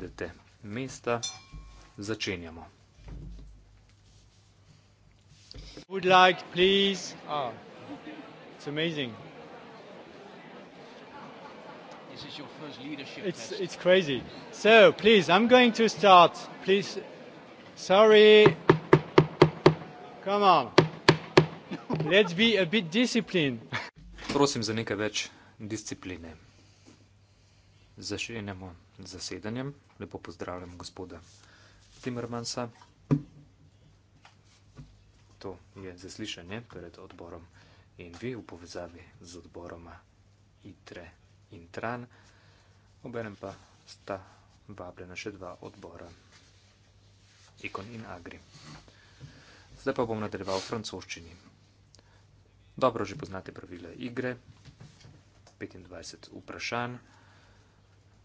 zasedete mesta, začenjamo. Would like, please. Oh, it's amazing. This is your first leadership. It's test. it's crazy. So please, I'm going to start. Please, sorry. Come on. Let's be a bit disciplined. Prosim za nekaj več discipline. Začenjamo z zasedanjem. Lepo pozdravljam gospoda Timmermansa. To je zaslišanje pred odborom ENVI v povezavi z odboroma ITRE in TRAN. Obenem pa sta vabljena še dva odbora IKON in AGRI. Zdaj pa bom nadaljeval v francoščini. Dobro že poznate pravile igre. 25 vprašanj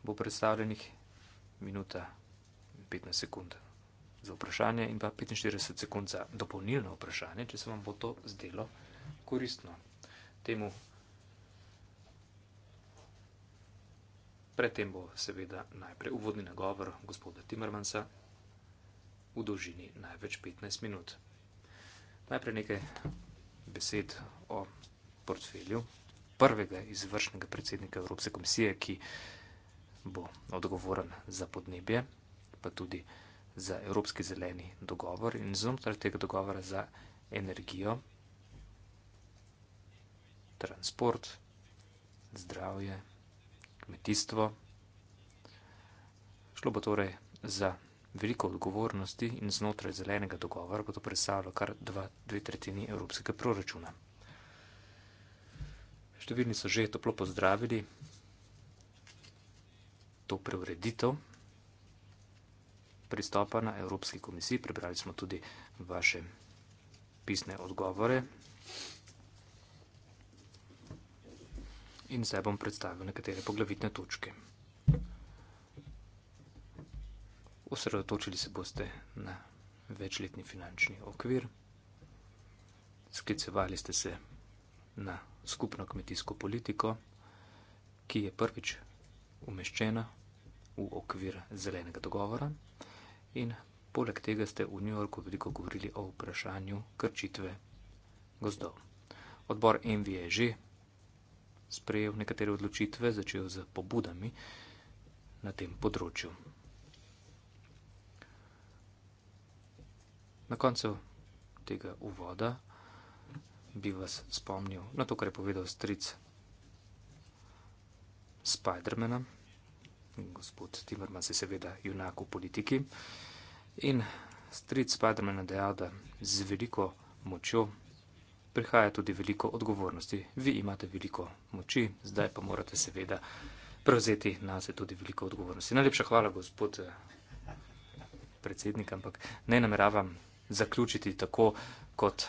bo predstavljenih minuta 15 sekund za vprašanje in pa 45 sekund za dopolnilno vprašanje, če se vam bo to zdelo koristno. Temu predtem bo seveda najprej uvodni nagovor gospoda Timmermansa v dolžini največ 15 minut. Najprej nekaj besed o portfelju prvega izvršnega predsednika Evropske komisije, ki je bo odgovoren za podnebje, pa tudi za Evropski zeleni dogovor in znotraj tega dogovora za energijo, transport, zdravje, kmetijstvo. Šlo bo torej za veliko odgovornosti in znotraj zelenega dogovora bo to predstavljalo kar dva, dve tretjini evropskega proračuna. Številni so že toplo pozdravili to preureditev pristopa na Evropski komisiji. Prebrali smo tudi vaše pisne odgovore. In zdaj bom predstavil nekatere poglavitne točke. Osredotočili se boste na večletni finančni okvir. Sklicevali ste se na skupno kmetijsko politiko, ki je prvič umeščena v okvir zelenega dogovora in poleg tega ste v New Yorku veliko govorili o vprašanju krčitve gozdov. Odbor MV je že sprejel nekatere odločitve, začel z pobudami na tem področju. Na koncu tega uvoda bi vas spomnil na to, kar je povedal stric Spidermanom, gospod Timerman se seveda junak v politiki, in stric Spidermana dejal, da z veliko močjo prihaja tudi veliko odgovornosti. Vi imate veliko moči, zdaj pa morate seveda prevzeti na se tudi veliko odgovornosti. Najlepša hvala, gospod eh, predsednik, ampak ne nameravam zaključiti tako kot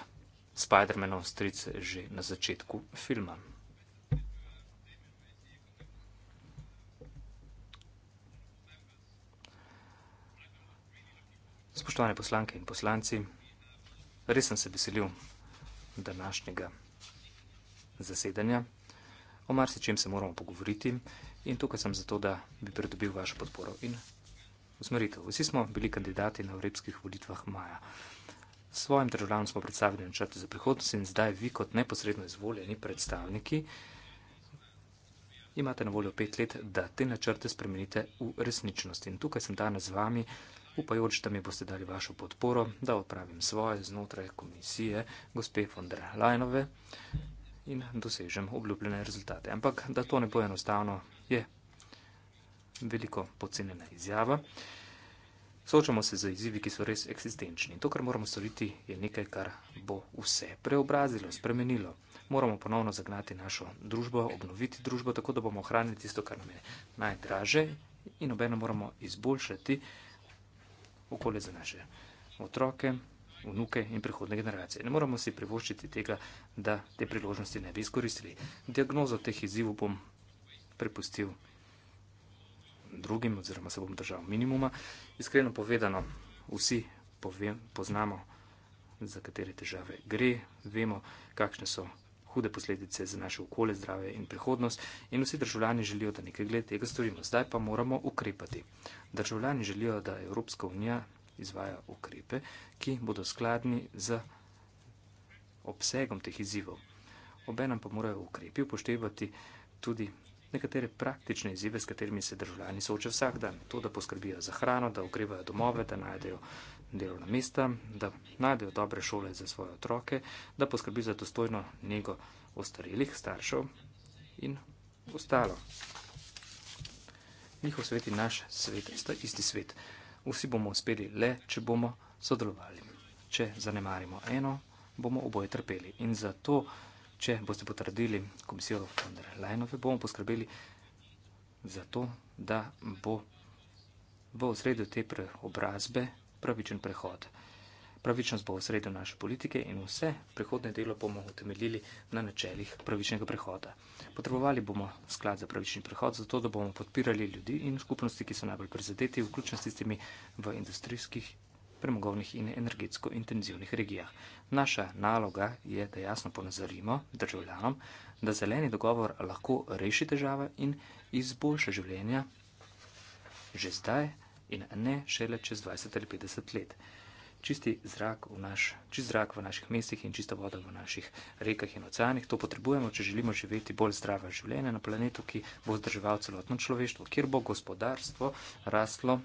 Spidermanov stric že na začetku filma. Spoštovane poslanke in poslanci, res sem se veselil današnjega zasedanja. O marsičem se moramo pogovoriti in tukaj sem zato, da bi pridobil vašo podporo in usmeritev. Vsi smo bili kandidati na evropskih volitvah maja. Svojim državljanom smo predstavili načrte za prihodnost in zdaj vi kot neposredno izvoljeni predstavniki imate na voljo pet let, da te načrte spremenite v resničnost. In tukaj sem danes z vami, upajoč, da mi boste dali vašo podporo, da odpravim svoje znotraj komisije gospe von der Leinove in dosežem obljubljene rezultate. Ampak, da to ne bo enostavno, je veliko pocenjena izjava. Soočamo se z izzivi, ki so res eksistenčni. To, kar moramo storiti, je nekaj, kar bo vse preobrazilo, spremenilo. Moramo ponovno zagnati našo družbo, obnoviti družbo, tako da bomo ohranili tisto, kar nam je najdraže in obeno moramo izboljšati okolje, za naše otroke, vnuke in prihodne generacije. Ne moramo si privoščiti tega, da te priložnosti ne bi izkoristili. Diagnozo teh izzivov bom prepustil drugim, oziroma se bom držal minimuma. Iskreno povedano, vsi povem, poznamo, za katere težave gre, vemo, kakšne so hude posledice za naše okolje, zdrave in prihodnost in vsi državljani želijo, da nekaj glede tega storimo. Zdaj pa moramo ukrepati. Državljani želijo, da Evropska unija izvaja ukrepe, ki bodo skladni z obsegom teh izzivov. Obenem pa morajo ukrepi upoštevati tudi nekatere praktične izzive, s katerimi se državljani soočajo vsak dan. To, da poskrbijo za hrano, da ukrepajo domove, da najdejo delovna mesta, da najdejo dobre šole za svoje otroke, da poskrbi za dostojno njego ostarelih staršev in ostalo. Njihov svet in naš svet sta isti svet. Vsi bomo uspeli le, če bomo sodelovali. Če zanemarimo eno, bomo oboje trpeli. In zato, če boste potrdili komisijo von der Leyenove, bomo poskrbeli za to, da bo v sredo te preobrazbe pravičen prehod. Pravičnost bo v sredo naše politike in vse prihodne delo bomo utemeljili na načeljih pravičnega prehoda. Potrebovali bomo sklad za pravični prehod, zato da bomo podpirali ljudi in skupnosti, ki so najbolj prizadeti, vključno s tistimi v industrijskih, premogovnih in energetsko intenzivnih regijah. Naša naloga je, da jasno ponazorimo državljanom, da zeleni dogovor lahko reši težave in izboljša življenja že zdaj, in ne šele čez 20 ali 50 let. Čisti zrak v, naš, čist zrak v naših mestih in čista voda v naših rekah in oceanih, to potrebujemo, če želimo živeti bolj zdrave življenje na planetu, ki bo zdrževal celotno človeštvo, kjer bo gospodarstvo raslo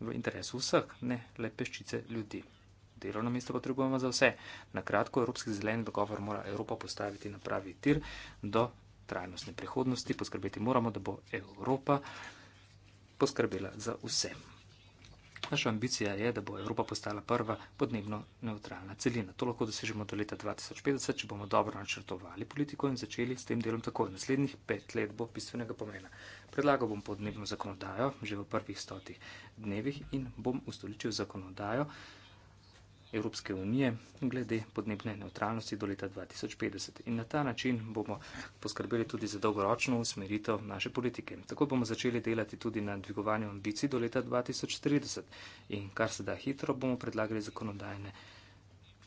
v interesu vseh, ne le peščice ljudi. Delovno mesto potrebujemo za vse. Na kratko, Evropski zeleni dogovor mora Evropa postaviti na pravi tir do trajnostne prihodnosti. Poskrbeti moramo, da bo Evropa poskrbela za vse. Naša ambicija je, da bo Evropa postala prva podnebno neutralna celina. To lahko dosežemo do leta 2050, če bomo dobro načrtovali politiko in začeli s tem delom takoj. Naslednjih pet let bo bistvenega pomena. Predlagal bom podnebno zakonodajo že v prvih stotih dnevih in bom ustoličil zakonodajo, Evropske unije glede podnebne neutralnosti do leta 2050. In na ta način bomo poskrbeli tudi za dolgoročno usmeritev naše politike. Tako bomo začeli delati tudi na dvigovanju ambicij do leta 2030 in kar se da hitro bomo predlagali zakonodajne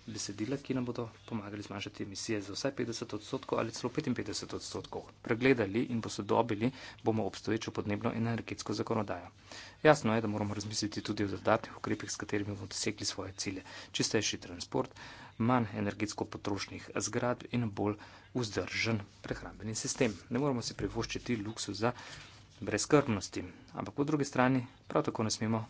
besedila, ki nam bodo pomagali zmanjšati emisije za vsaj 50 odstotkov ali celo 55 odstotkov. Pregledali in posodobili bomo obstoječo podnebno in energetsko zakonodajo. Jasno je, da moramo razmisliti tudi o dodatnih ukrepih, s katerimi bomo dosegli svoje cilje. Čistejši transport, manj energetsko potrošnih zgradb in bolj vzdržen prehrambeni sistem. Ne moremo si privoščiti luksuza brezkrbnosti, ampak po drugi strani prav tako ne smemo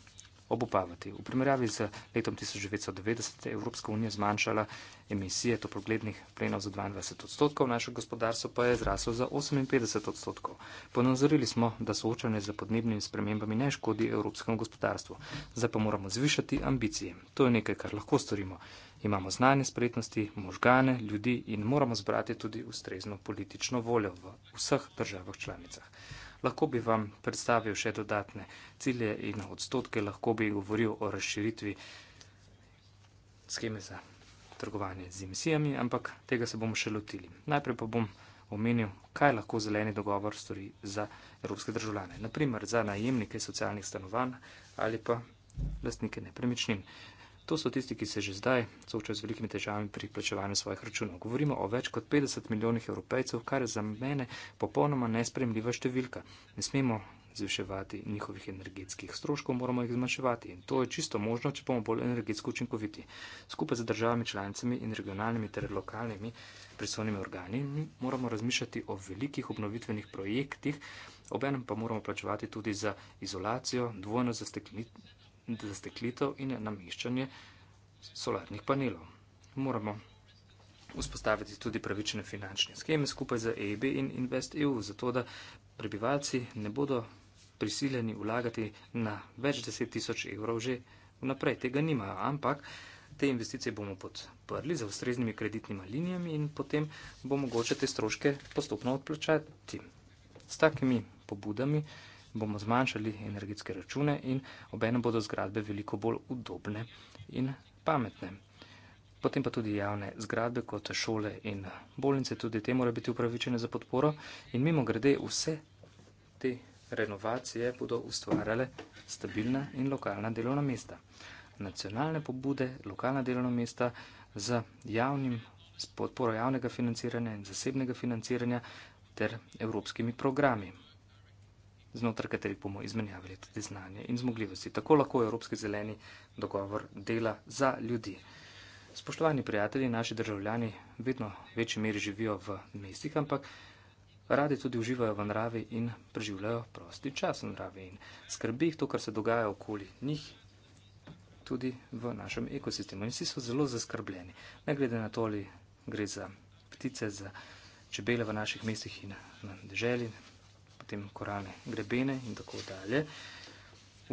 obupavati. V primerjavi z letom 1990 je Evropska unija zmanjšala emisije toplogrednih plenov za 22 odstotkov, naše gospodarstvo pa je zraslo za 58 odstotkov. Ponazorili smo, da soočanje z podnebnimi spremembami ne škodi evropskemu gospodarstvu, zdaj pa moramo zvišati ambicije. To je nekaj, kar lahko storimo. Imamo znanje, spretnosti, možgane, ljudi in moramo zbrati tudi ustrezno politično voljo v vseh državah članicah lahko bi vam predstavil še dodatne cilje in odstotke, lahko bi govoril o razširitvi scheme za trgovanje z emisijami, ampak tega se bomo še lotili. Najprej pa bom omenil, kaj lahko zeleni dogovor stori za evropske državljane, naprimer za najemnike socialnih stanovanj ali pa lastnike nepremičnin. To so tisti, ki se že zdaj soočajo z velikimi težavami pri plačevanju svojih računov. Govorimo o več kot 50 milijonih evropejcev, kar je za mene popolnoma nespremljiva številka. Ne smemo zviševati njihovih energetskih stroškov, moramo jih zmanjševati in to je čisto možno, če bomo bolj energetsko učinkoviti. Skupaj z državami članicami in regionalnimi ter lokalnimi prisotnimi organi moramo razmišljati o velikih obnovitvenih projektih, obenem pa moramo plačevati tudi za izolacijo, dvojno za steklenitev zasteklitev in namiščanje solarnih panelov. Moramo vzpostaviti tudi pravične finančne skeme skupaj z EIB in InvestEU, zato da prebivalci ne bodo prisiljeni vlagati na več deset tisoč evrov že vnaprej. Tega nimajo, ampak te investicije bomo podprli za ustreznimi kreditnimi linijami in potem bo mogoče te stroške postopno odplačati. S takimi pobudami bomo zmanjšali energetske račune in obenem bodo zgradbe veliko bolj udobne in pametne. Potem pa tudi javne zgradbe kot šole in bolnice, tudi te morajo biti upravičene za podporo in mimo grede vse te renovacije bodo ustvarjale stabilna in lokalna delovna mesta. Nacionalne pobude, lokalna delovna mesta z, javnim, z podporo javnega financiranja in zasebnega financiranja ter evropskimi programi znotraj katerih bomo izmenjavali tudi znanje in zmogljivosti. Tako lahko Evropski zeleni dogovor dela za ljudi. Spoštovani prijatelji, naši državljani vedno večji meri živijo v mestih, ampak radi tudi uživajo v naravi in preživljajo prosti čas v naravi in skrbi jih to, kar se dogaja okoli njih, tudi v našem ekosistemu. In vsi so zelo zaskrbljeni, ne glede na to, ali gre za ptice, za čebele v naših mestih in na deželi, potem korale, grebene in tako dalje.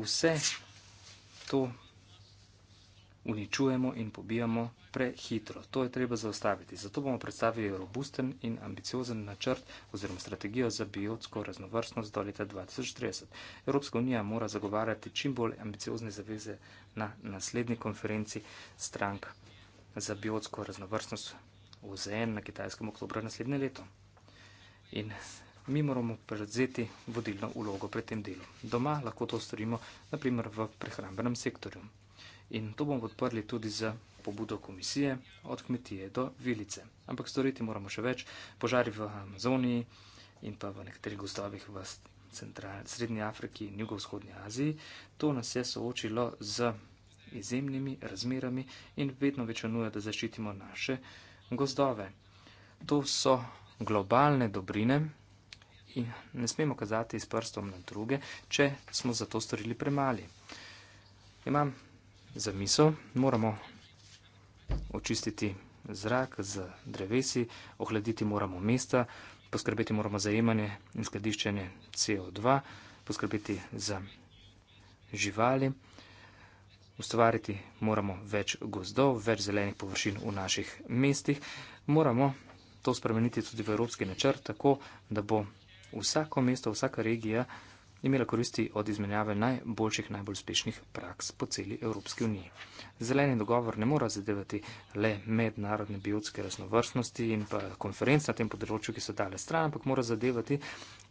Vse to uničujemo in pobijamo prehitro. To je treba zaustaviti. Zato bomo predstavili robusten in ambiciozen načrt oziroma strategijo za biotsko raznovrstnost do leta 2030. Evropska unija mora zagovarjati čim bolj ambiciozne zaveze na naslednji konferenci strank za biotsko raznovrstnost OZN na kitajskem oktobru naslednje leto. In mi moramo prevzeti vodilno ulogo pri tem delu. Doma lahko to storimo, naprimer v prehrambenem sektorju. In to bomo podprli tudi z pobudo komisije od kmetije do vilice. Ampak storiti moramo še več. Požari v Amazoniji in pa v nekaterih gozdovih v central, Srednji Afriki in Jugovzhodnji Aziji, to nas je soočilo z izjemnimi razmerami in vedno večjo nujo, da zaščitimo naše gozdove. To so globalne dobrine, in ne smemo kazati s prstom na druge, če smo za to storili premali. Imam za misel, moramo očistiti zrak z drevesi, ohladiti moramo mesta, poskrbeti moramo za jemanje in skladiščenje CO2, poskrbeti za živali, ustvariti moramo več gozdov, več zelenih površin v naših mestih, moramo to spremeniti tudi v evropski načrt, tako da bo vsako mesto, vsaka regija imela koristi od izmenjave najboljših, najbolj uspešnih praks po celi Evropski uniji. Zeleni dogovor ne mora zadevati le mednarodne biotske raznovrstnosti in pa konferenc na tem področju, ki so dale stran, ampak mora zadevati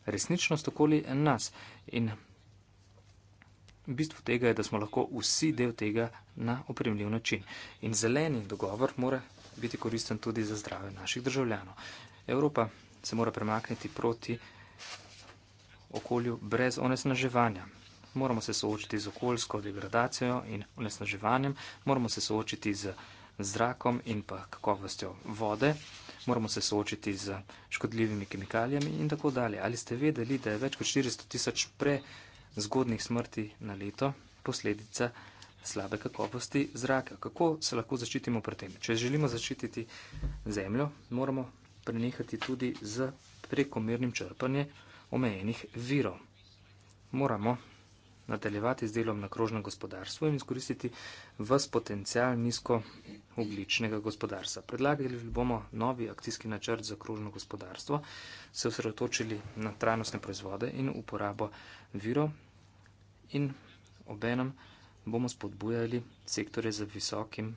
resničnost okoli nas. In bistvo tega je, da smo lahko vsi del tega na opremljiv način. In zeleni dogovor mora biti koristen tudi za zdrave naših državljanov. Evropa se mora premakniti proti okolju brez onesnaževanja. Moramo se soočiti z okoljsko degradacijo in onesnaževanjem, moramo se soočiti z zrakom in pa kakovostjo vode, moramo se soočiti z škodljivimi kemikalijami in tako dalje. Ali ste vedeli, da je več kot 400 tisoč prezgodnih smrti na leto posledica slabe kakovosti zraka? Kako se lahko zaščitimo pred tem? Če želimo zaščititi zemljo, moramo prenehati tudi z prekomernim črpanjem omejenih virov. Moramo nadaljevati z delom na krožno gospodarstvo in izkoristiti vs potencial nizko ugličnega gospodarstva. Predlagali bomo novi akcijski načrt za krožno gospodarstvo, se osredotočili na trajnostne proizvode in uporabo virov in obenem bomo spodbujali sektore za visokim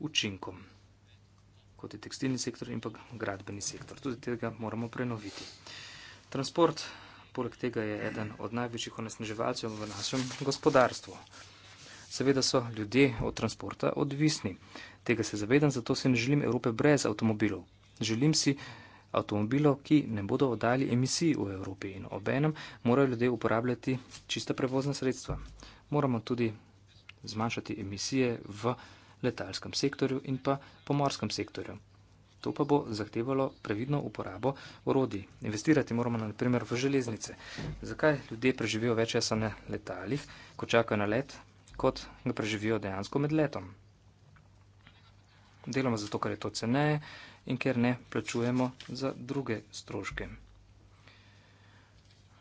učinkom, kot je tekstilni sektor in pa gradbeni sektor. Tudi tega moramo prenoviti. Transport, poleg tega, je eden od največjih onesnaževalcev v našem gospodarstvu. Seveda so ljudje od transporta odvisni. Tega se zavedam, zato si ne želim Evrope brez avtomobilov. Želim si avtomobilov, ki ne bodo oddali emisij v Evropi in obenem morajo ljudje uporabljati čista prevozna sredstva. Moramo tudi zmanjšati emisije v letalskem sektorju in pa pomorskem sektorju. To pa bo zahtevalo previdno uporabo orodij. Investirati moramo na primer v železnice. Zakaj ljudje preživijo več časa na letalih, ko čakajo na let, kot ga preživijo dejansko med letom? Deloma zato, ker je to ceneje in ker ne plačujemo za druge stroške.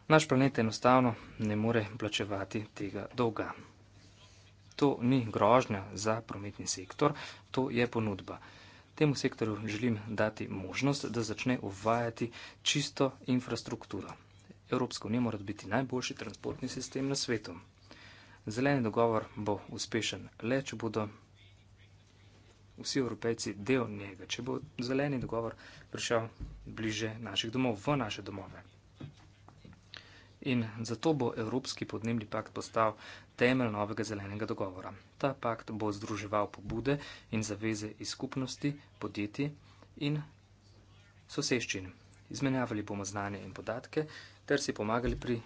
Naš planet enostavno ne more plačevati tega dolga. To ni grožnja za prometni sektor, to je ponudba temu sektorju želim dati možnost, da začne uvajati čisto infrastrukturo. Evropska unija mora biti najboljši transportni sistem na svetu. Zeleni dogovor bo uspešen le, če bodo vsi evropejci del njega, če bo zeleni dogovor prišel bliže naših domov, v naše domove. In zato bo Evropski podnebni pakt postal temelj novega zelenega dogovora. Ta pakt bo združeval pobude in zaveze iz skupnosti, podjetij in soseščin. Izmenjavali bomo znanje in podatke ter si pomagali pri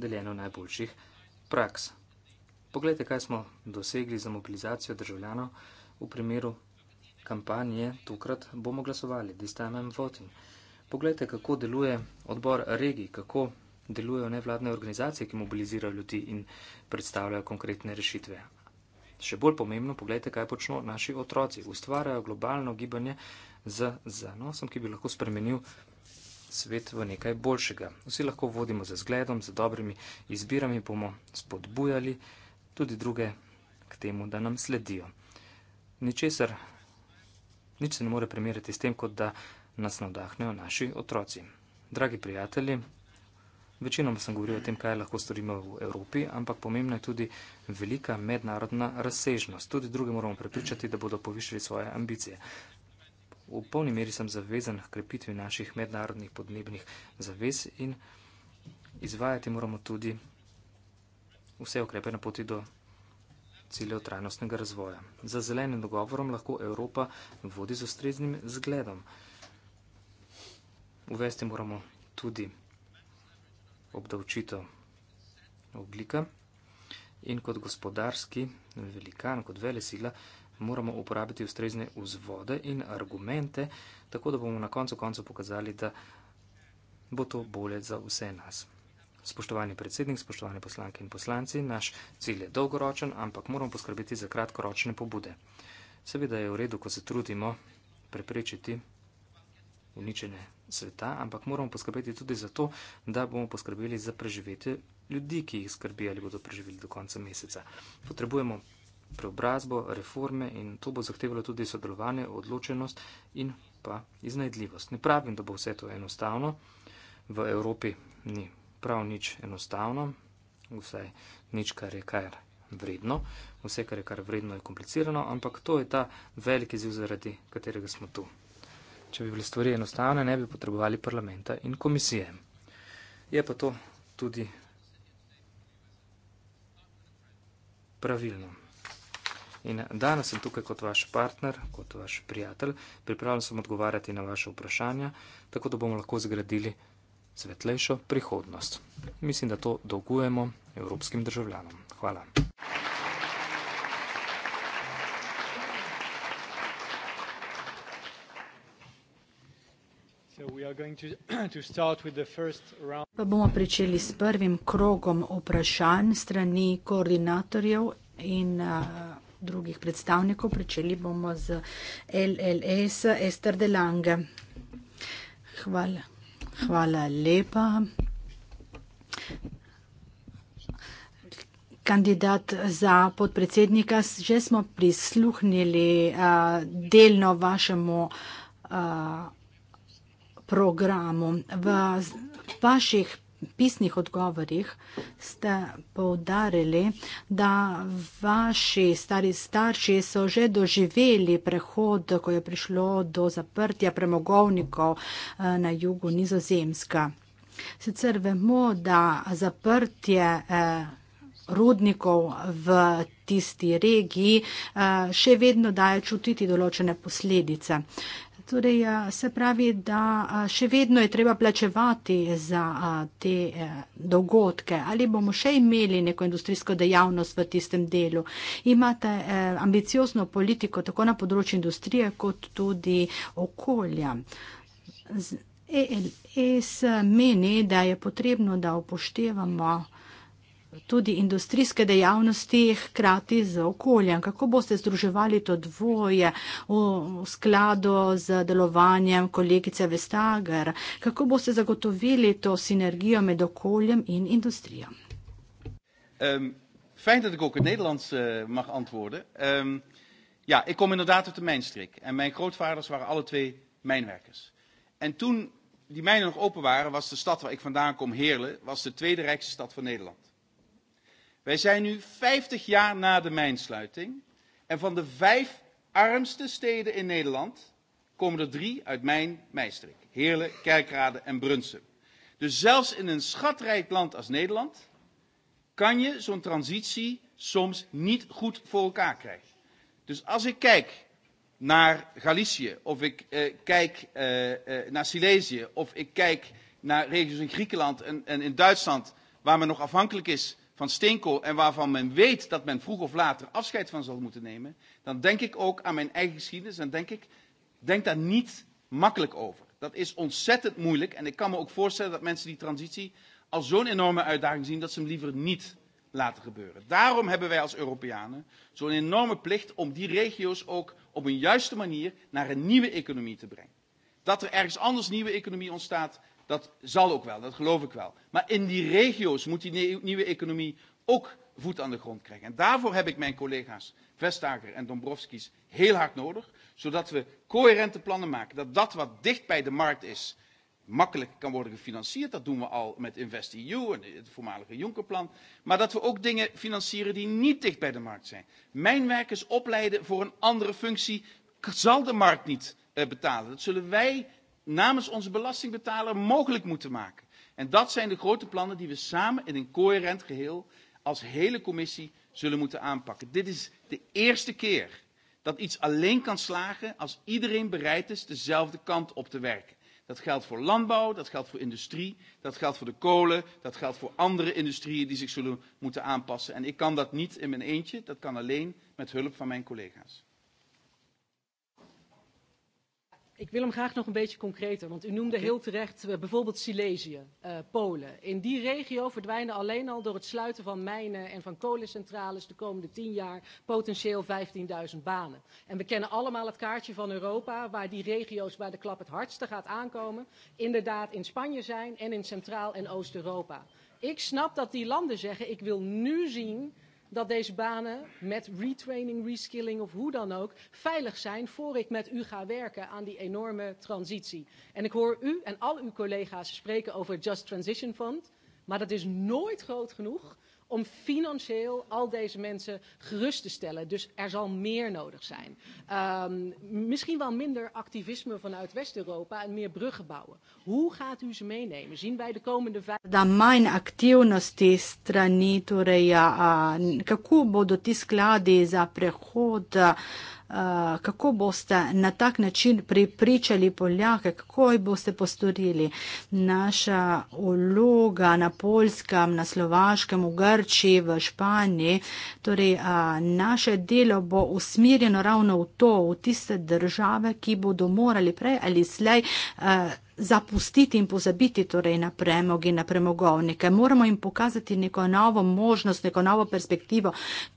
deljenju najboljših praks. Poglejte, kaj smo dosegli za mobilizacijo državljanov v primeru kampanje, tokrat bomo glasovali, this time I'm voting. Poglejte, kako deluje odbor regij, kako delujejo nevladne organizacije, ki mobilizirajo ljudi in predstavljajo konkretne rešitve. Še bolj pomembno, pogledajte, kaj počnejo naši otroci. Ustvarjajo globalno gibanje z zanosom, ki bi lahko spremenil svet v nekaj boljšega. Vsi lahko vodimo za zgledom, za dobrimi izbirami bomo spodbujali tudi druge k temu, da nam sledijo. Ničesar, nič se ne more primerjati s tem, kot da nas navdahnejo naši otroci. Dragi prijatelji, Večinoma sem govoril o tem, kaj lahko storimo v Evropi, ampak pomembna je tudi velika mednarodna razsežnost. Tudi druge moramo prepričati, da bodo povišali svoje ambicije. V polni meri sem zavezan k krepitvi naših mednarodnih podnebnih zavez in izvajati moramo tudi vse okrepe na poti do ciljev trajnostnega razvoja. Za zelenim dogovorom lahko Evropa vodi z ustreznim zgledom. Uvesti moramo tudi obdavčitev oglika in kot gospodarski velikan, kot vele sila, moramo uporabiti ustrezne vzvode in argumente, tako da bomo na koncu koncu pokazali, da bo to bolje za vse nas. Spoštovani predsednik, spoštovani poslanke in poslanci, naš cilj je dolgoročen, ampak moramo poskrbeti za kratkoročne pobude. Seveda je v redu, ko se trudimo preprečiti uničene sveta, ampak moramo poskrbeti tudi za to, da bomo poskrbeli za preživetje ljudi, ki jih skrbi ali bodo preživeli do konca meseca. Potrebujemo preobrazbo, reforme in to bo zahtevalo tudi sodelovanje, odločenost in pa iznajdljivost. Ne pravim, da bo vse to enostavno. V Evropi ni prav nič enostavno, vsaj nič, kar je kar vredno. Vse, kar je kar vredno, je komplicirano, ampak to je ta veliki ziv, zaradi katerega smo tu. Če bi bile stvari enostavne, ne bi potrebovali parlamenta in komisije. Je pa to tudi pravilno. In danes sem tukaj kot vaš partner, kot vaš prijatelj, pripravljen sem odgovarjati na vaše vprašanja, tako da bomo lahko zgradili svetlejšo prihodnost. Mislim, da to dolgujemo evropskim državljanom. Hvala. Pa bomo pričeli s prvim krogom vprašanj strani koordinatorjev in uh, drugih predstavnikov. Pričeli bomo z LLS Ester Delange. Hvala. Hvala lepa. Kandidat za podpredsednika, že smo prisluhnili uh, delno vašemu. Uh, programu. V vaših pisnih odgovorih ste povdarili, da vaši stari starši so že doživeli prehod, ko je prišlo do zaprtja premogovnikov eh, na jugu Nizozemska. Sicer vemo, da zaprtje eh, rudnikov v tisti regiji eh, še vedno daje čutiti določene posledice. Torej, eh, se pravi, da eh, še vedno je treba plačevati za eh, te dogodke. Ali bomo še imeli neko industrijsko dejavnost v tistem delu? Imate ambiciozno politiko tako na področju industrije kot tudi okolja. ELS meni, da je potrebno, da upoštevamo tudi industrijske dejavnosti hkrati z okoljem. Kako boste združevali to dvoje v skladu z delovanjem kolegice Vestager? Kako boste zagotovili to sinergijo med okoljem in industrijo? Um, ehm, fajn, da lahko tudi v nederlandskem uh, mag antwoorden. Um, ja, ik kom inderdaad uit de mijnstreek. En mijn grootvaders waren alle twee mijnwerkers. En toen die mijnen nog open waren, was de stad waar ik vandaan kom, Heerlen, was de tweede rijkste stad van Nederland. Wij zijn nu 50 jaar na de mijnsluiting. En van de vijf armste steden in Nederland komen er drie uit mijn meistrik. Heerlen, Kerkrade en Brunsum. Dus zelfs in een schatrijk land als Nederland kan je zo'n transitie soms niet goed voor elkaar krijgen. Dus als ik kijk naar Galicië of ik eh, kijk eh, eh, naar Silesië of ik kijk naar regio's in Griekenland en, en in Duitsland waar men nog afhankelijk is van steenkool en waarvan men weet dat men vroeg of later afscheid van zal moeten nemen, dan denk ik ook aan mijn eigen geschiedenis en denk ik, denk daar niet makkelijk over. Dat is ontzettend moeilijk en ik kan me ook voorstellen dat mensen die transitie als zo'n enorme uitdaging zien dat ze hem liever niet laten gebeuren. Daarom hebben wij als Europeanen zo'n enorme plicht om die regio's ook op een juiste manier naar een nieuwe economie te brengen. Dat er ergens anders nieuwe economie ontstaat, Dat zal ook wel, dat geloof ik wel. Maar in die regio's moet die nieuwe economie ook voet aan de grond krijgen. En daarvoor heb ik mijn collega's Vestager en Dombrovskis heel hard nodig. Zodat we coherente plannen maken. Dat dat wat dicht bij de markt is, makkelijk kan worden gefinancierd. Dat doen we al met InvestEU en het voormalige Jonkerplan. Maar dat we ook dingen financieren die niet dicht bij de markt zijn. Mijn werkers opleiden voor een andere functie zal de markt niet eh, betalen. Dat zullen wij namens onze belastingbetaler mogelijk moeten maken. En dat zijn de grote plannen die we samen in een coherent geheel als hele commissie zullen moeten aanpakken. Dit is de eerste keer dat iets alleen kan slagen als iedereen bereid is dezelfde kant op te werken. Dat geldt voor landbouw, dat geldt voor industrie, dat geldt voor de kolen, dat geldt voor andere industrieën die zich zullen moeten aanpassen. En ik kan dat niet in mijn eentje, dat kan alleen met hulp van mijn collega's. ik wil hem graag nog een beetje concreter, want u noemde heel terecht eh, bijvoorbeeld Silesië, uh, Polen. In die regio verdwijnen alleen al door het sluiten van mijnen en van kolencentrales de komende tien jaar potentieel 15.000 banen. En we kennen allemaal het kaartje van Europa, waar die regio's waar de klap het hardste gaat aankomen, inderdaad in Spanje zijn en in Centraal- en Oost-Europa. Ik snap dat die landen zeggen, ik wil nu zien dat deze banen met retraining, reskilling of hoe dan ook veilig zijn voor ik met u ga werken aan die enorme transitie. En ik hoor u en al uw collega's spreken over het Just Transition Fund, maar dat is nooit groot genoeg om financieel al deze mensen gerust te stellen. Dus er zal meer nodig zijn. Um, misschien wel minder activisme vanuit West-Europa en meer bruggen bouwen. Hoe gaat u ze meenemen? Zien wij de komende vijf jaar. Dan mijn activiteit is tranitoria. Uh, kako bodo ti skladi za prehod. Uh, Eh, kako boste na tak način pripričali Poljake, kako jih boste postorili. Naša uloga na Poljskem, na Slovaškem, v Grči, v Španiji, torej a, eh, naše delo bo usmirjeno ravno v to, v tiste države, ki bodo morali prej ali slej. A, eh, zapustiti in pozabiti torej na premog in na premogovnike. Moramo jim pokazati neko novo možnost, neko novo perspektivo,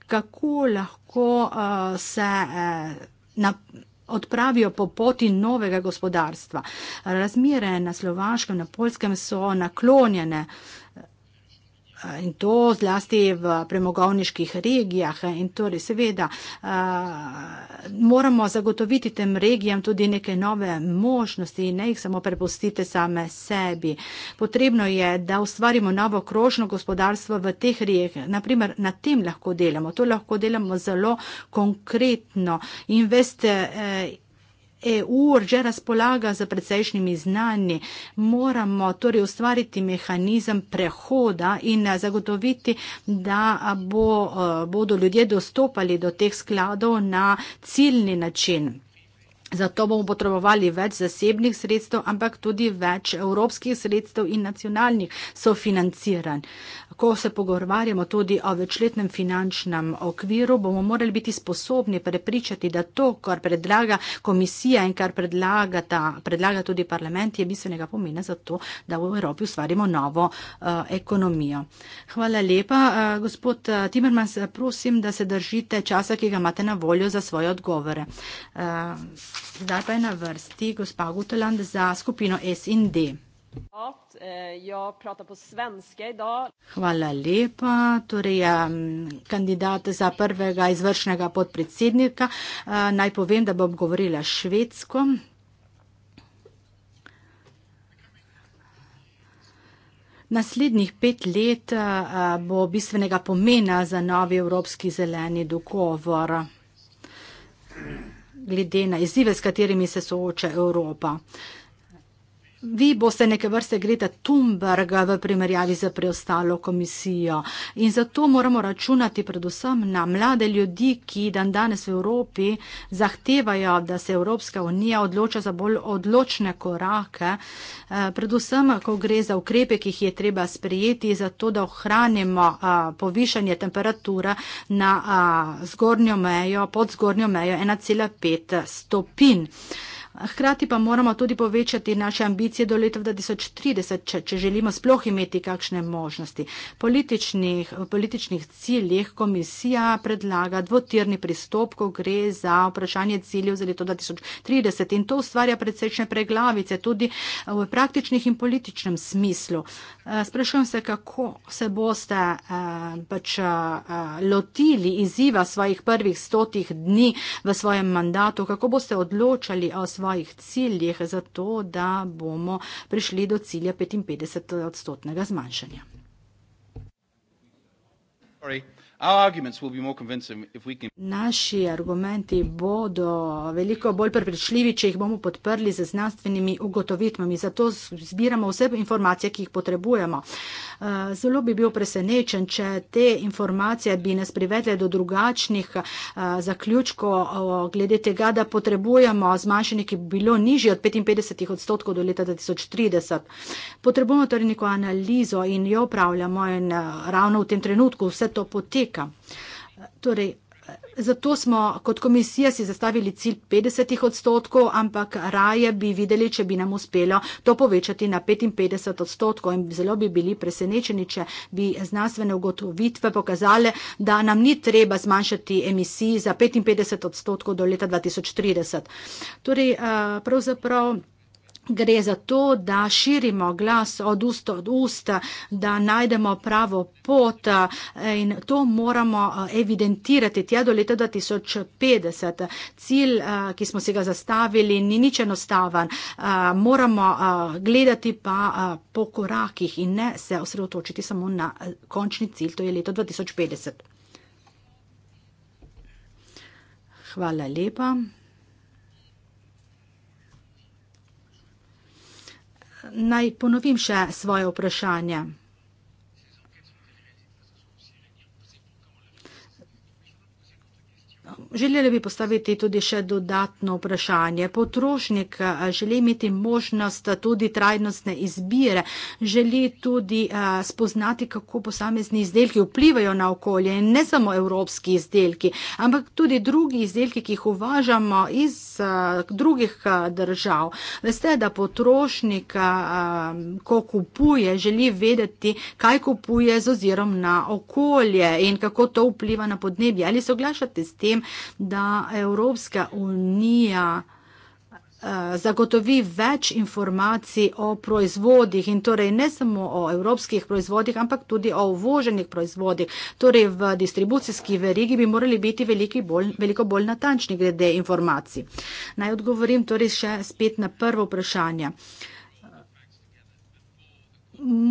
kako lahko lahko uh, se uh, na, odpravijo po poti novega gospodarstva. Razmere na slovaškem, na polskem so naklonjene uh, in to zlasti v premogovniških regijah in torej seveda moramo zagotoviti tem regijam tudi neke nove možnosti in ne jih samo prepustiti same sebi. Potrebno je, da ustvarimo novo krožno gospodarstvo v teh regijah. Naprimer, na tem lahko delamo. To lahko delamo zelo konkretno. Invest, eh, EU že razpolaga z precejšnjimi znanji. Moramo torej ustvariti mehanizem prehoda in eh, zagotoviti, da eh, bo, eh, bodo ljudje dostopali do teh skladov na ciljni način. Zato bomo potrebovali več zasebnih sredstev, ampak tudi več evropskih sredstev in nacionalnih sofinanciranj. Uh, Ko se pogovarjamo tudi o večletnem finančnem okviru, bomo morali biti sposobni prepričati, da to, kar predlaga komisija in kar predlaga, ta, predlaga tudi parlament, je bistvenega pomena za to, da v Evropi ustvarimo novo uh, ekonomijo. Hvala lepa. Uh, gospod eh, Timmermans, prosim, da se držite časa, ki ga imate na voljo za svoje odgovore. Uh, zdaj pa je na vrsti gospa Gutland za skupino S in D. Hvala lepa. Torej, kandidat za prvega izvršnega podpredsednika. Eh, naj povem, da bom govorila švedsko. Naslednjih pet let eh, bo bistvenega pomena za novi Evropski zeleni dogovor glede na izzive, s katerimi se sooča Evropa. Vi boste neke vrste Greta Thunberga v primerjavi z preostalo komisijo in zato moramo računati predvsem na mlade ljudi, ki dan danes v Evropi zahtevajo, da se Evropska unija odloča za bolj odločne korake, eh, predvsem, ko gre za ukrepe, ki jih je treba sprejeti, zato da ohranimo eh, povišanje temperature na eh, zgornjo mejo, pod zgornjo mejo 1,5 stopinj. Hkrati pa moramo tudi povečati naše ambicije do leta 2030, če, če želimo sploh imeti kakšne možnosti. Političnih, v političnih ciljih komisija predlaga dvotirni pristop, ko gre za vprašanje ciljev za leto 2030 in to ustvarja predsečne preglavice tudi v praktičnih in političnem smislu. Uh, Eh, sprašujem se, kako se boste uh, pač, uh, lotili izziva svojih prvih stotih dni v svojem mandatu, kako boste odločali o svojih ciljih za to, da bomo prišli do cilja 55 odstotnega zmanjšanja. Sorry. Naši argumenti bodo veliko bolj prepričljivi, če jih bomo podprli z znanstvenimi ugotovitvami. Zato zbiramo vse informacije, ki jih potrebujemo. Eh, zelo bi bil presenečen, če te informacije bi nas privedle do drugačnih eh, zaključkov glede tega, da potrebujemo zmanjšanje, ki bi bilo nižje od 55 odstotkov do leta 2030. Potrebujemo torej neko analizo in jo upravljamo in eh, ravno v tem trenutku vse to poteka človeka. Torej, zato smo kot komisija si zastavili cilj 50 odstotkov, ampak raje bi videli, če bi nam uspelo to povečati na 55 odstotkov in zelo bi bili presenečeni, če bi znanstvene ugotovitve pokazale, da nam ni treba zmanjšati emisij za 55 odstotkov do leta 2030. Torej, eh, pravzaprav gre za to, da širimo glas od usta od usta, da najdemo pravo pot eh, in to moramo eh, evidentirati tja do leta 2050. Cilj, eh, ki smo si ga zastavili, ni nič enostavan. Moramo gledati pa po korakih in ne se osredotočiti samo na končni cilj, to je leto 2050. Hvala lepa. naj ponovim še svoje vprašanje. Želeli bi postaviti tudi še dodatno vprašanje. Potrošnik želi imeti možnost tudi trajnostne izbire, želi tudi spoznati, kako posamezni izdelki vplivajo na okolje in ne samo evropski izdelki, ampak tudi drugi izdelki, ki jih uvažamo iz drugih držav. Veste, da potrošnik, ko kupuje, želi vedeti, kaj kupuje z ozirom na okolje in kako to vpliva na podnebje. Ali soglašate s tem? da Evropska unija eh, zagotovi več informacij o proizvodih in torej ne samo o evropskih proizvodih, ampak tudi o uvoženih proizvodih. Torej v distribucijski verigi bi morali biti bolj, veliko bolj natančni glede informacij. Naj odgovorim torej še spet na prvo vprašanje.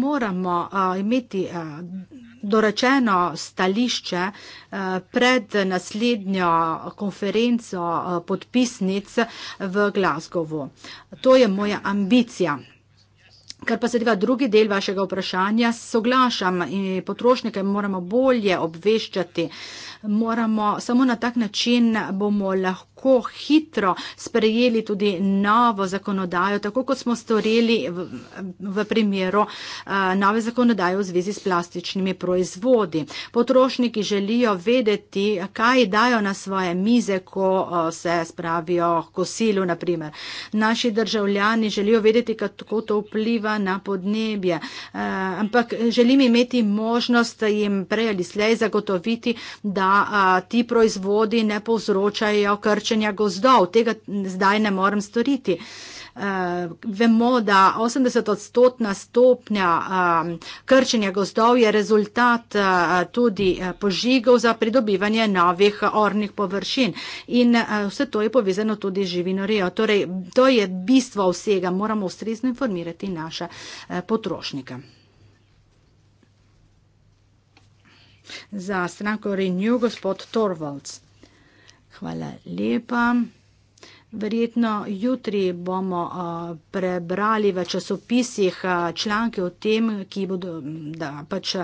Moramo a, eh, imeti. A, eh, dorečeno stališče eh, pred naslednjo konferenco eh, podpisnic v Glasgowu. To je moja ambicija. Kar pa sedeva drugi del vašega vprašanja, soglašam in potrošnike moramo bolje obveščati. Moramo, samo na tak način bomo lahko tako hitro sprejeli tudi novo zakonodajo, tako kot smo storili v, v primeru eh, nove zakonodaje v zvezi s plastičnimi proizvodi. Potrošniki želijo vedeti, kaj dajo na svoje mize, ko eh, se spravijo kosilu, naprimer. Naši državljani želijo vedeti, kako to vpliva na podnebje, eh, ampak želim imeti možnost jim prej ali slej zagotoviti, da ti proizvodi ne povzročajo krče čiščenja gozdov, tega zdaj ne morem storiti. Uh, vemo, da 80-odstotna stopnja uh, eh, krčenja gozdov je rezultat uh, tudi uh, požigov za pridobivanje novih ornih površin in uh, vse to je povezano tudi z živinorijo. Torej, to je bistvo vsega, moramo ustrezno informirati naše uh, potrošnike. Za stranko Renew, gospod Torvalds. Hvala lepa. Verjetno jutri bomo prebrali v časopisih članke o tem, bodo, da pač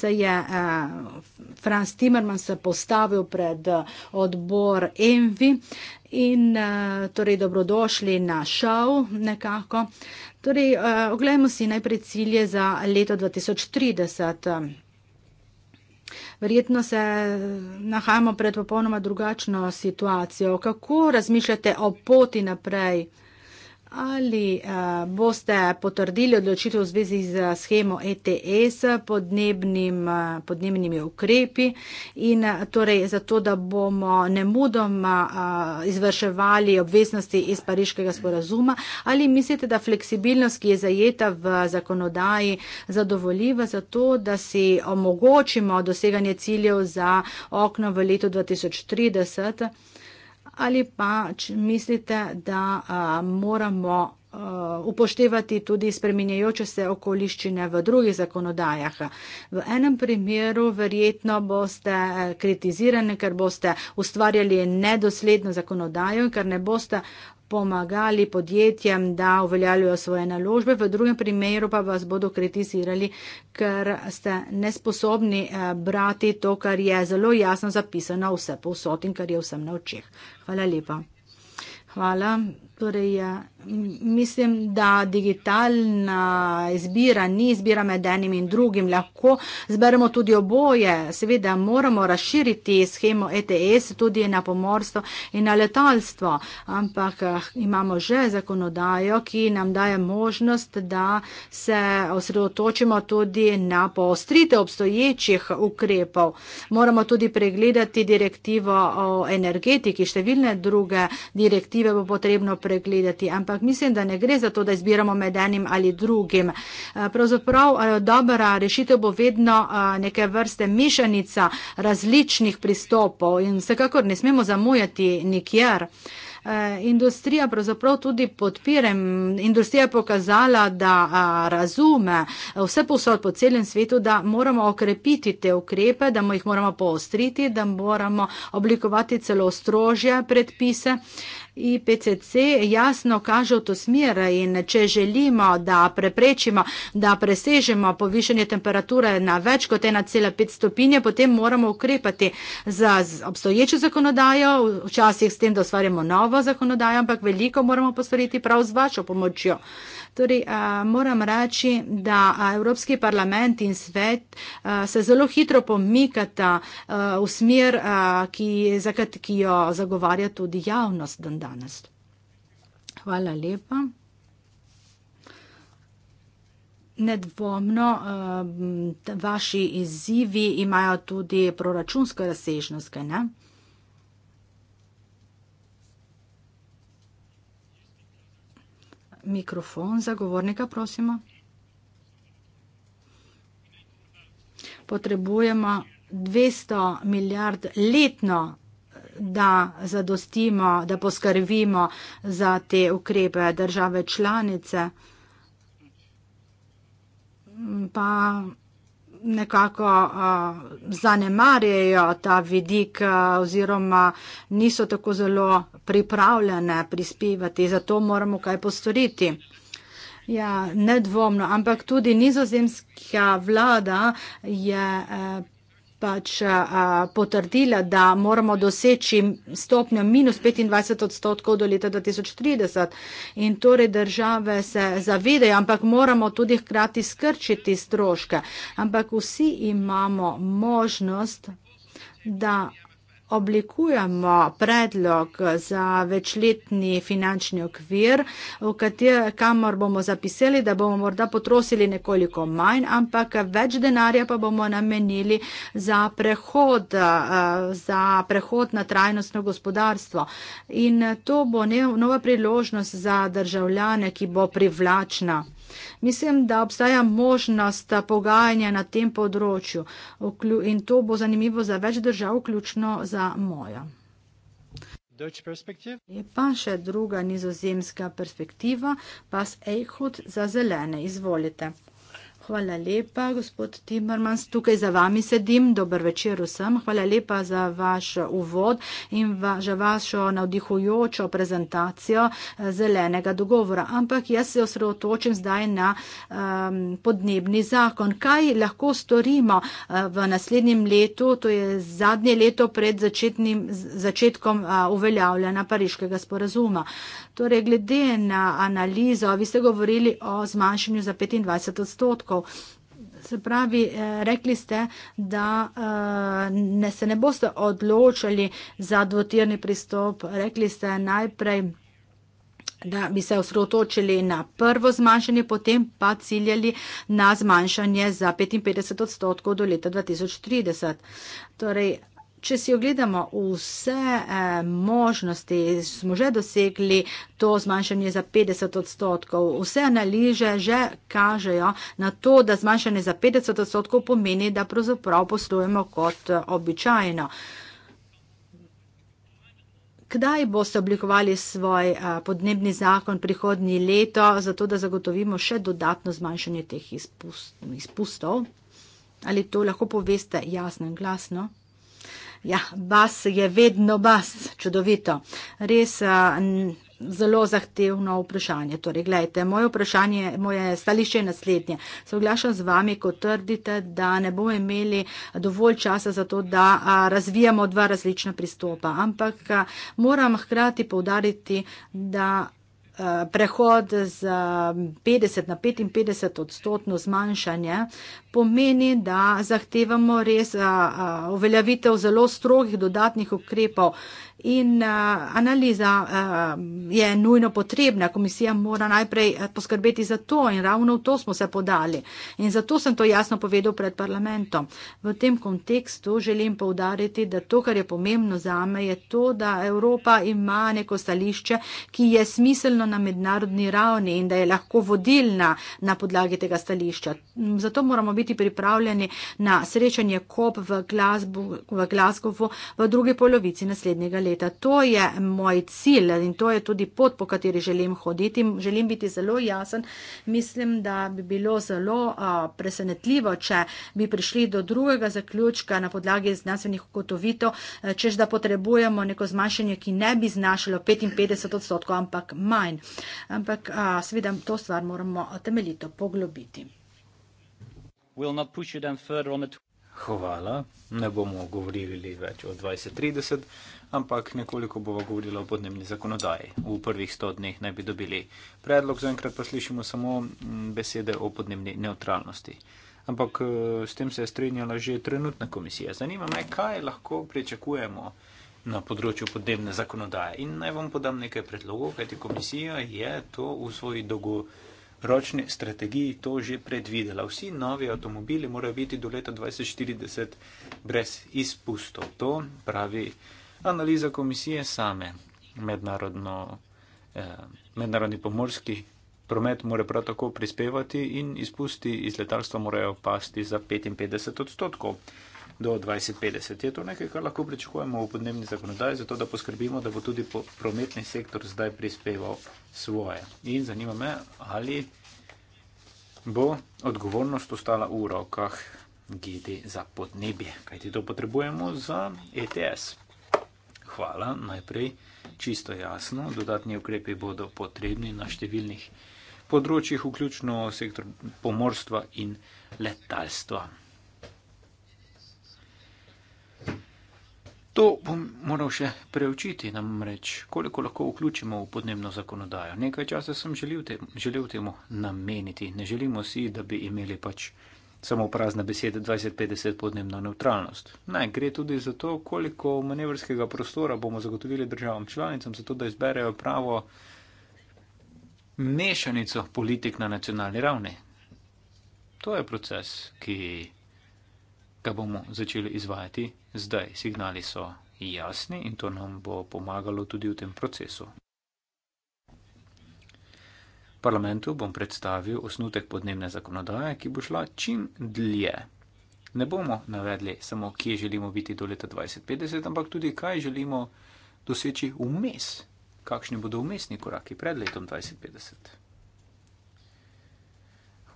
se je Franz Timmermans postavil pred odbor Envi in torej dobrodošli na šov nekako. Torej, oglejmo si najprej cilje za leto 2030. Verjetno se eh, nahajamo pred popolnoma drugačno situacijo. Kako razmišljate o poti naprej? Ali uh, boste potrdili odločitev v zvezi z eh, schemo ETS podnebnim, uh, podnebnimi ukrepi in uh, torej zato, da bomo nemudoma uh, izvrševali obveznosti iz Pariškega sporazuma? Ali mislite, da fleksibilnost, ki je zajeta v zakonodaji, zadovoljiva za to, da si omogočimo doseganje ciljev za okno v letu 2030? ali pa mislite, da a, moramo a, upoštevati tudi spreminjajoče se okoliščine v drugih zakonodajah. V enem primeru verjetno boste kritizirani, ker boste ustvarjali nedosledno zakonodajo in ker ne boste pomagali podjetjem, da uveljavljajo svoje naložbe, v drugem primeru pa vas bodo kritizirali, ker ste nesposobni eh, brati to, kar je zelo jasno zapisano vse posod in kar je vsem na očeh. Hvala lepa. Hvala. Torej, ja, mislim, da digitalna izbira ni izbira med enim in drugim. Lahko zberemo tudi oboje. Seveda moramo razširiti schemo ETS tudi na pomorstvo in na letalstvo, ampak eh, imamo že zakonodajo, ki nam daje možnost, da se osredotočimo tudi na poostritev obstoječih ukrepov. Moramo tudi pregledati direktivo o energetiki, številne druge direktive direktive bo potrebno pregledati, ampak mislim, da ne gre za to, da izbiramo med enim ali drugim. Eh, pravzaprav eh, dobra rešitev bo vedno eh, neke vrste mišanica različnih pristopov in vsekakor ne smemo zamujati nikjer. Industrija pravzaprav tudi podpira, industrija je pokazala, da razume vse posod po celem svetu, da moramo okrepiti te ukrepe, da jih moramo poostriti, da moramo oblikovati celo strožje predpise. Uh, IPCC jasno kaže v to smer in če želimo, da preprečimo, da presežemo povišanje temperature na več kot 1,5 stopinje, potem moramo ukrepati za obstoječo zakonodajo, včasih s tem, da ustvarjamo novo zakonodajo, ampak veliko moramo postoriti prav z vašo pomočjo. Torej, a, moram reči, da Evropski parlament in svet a, se zelo hitro pomikata a, v smer, a, ki, za kat, ki jo zagovarja tudi javnost dan danes. Hvala lepa. Nedvomno vaši izzivi imajo tudi proračunsko razsežnost, kajne? mikrofon zagovornika, prosimo. Potrebujemo 200 milijard letno, da zadostimo, da poskrbimo za te ukrepe države članice. Pa nekako uh, zanemarjajo ta vidik uh, oziroma niso tako zelo pripravljene prispevati. Zato moramo kaj postoriti. Ja, nedvomno, ampak tudi nizozemska vlada je. Uh, pač a, potrdila, da moramo doseči stopnjo minus 25 odstotkov do leta 2030. In torej države se zavedajo, ampak moramo tudi hkrati skrčiti stroške. Ampak vsi imamo možnost, da oblikujemo predlog za večletni finančni okvir, v kater, kamor bomo zapisali, da bomo morda potrosili nekoliko manj, ampak več denarja pa bomo namenili za prehod, eh, za prehod na trajnostno gospodarstvo. In to bo nova priložnost za državljane, ki bo privlačna. Mislim, da obstaja možnost pogajanja na tem področju in to bo zanimivo za več držav, vključno za mojo. Je pa še druga nizozemska perspektiva, pas Eichhut za zelene. Izvolite. Hvala lepa, gospod Timmermans. Tukaj za vami sedim. Dober večer vsem. Hvala lepa za vaš uvod in va, za vašo navdihujočo prezentacijo eh, zelenega dogovora. Ampak jaz se osredotočim zdaj na um, podnebni zakon. Kaj lahko storimo uh, v naslednjem letu, to je zadnje leto pred začetnim, začetkom uh, uveljavljanja pariškega sporazuma? Torej, glede na analizo, vi ste govorili o zmanjšanju za 25 odstotkov strokovnjakov. Se pravi, eh, rekli ste, da eh, ne, se ne boste odločili za dvotirni pristop. Rekli ste najprej, da bi se osredotočili na prvo zmanjšanje, potem pa ciljali na zmanjšanje za 55 odstotkov do leta 2030. Torej, če si ogledamo vse eh, možnosti, smo že dosegli to zmanjšanje za 50 odstotkov. Vse analize že kažejo na to, da zmanjšanje za 50 odstotkov pomeni, da pravzaprav poslujemo kot običajno. Kdaj boste oblikovali svoj eh, podnebni zakon prihodnji leto, zato da zagotovimo še dodatno zmanjšanje teh izpustov? Ali to lahko poveste jasno in glasno? Ja, bas je vedno bas, čudovito. Res a, n, zelo zahtevno vprašanje. Torej, gledajte, moje vprašanje, moje stališče je naslednje. Soglašam z vami, ko trdite, da ne bomo imeli dovolj časa za to, da a, razvijamo dva različna pristopa. Ampak a, moram hkrati povdariti, da. Prehod z 50 na 55 odstotno zmanjšanje pomeni, da zahtevamo res a, a, uveljavitev zelo strogih dodatnih ukrepov in a, analiza a, je nujno potrebna. Komisija mora najprej poskrbeti za to in ravno v to smo se podali. In zato sem to jasno povedal pred parlamentom. V tem kontekstu želim povdariti, da to, kar je pomembno za me, je to, da Evropa ima neko stališče, ki je smiselno na mednarodni ravni in da je lahko vodilna na podlagi tega stališča. Zato moramo biti biti pripravljeni na srečanje COP v, v Glasgowu v drugi polovici naslednjega leta. To je moj cilj in to je tudi pot, po kateri želim hoditi. Želim biti zelo jasen. Mislim, da bi bilo zelo a, presenetljivo, če bi prišli do drugega zaključka na podlagi znanstvenih ugotovitev, čež da potrebujemo neko zmanjšanje, ki ne bi znašalo 55 odstotkov, ampak manj. Ampak, a, seveda, to stvar moramo temeljito poglobiti. Hvala. Ne bomo govorili več o 2030, ampak nekoliko bomo govorili o podnebni zakonodaji. V prvih 100 dneh naj bi dobili predlog, zaenkrat pa slišimo samo mm, besede o podnebni neutralnosti. Ampak eh, s tem se je strinjala že trenutna komisija. Zanima me, kaj lahko pričakujemo na področju podnebne zakonodaje. In naj vam podam nekaj predlogov, kajti komisija je to v svoji dolgu ročni strategiji to že predvidela. Vsi novi avtomobili morajo biti do leta 2040 brez izpustov. To pravi analiza komisije same. Mednarodno, eh, mednarodni pomorski promet mora prav tako prispevati in izpusti iz letalstva morajo pasti za 55 odstotkov. Do 2050 je to nekaj, kar lahko pričakujemo v podnebni zakonodaji, zato da poskrbimo, da bo tudi prometni sektor zdaj prispeval svoje. In zanima me, ali bo odgovornost ostala v rokah GD za podnebje, kajti to potrebujemo za ETS. Hvala, najprej čisto jasno, dodatni ukrepi bodo potrebni na številnih področjih, vključno sektor pomorstva in letalstva. To bom moral še preučiti, namreč koliko lahko vključimo v podnebno zakonodajo. Nekaj časa sem želel, te, želel temu nameniti. Ne želimo si, da bi imeli pač samo prazna beseda 2050 podnebno neutralnost. Naj gre tudi za to, koliko manevrskega prostora bomo zagotovili državam članicam, zato da izberejo pravo mešanico politik na nacionalni ravni. To je proces, ki ga bomo začeli izvajati zdaj. Signali so jasni in to nam bo pomagalo tudi v tem procesu. Parlamentu bom predstavil osnutek podnebne zakonodaje, ki bo šla čim dlje. Ne bomo navedli samo, kje želimo biti do leta 2050, ampak tudi, kaj želimo doseči vmes, kakšni bodo vmesni koraki pred letom 2050.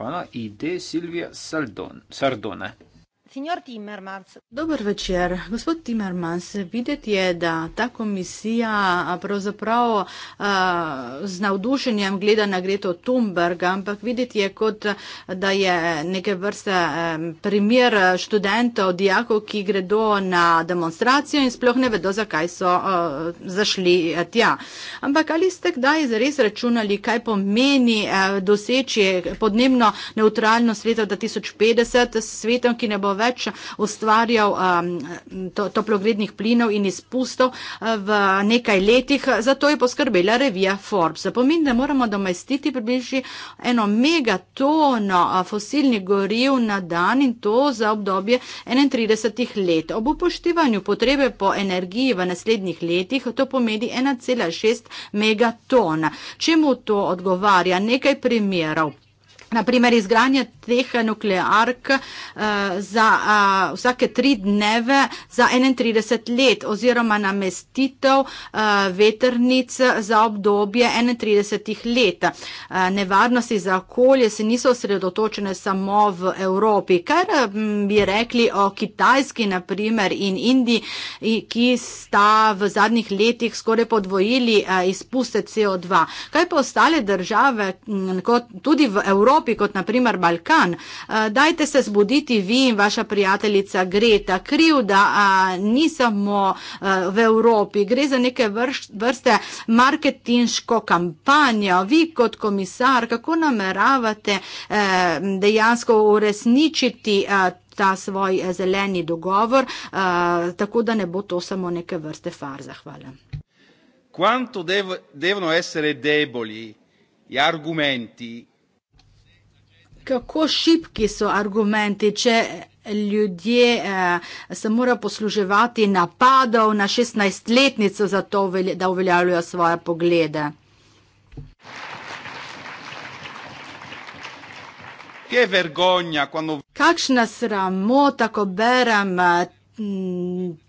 Hvala, ide Silvija Sardone. Signor Timmermans. Dobar večer. Gospod Timmermans, videti je, da ta komisija pravzaprav uh, z navdušenjem gleda na Greto Thunberg, ampak videti je kot, da je neke vrste um, primer študentov, dijakov, ki gredo na demonstracijo in sploh ne vedo, zakaj so uh, zašli tja. Ampak ali ste kdaj zares računali, kaj pomeni uh, doseči podnebno neutralnost sveta 2050 s svetom, ki ne bo več več ustvarjal um, to, toplogrednih plinov in izpustov uh, v nekaj letih. Zato je poskrbela revija Forbes. Pomeni, da moramo domestiti približno eno megatono uh, fosilnih goriv na dan in to za obdobje 31 let. Ob upoštevanju potrebe po energiji v naslednjih letih to pomeni 1,6 megatona. Čemu to odgovarja? Nekaj primerov. Naprimer, izgradnja teh nuklearnk uh, eh, za uh, vsake tri dneve za 31 let oziroma namestitev uh, eh, veternic za obdobje 31 let. Uh, nevarnosti za okolje se niso osredotočene samo v Evropi. Kar m, mm, bi rekli o Kitajski naprimer, in Indiji, ki sta v zadnjih letih skoraj podvojili uh, izpuste CO2. Kaj pa ostale države, m, mm, kot, tudi v Evropi? Evropi, kot naprimer Balkan. Eh, dajte se zbuditi vi in vaša prijateljica Greta. Kriv, da ni samo eh, v Evropi, gre za neke vrste marketinško kampanjo. Vi kot komisar, kako nameravate eh, dejansko uresničiti ta svoj zeleni dogovor, tako da ne bo to samo neke vrste farza. Hvala. Quanto dev devono essere deboli gli argomenti kako šipki so argumenti, če ljudje eh, se mora posluževati napadov na 16-letnico, da uveljavljajo svoje poglede. Kakšna sramota, ko berem eh,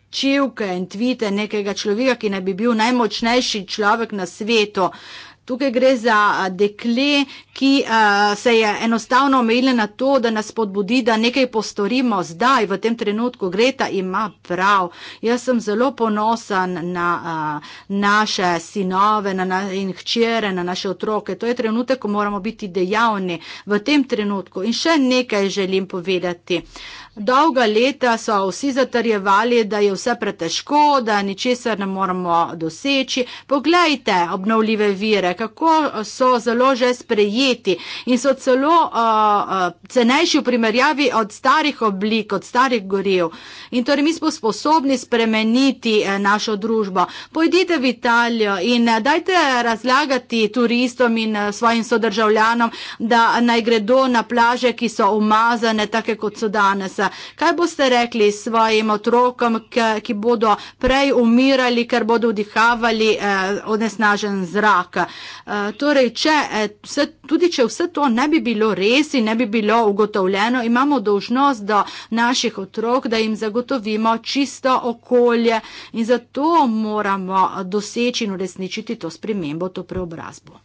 čivke in tvite nekega človeka, ki naj ne bi bil najmočnejši človek na svetu. Eh, Tukaj gre za dekle, ki uh, se je enostavno omejila na to, da nas podbudi, da nekaj postorimo zdaj, v tem trenutku. Greta ima prav. Jaz sem zelo ponosen na uh, naše sinove na na, in hčere, na naše otroke. To je trenutek, ko moramo biti dejavni v tem trenutku. In še nekaj želim povedati. Uh, Dolga leta so vsi zatrjevali, da je vse pretežko, da ničesar ne moremo doseči. Poglejte obnovljive vire, kako so zelo že sprejeti in so celo uh, uh, cenejši v primerjavi od starih oblik, od starih goril. In torej mi smo sposobni spremeniti uh, našo družbo. Pojdite v Italijo in uh, dajte razlagati turistom in uh, svojim sodržavljanom, da naj gredo na plaže, ki so umazane, take kot so danes časa. Kaj boste rekli svojim otrokom, ki bodo prej umirali, ker bodo vdihavali eh, onesnažen zrak? Eh, torej, če, eh, vse, tudi če vse to ne bi bilo res in ne bi bilo ugotovljeno, imamo dožnost do naših otrok, da jim zagotovimo čisto okolje in zato moramo doseči in uresničiti to spremembo, to preobrazbo.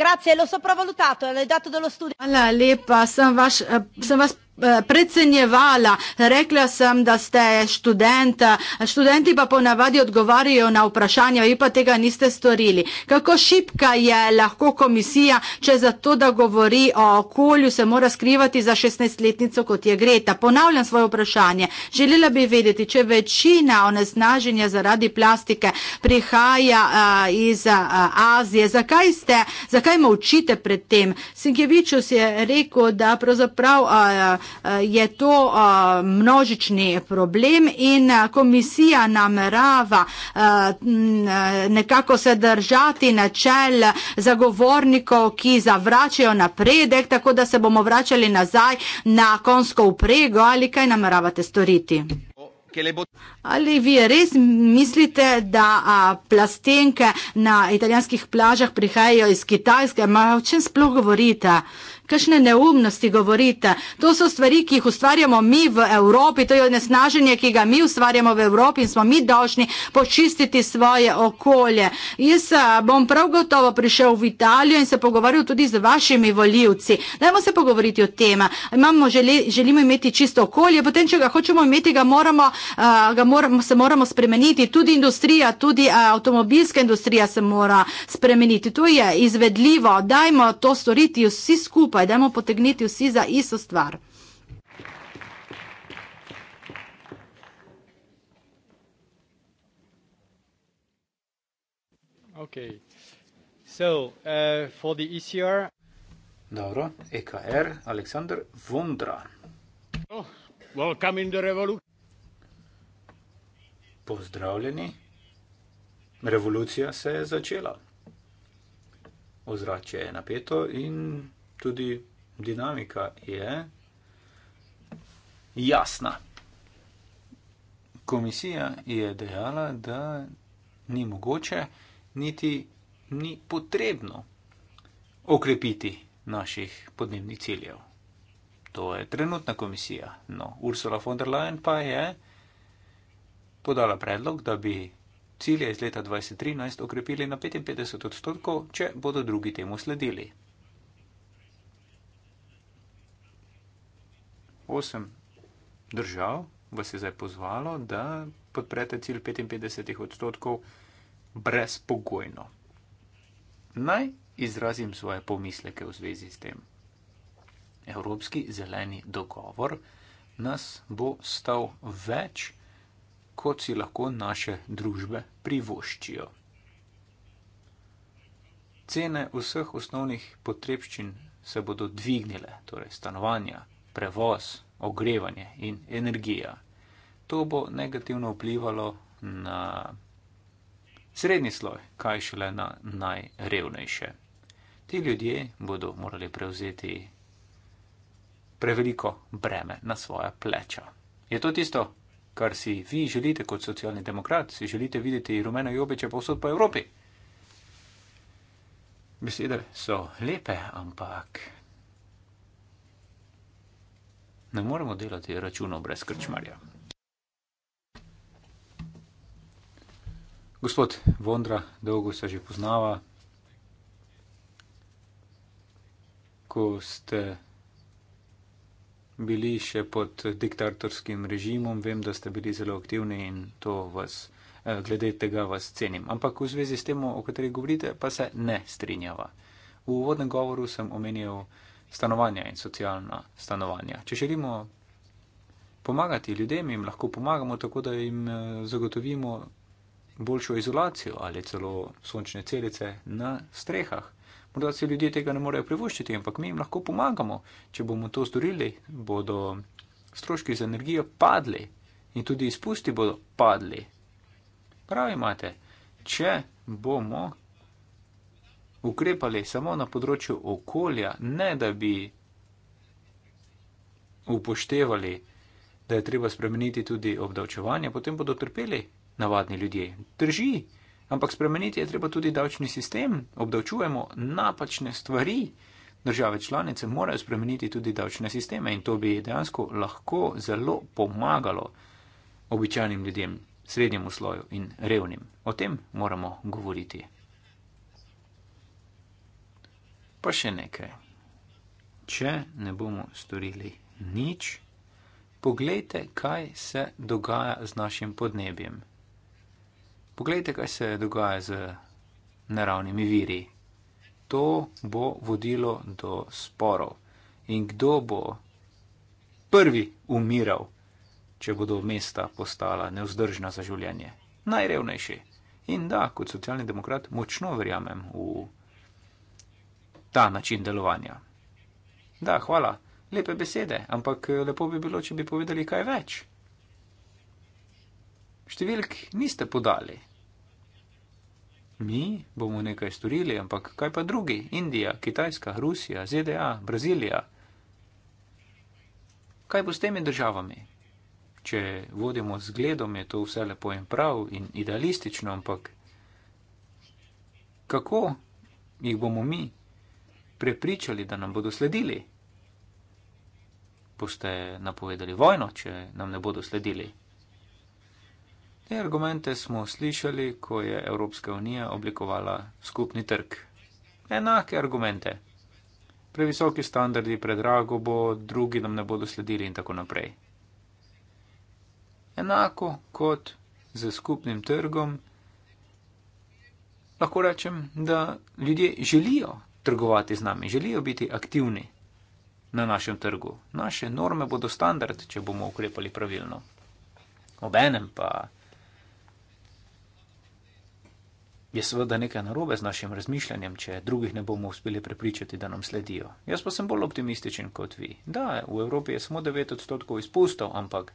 Grazie, l'ho sopravvalutato, l'ho dato dello studio. Alla lepa, sem vas, eh, sem vas Eh, precenjevala. Rekla sem, da ste študent, eh, študenti pa ponavadi odgovarjajo na vprašanja, vi pa tega niste storili. Kako šipka je lahko komisija, če za to, da govori o okolju, se mora skrivati za 16-letnico, kot je Greta? Ponavljam svoje vprašanje. Želela bi vedeti, če večina onesnaženja zaradi plastike prihaja a, eh, iz a, Azije, zakaj ste, zakaj molčite pred tem? Sinkevičus je rekel, da pravzaprav a, a, Eh, je to eh, množični problem in eh, komisija namerava nekako se držati načel zagovornikov, ki zavračajo napredek, tako da se bomo vračali nazaj na konsko uprego ali kaj nameravate storiti. Ali vi res mislite, da a, plastenke na italijanskih plažah prihajajo iz Kitajske? Ma, o čem sploh govorite? kakšne neumnosti govorite. To so stvari, ki jih ustvarjamo mi v Evropi, to je onesnaženje, ki ga mi ustvarjamo v Evropi in smo mi dolžni počistiti svoje okolje. Jaz eh, bom prav gotovo prišel v Italijo in se pogovarjal tudi z vašimi voljivci. Dajmo se pogovoriti o tem. Imamo, želi, želimo imeti čisto okolje, potem, če ga hočemo imeti, ga moramo, eh, ga moramo, se moramo spremeniti. Tudi industrija, tudi eh, avtomobilska industrija se mora spremeniti. To je izvedljivo. Dajmo to storiti vsi skupaj skupaj, dajmo potegniti vsi za isto stvar. Okay. So, uh, for the ECR. Dobro, EKR, Aleksandr Vondra. Oh, welcome in the revolution. Pozdravljeni. Revolucija se je začela. Ozračje je napeto in tudi dinamika je jasna. Komisija je dejala, da ni mogoče, niti ni potrebno okrepiti naših podnebnih ciljev. To je trenutna komisija. No, Ursula von der Leyen pa je podala predlog, da bi cilje iz leta 2013 okrepili na 55 odstotkov, če bodo drugi temu sledili. osem držav vas je zdaj pozvalo, da podprete cilj 55 odstotkov brezpogojno. Naj izrazim svoje pomisleke v zvezi s tem. Evropski zeleni dogovor nas bo stal več, kot si lahko naše družbe privoščijo. Cene vseh osnovnih potrebščin se bodo dvignile, torej stanovanja, prevoz, ogrevanje in energija. To bo negativno vplivalo na srednji sloj, kaj šele na najrevnejše. Ti ljudje bodo morali prevzeti preveliko breme na svoje pleča. Je to tisto, kar si vi želite kot socialni demokrat, si želite videti rumene jobeče povsod po Evropi? Besede so lepe, ampak Ne moremo delati računov brez krčmarja. Gospod Vondra, dolgo se že poznava. Ko ste bili še pod diktatorskim režimom, vem, da ste bili zelo aktivni in to vas, eh, glede tega vas cenim. Ampak v zvezi s tem, o kateri govorite, pa se ne strinjava. V uvodnem govoru sem omenjal, stanovanja in socialna stanovanja. Če želimo pomagati ljudem, jim lahko pomagamo tako, da jim eh, zagotovimo boljšo izolacijo ali celo sončne celice na strehah. Morda si ljudje tega ne morejo privoščiti, ampak mi jim lahko pomagamo. Če bomo to storili, bodo stroški za energijo padli in tudi izpusti bodo padli. Pravi imate, če bomo ukrepali samo na področju okolja, ne da bi upoštevali, da je treba spremeniti tudi obdavčevanje, potem bodo trpeli navadni ljudje. Drži, ampak spremeniti je treba tudi davčni sistem. Obdavčujemo napačne stvari. Države članice morajo spremeniti tudi davčne sisteme in to bi dejansko lahko zelo pomagalo običajnim ljudem, srednjemu sloju in revnim. O tem moramo govoriti. Pa še nekaj. Če ne bomo storili nič, pogledajte, kaj se dogaja z našim podnebjem. Poglejte, kaj se dogaja z naravnimi viri. To bo vodilo do sporov. In kdo bo prvi umiral, če bodo mesta postala neuzdržna za življenje? Najrevnejši. In da, kot socialni demokrat, močno verjamem v ta način delovanja. Da, hvala, lepe besede, ampak eh, lepo bi bilo, če bi povedali kaj več. Številk niste podali. Mi bomo nekaj storili, ampak kaj pa drugi? Indija, Kitajska, Rusija, ZDA, Brazilija. Kaj bo s temi državami? Če vodimo zgledom, je to vse lepo in prav in idealistično, ampak kako jih bomo mi prepričali, da nam bodo sledili. Boste napovedali vojno, če nam ne bodo sledili. Te argumente smo slišali, ko je Evropska unija oblikovala skupni trg. Enake argumente. Previsoki standardi, predrago bo, drugi nam ne bodo sledili in tako naprej. Enako kot z skupnim trgom, lahko rečem, da ljudje želijo, trgovati z nami, želijo biti aktivni na našem trgu. Naše norme bodo standard, če bomo ukrepali pravilno. Obenem pa je seveda nekaj narobe z našim razmišljanjem, če drugih ne bomo uspeli prepričati, da nam sledijo. Jaz pa sem bolj optimističen kot vi. Da, v Evropi je samo 9 odstotkov izpustov, ampak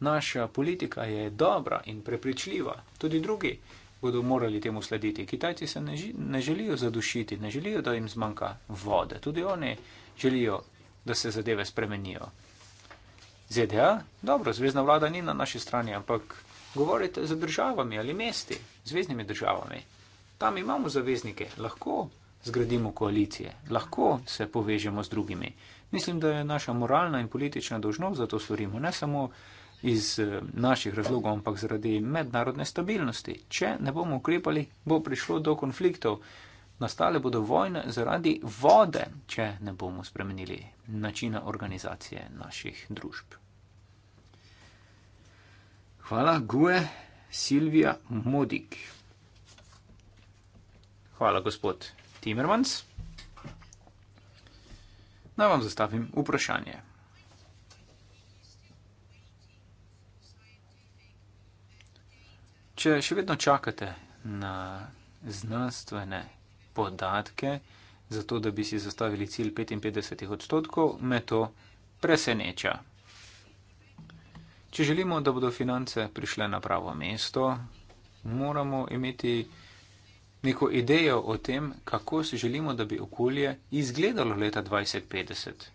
naša politika je dobra in prepričljiva. Tudi drugi bodo morali temu slediti. Kitajci se ne, ne želijo zadušiti, ne želijo, da jim zmanjka vode. Tudi oni želijo, da se zadeve spremenijo. ZDA, dobro, zvezdna vlada ni na naši strani, ampak govorite z državami ali mesti, zvezdnimi državami. Tam imamo zaveznike, lahko zgradimo koalicije, lahko se povežemo z drugimi. Mislim, da je naša moralna in politična dožnost, da to storimo, ne samo iz eh, naših razlogov, ampak zaradi mednarodne stabilnosti. Če ne bomo ukrepali, bo prišlo do konfliktov. Nastale bodo vojne zaradi vode, če ne bomo spremenili načina organizacije naših družb. Hvala, Gue, Silvija Modik. Hvala, gospod Timmermans. Naj vam zastavim vprašanje. Če še vedno čakate na znanstvene podatke, zato da bi si zastavili cilj 55 odstotkov, me to preseneča. Če želimo, da bodo finance prišle na pravo mesto, moramo imeti neko idejo o tem, kako si želimo, da bi okolje izgledalo leta 2050.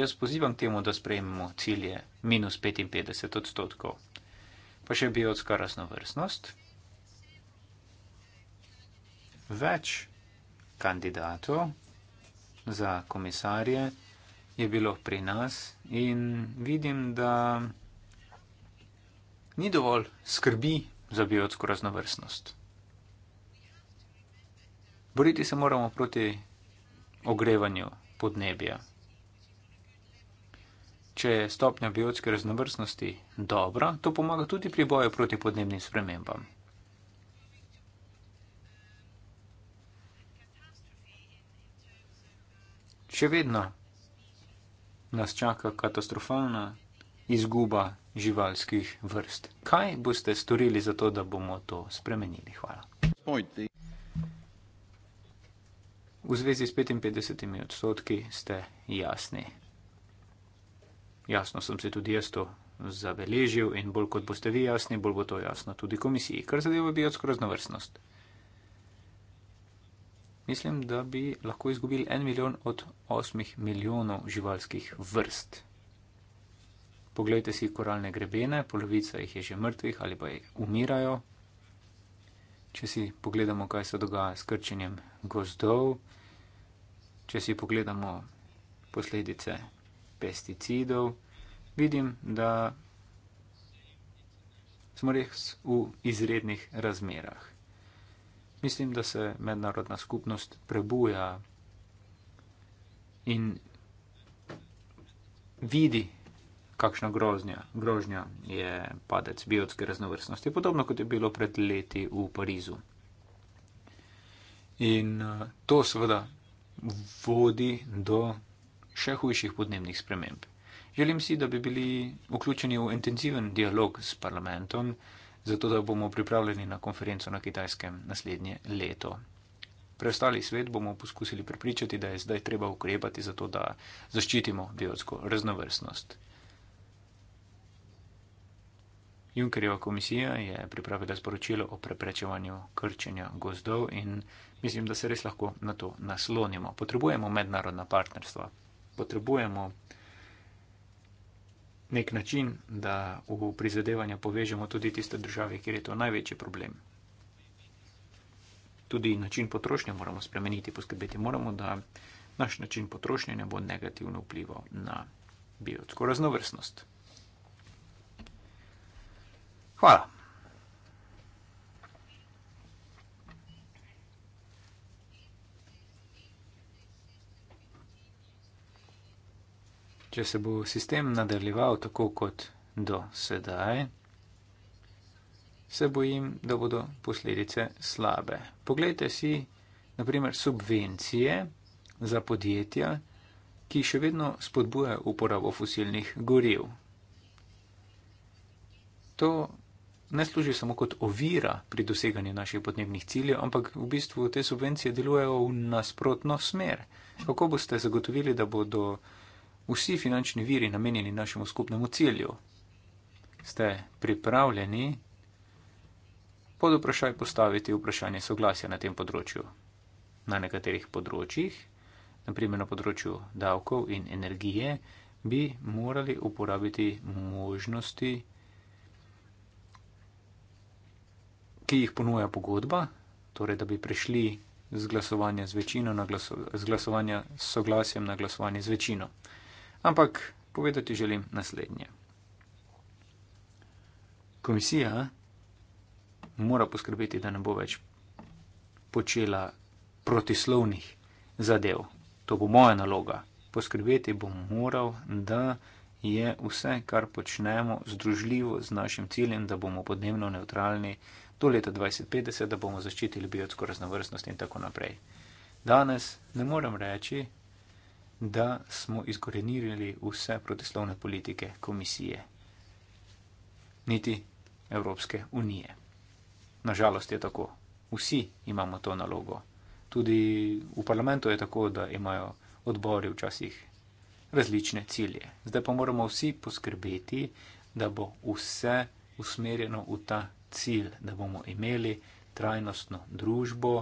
Jaz pozivam temu, da sprejmemo cilje minus 55 odstotkov pa še biotska raznovrstnost. Več kandidatov za komisarje je bilo pri nas in vidim, da ni dovolj skrbi za biotsko raznovrstnost. Boriti se moramo proti ogrevanju podnebja. Če je stopnja biotske raznovrstnosti dobra, to pomaga tudi pri boju proti podnebnim spremembam. Še vedno nas čaka katastrofalna izguba živalskih vrst. Kaj boste storili za to, da bomo to spremenili? Hvala. V zvezi s 55 odstotki ste jasni jasno sem se tudi jaz to zabeležil in bolj kot boste vi jasni, bolj bo to jasno tudi komisiji, kar zadeva biotsko raznovrstnost. Mislim, da bi lahko izgubili en milijon od osmih milijonov živalskih vrst. Poglejte si koralne grebene, polovica jih je že mrtvih ali pa jih umirajo. Če si pogledamo, kaj se dogaja s krčenjem gozdov, če si pogledamo posledice pesticidov, vidim, da smo res v izrednih razmerah. Mislim, da se mednarodna skupnost prebuja in vidi, kakšna groznja, grožnja je padec biotske raznovrstnosti, podobno kot je bilo pred leti v Parizu. In eh, to seveda vodi do še hujših podnebnih sprememb. Želim si, da bi bili vključeni v intenziven dialog s parlamentom, zato da bomo pripravljeni na konferenco na kitajskem naslednje leto. Preostali svet bomo poskusili prepričati, da je zdaj treba ukrepati za to, da zaščitimo biotsko raznovrstnost. Junkerjeva komisija je pripravila sporočilo o preprečevanju krčenja gozdov in mislim, da se res lahko na to naslonimo. Potrebujemo mednarodna partnerstva potrebujemo nek način, da v prizadevanja povežemo tudi tiste države, kjer je to največji problem. Tudi način potrošnje moramo spremeniti, poskrbeti moramo, da naš način potrošnje ne bo negativno vplival na biotsko raznovrstnost. Hvala. če se bo sistem nadaljeval tako kot do sedaj, se bojim, da bodo posledice slabe. Poglejte si, naprimer, subvencije za podjetja, ki še vedno spodbujajo uporabo fosilnih goriv. To ne služi samo kot ovira pri doseganju naših podnebnih ciljev, ampak v bistvu te subvencije delujejo v nasprotno smer. Kako boste zagotovili, da bodo vsi finančni viri namenjeni našemu skupnemu cilju. Ste pripravljeni pod vprašaj postaviti vprašanje soglasja na tem področju? Na nekaterih področjih, naprimer na področju davkov in energije, bi morali uporabiti možnosti, ki jih ponuja pogodba, torej da bi prišli z glasovanjem z večino na glaso, glasovanje s soglasjem na glasovanje z večino ampak povedati želim naslednje. Komisija mora poskrbeti, da ne bo več počela protislovnih zadev. To bo moja naloga. Poskrbeti bom moral, da je vse, kar počnemo, združljivo z našim ciljem, da bomo podnebno neutralni do leta 2050, da bomo zaščitili biotsko raznovrstnost in tako naprej. Danes ne morem reči, da smo izkorenirili vse protislovne politike komisije, niti Evropske unije. Nažalost je tako. Vsi imamo to nalogo. Tudi v parlamentu je tako, da imajo odbori včasih različne cilje. Zdaj pa moramo vsi poskrbeti, da bo vse usmerjeno v ta cilj, da bomo imeli trajnostno družbo.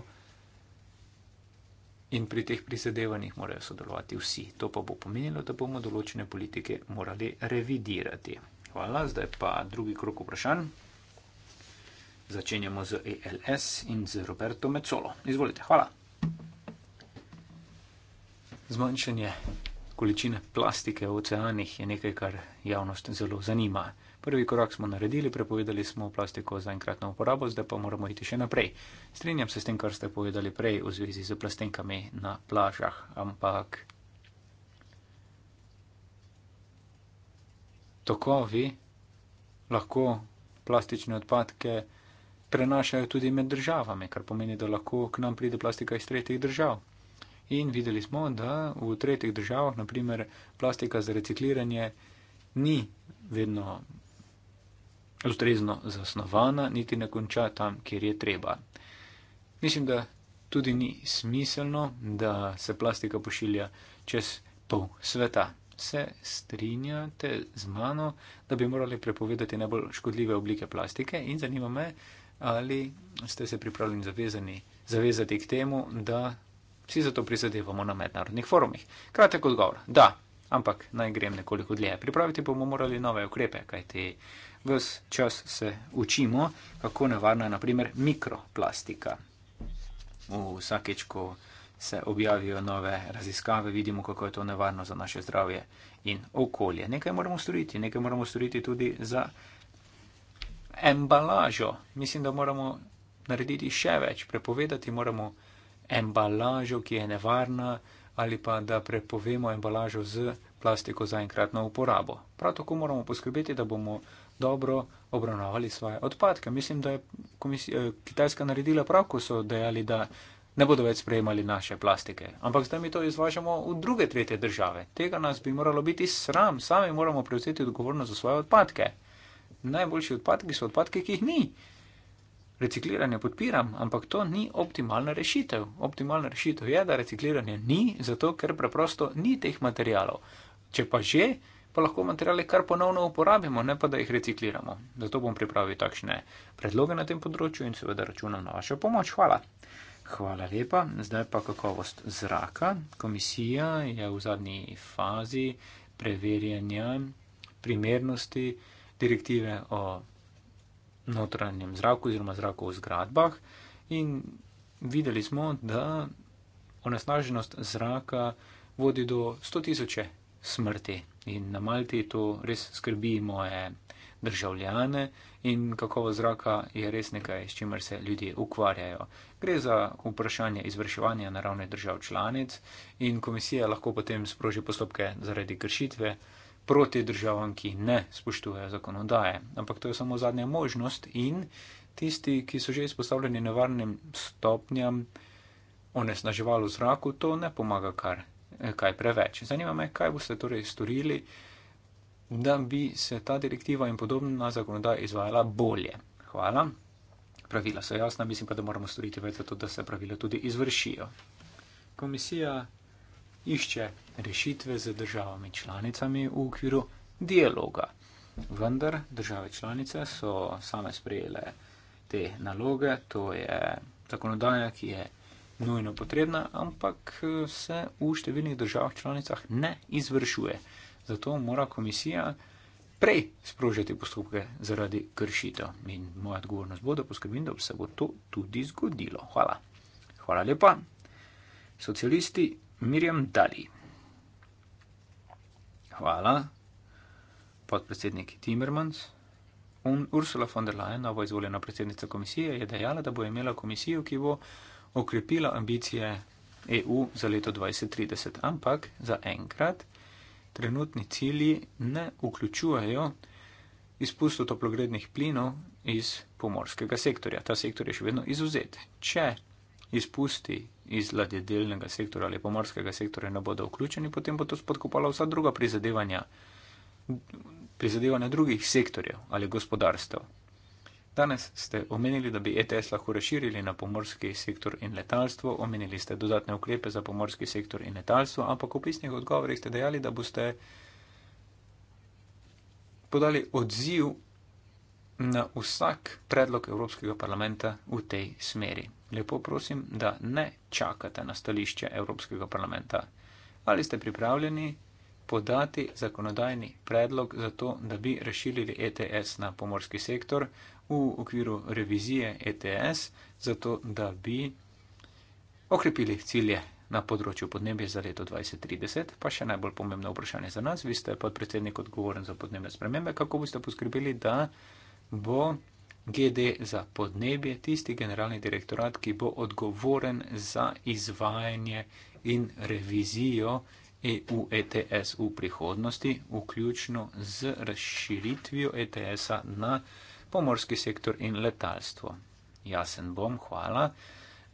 In pri teh prizadevanjih morajo sodelovati vsi. To pa bo pomenilo, da bomo določene politike morali revidirati. Hvala, zdaj pa drugi krok vprašanj. Začenjamo z ELS in z Roberto Mecolo. Izvolite, hvala. Zmanjšanje količine plastike v oceanih je nekaj, kar javnost zelo zanima. Prvi korak smo naredili, prepovedali smo plastiko za enkratno uporabo, zdaj pa moramo iti še naprej. Strenjam se s tem, kar ste povedali prej v zvezi z plastenkami na plažah, ampak tokovi lahko plastične odpadke prenašajo tudi med državami, kar pomeni, da lahko k nam pride plastika iz tretjih držav. In videli smo, da v tretjih državah, naprimer, plastika za recikliranje ni vedno ustrezno zasnovana, niti ne konča tam, kjer je treba. Mislim, da tudi ni smiselno, da se plastika pošilja čez pol sveta. Se strinjate z mano, da bi morali prepovedati najbolj škodljive oblike plastike in zanima me, ali ste se pripravljeni zavezani, zavezati k temu, da vsi za to prizadevamo na mednarodnih forumih. Kratek odgovor, da, ampak naj grem nekoliko dlje. Pripraviti bomo morali nove ukrepe, kajti Ves čas se učimo, kako nevarna je naprimer mikroplastika. Vsakeč, ko se objavijo nove raziskave, vidimo, kako je to nevarno za naše zdravje in okolje. Nekaj moramo storiti, nekaj moramo storiti tudi za embalažo. Mislim, da moramo narediti še več. Prepovedati moramo embalažo, ki je nevarna, ali pa da prepovemo embalažo z plastiko za enkratno uporabo. Prav tako moramo poskrbeti, da bomo dobro obravnavali svoje odpadke. Mislim, da je eh, Kitajska naredila prav, ko so dejali, da ne bodo več sprejemali naše plastike. Ampak zdaj mi to izvažamo v druge tretje države. Tega nas bi moralo biti sram, sami moramo prevzeti odgovornost za svoje odpadke. Najboljši odpadki so odpadki, ki jih ni. Recikliranje podpiram, ampak to ni optimalna rešitev. Optimalna rešitev je, da recikliranje ni, zato ker preprosto ni teh materijalov. Če pa že, pa lahko materiale kar ponovno uporabimo, ne pa da jih recikliramo. Zato bom pripravil takšne predloge na tem področju in seveda računam na vašo pomoč. Hvala. Hvala lepa. Zdaj pa kakovost zraka. Komisija je v zadnji fazi preverjanja primernosti direktive o notranjem zraku oziroma zraku v zgradbah in videli smo, da onesnaženost zraka vodi do 100 tisoče smrti In na Malti to res skrbi moje državljane in kakovo zraka je res nekaj, s čimer se ljudje ukvarjajo. Gre za vprašanje izvrševanja naravne držav članic in komisija lahko potem sproži postopke zaradi kršitve proti državam, ki ne spoštujejo zakonodaje. Ampak to je samo zadnja možnost in tisti, ki so že izpostavljeni nevarnim stopnjam onesnaževalo zraku, to ne pomaga kar kaj preveč. Zanima me, kaj boste torej storili, da bi se ta direktiva in podobna zakonodaja izvajala bolje. Hvala. Pravila so jasna, mislim pa, da moramo storiti več za to, da se pravila tudi izvršijo. Komisija išče rešitve z državami članicami v okviru dialoga. Vendar države članice so same sprejele te naloge, to je zakonodaja, ki je nujno potrebna, ampak eh, se v številnih državah članicah ne izvršuje. Zato mora komisija prej sprožiti postopke zaradi kršitev. In moja odgovornost bo, da poskrbim, da se bo to tudi zgodilo. Hvala. Hvala lepa. Socialisti Mirjam Dali. Hvala. Podpredsednik Timmermans. Ursula von der Leyen, novo izvoljena predsednica komisije, je dejala, da bo imela komisijo, ki bo okrepila ambicije EU za leto 2030, ampak za enkrat trenutni cilji ne vključujejo izpustov toplogrednih plinov iz pomorskega sektorja. Ta sektor je še vedno izuzet. Če izpusti iz ladjedelnega sektorja ali pomorskega sektorja ne bodo vključeni, potem bo to spodkopalo vsa druga prizadevanja, prizadevanja drugih sektorjev ali gospodarstev. Danes ste omenili, da bi ETS lahko razširili na pomorski sektor in letalstvo, omenili ste dodatne ukrepe za pomorski sektor in letalstvo, ampak v pisnih odgovorih ste dejali, da boste podali odziv na vsak predlog Evropskega parlamenta v tej smeri. Lepo prosim, da ne čakate na stališče Evropskega parlamenta. Ali ste pripravljeni podati zakonodajni predlog za to, da bi razširili ETS na pomorski sektor? v okviru revizije ETS, zato da bi okrepili cilje na področju podnebja za leto 2030, pa še najbolj pomembno vprašanje za nas. Vi ste podpredsednik odgovoren za podnebne spremembe. Kako boste poskrbeli, da bo GD za podnebje tisti generalni direktorat, ki bo odgovoren za izvajanje in revizijo EU ETS v prihodnosti, vključno z razširitvijo ETS-a na področju pomorski sektor in letalstvo. Jasen bom, hvala.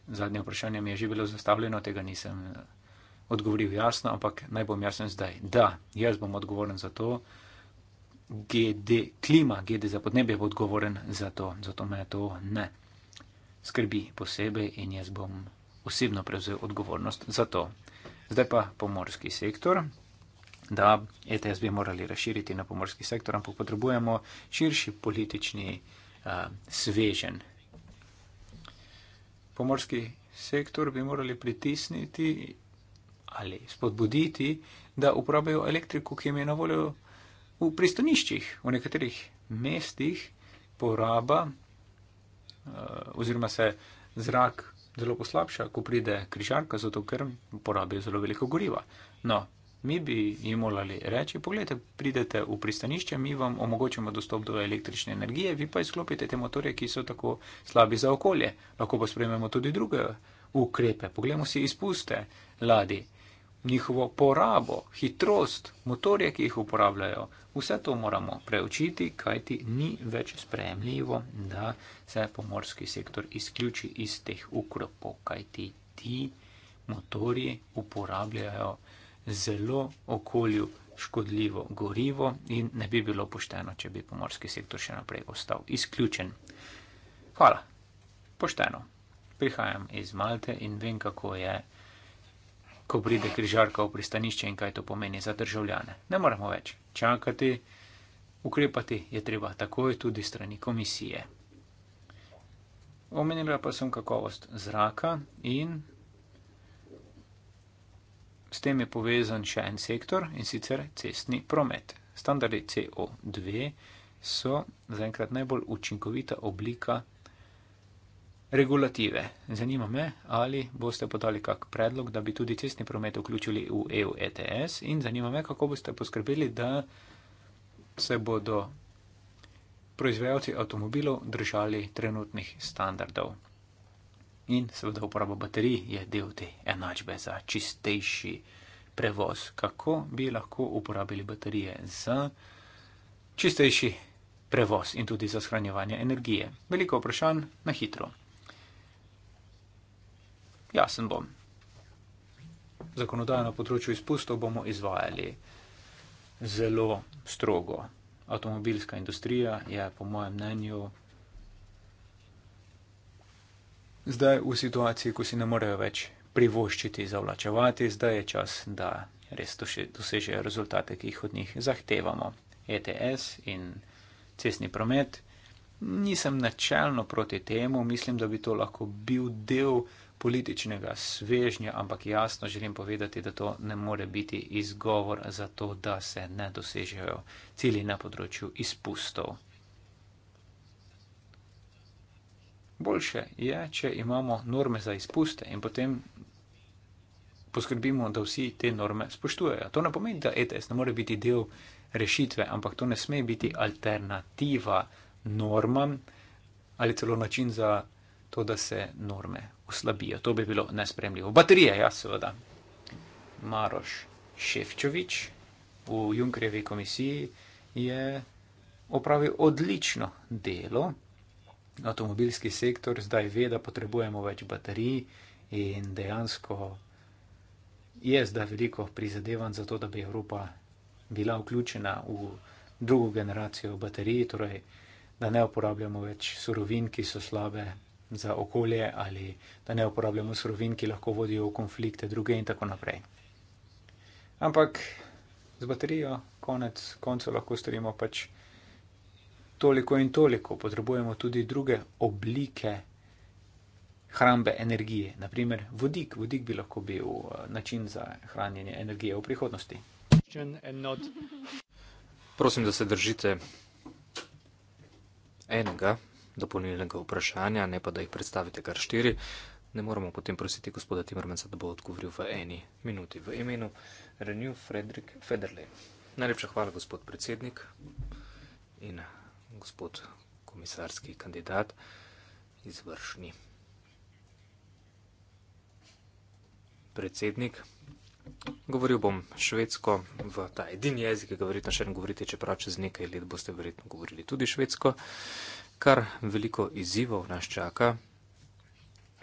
Zadnje vprašanje mi je že bilo zastavljeno, tega nisem eh, odgovoril jasno, ampak naj bom jasen zdaj. Da, jaz bom odgovoren za to. GD klima, GD za podnebje bo odgovoren za to, zato me to ne skrbi posebej in jaz bom osebno prevzel odgovornost za to. Zdaj pa pomorski sektor da ETS bi morali razširiti na pomorski sektor, ampak potrebujemo širši politični uh, eh, svežen. Pomorski sektor bi morali pritisniti ali spodbuditi, da uporabljajo elektriko, ki jim je na voljo v pristaniščih, v nekaterih mestih poraba uh, oziroma se zrak. Zelo poslabša, ko pride križarka, zato ker porabijo zelo veliko goriva. No, Mi bi jim morali reči, pogledajte, pridete v pristanišče, mi vam omogočamo dostop do električne energije, vi pa izklopite te motorje, ki so tako slabi za okolje. Lahko pa sprememo tudi druge ukrepe. Poglejmo si izpuste ladi, njihovo porabo, hitrost, motorje, ki jih uporabljajo. Vse to moramo preučiti, kajti ni več sprejemljivo, da se pomorski sektor izključi iz teh ukrepov, kajti ti motorji uporabljajo zelo okolju škodljivo gorivo in ne bi bilo pošteno, če bi pomorski sektor še naprej ostal izključen. Hvala. Pošteno. Prihajam iz Malte in vem, kako je, ko pride križarka v pristanišče in kaj to pomeni za državljane. Ne moramo več čakati, ukrepati je treba takoj tudi strani komisije. Omenila pa sem kakovost zraka in S tem je povezan še en sektor in sicer cestni promet. Standardi CO2 so zaenkrat najbolj učinkovita oblika regulative. Zanima me, ali boste podali kak predlog, da bi tudi cestni promet vključili v EU ETS in zanima me, kako boste poskrbeli, da se bodo proizvajalci avtomobilov držali trenutnih standardov in seveda uporaba baterij je del te enačbe za čistejši prevoz. Kako bi lahko uporabili baterije za čistejši prevoz in tudi za shranjevanje energije? Veliko vprašanj na hitro. Jasen bom. Zakonodajo na področju izpustov bomo izvajali zelo strogo. Avtomobilska industrija je po mojem mnenju zdaj v situaciji, ko si ne morejo več privoščiti, zavlačevati, zdaj je čas, da res dosežejo rezultate, ki jih od njih zahtevamo. ETS in cestni promet. Nisem načelno proti temu, mislim, da bi to lahko bil del političnega svežnja, ampak jasno želim povedati, da to ne more biti izgovor za to, da se ne dosežejo cilji na področju izpustov. Boljše je, če imamo norme za izpuste in potem poskrbimo, da vsi te norme spoštujejo. To ne pomeni, da ETS ne more biti del rešitve, ampak to ne sme biti alternativa normam ali celo način za to, da se norme oslabijo. To bi bilo nespremljivo. Baterije, ja seveda. Maroš Ševčovič v Junkrevi komisiji je opravil odlično delo avtomobilski sektor zdaj ve, da potrebujemo več baterij in dejansko je zdaj veliko prizadevan za to, da bi Evropa bila vključena v drugo generacijo baterij, torej da ne uporabljamo več surovin, ki so slabe za okolje ali da ne uporabljamo surovin, ki lahko vodijo v konflikte druge in tako naprej. Ampak z baterijo konec koncev lahko storimo pač toliko in toliko, potrebujemo tudi druge oblike hrambe energije, naprimer vodik. Vodik bi lahko bil eh, način za hranjenje energije v prihodnosti. Prosim, da se držite enega dopolnilnega vprašanja, ne pa da jih predstavite kar štiri. Ne moramo potem prositi gospoda Timrmenca, da bo odgovoril v eni minuti. V imenu Renew Frederik Federle. Najlepša hvala, gospod predsednik. In gospod komisarski kandidat, izvršni predsednik. Govoril bom švedsko v ta edini jezik, ki ga verjetno še ne govorite, čeprav čez nekaj let boste verjetno govorili tudi švedsko, kar veliko izzivov nas čaka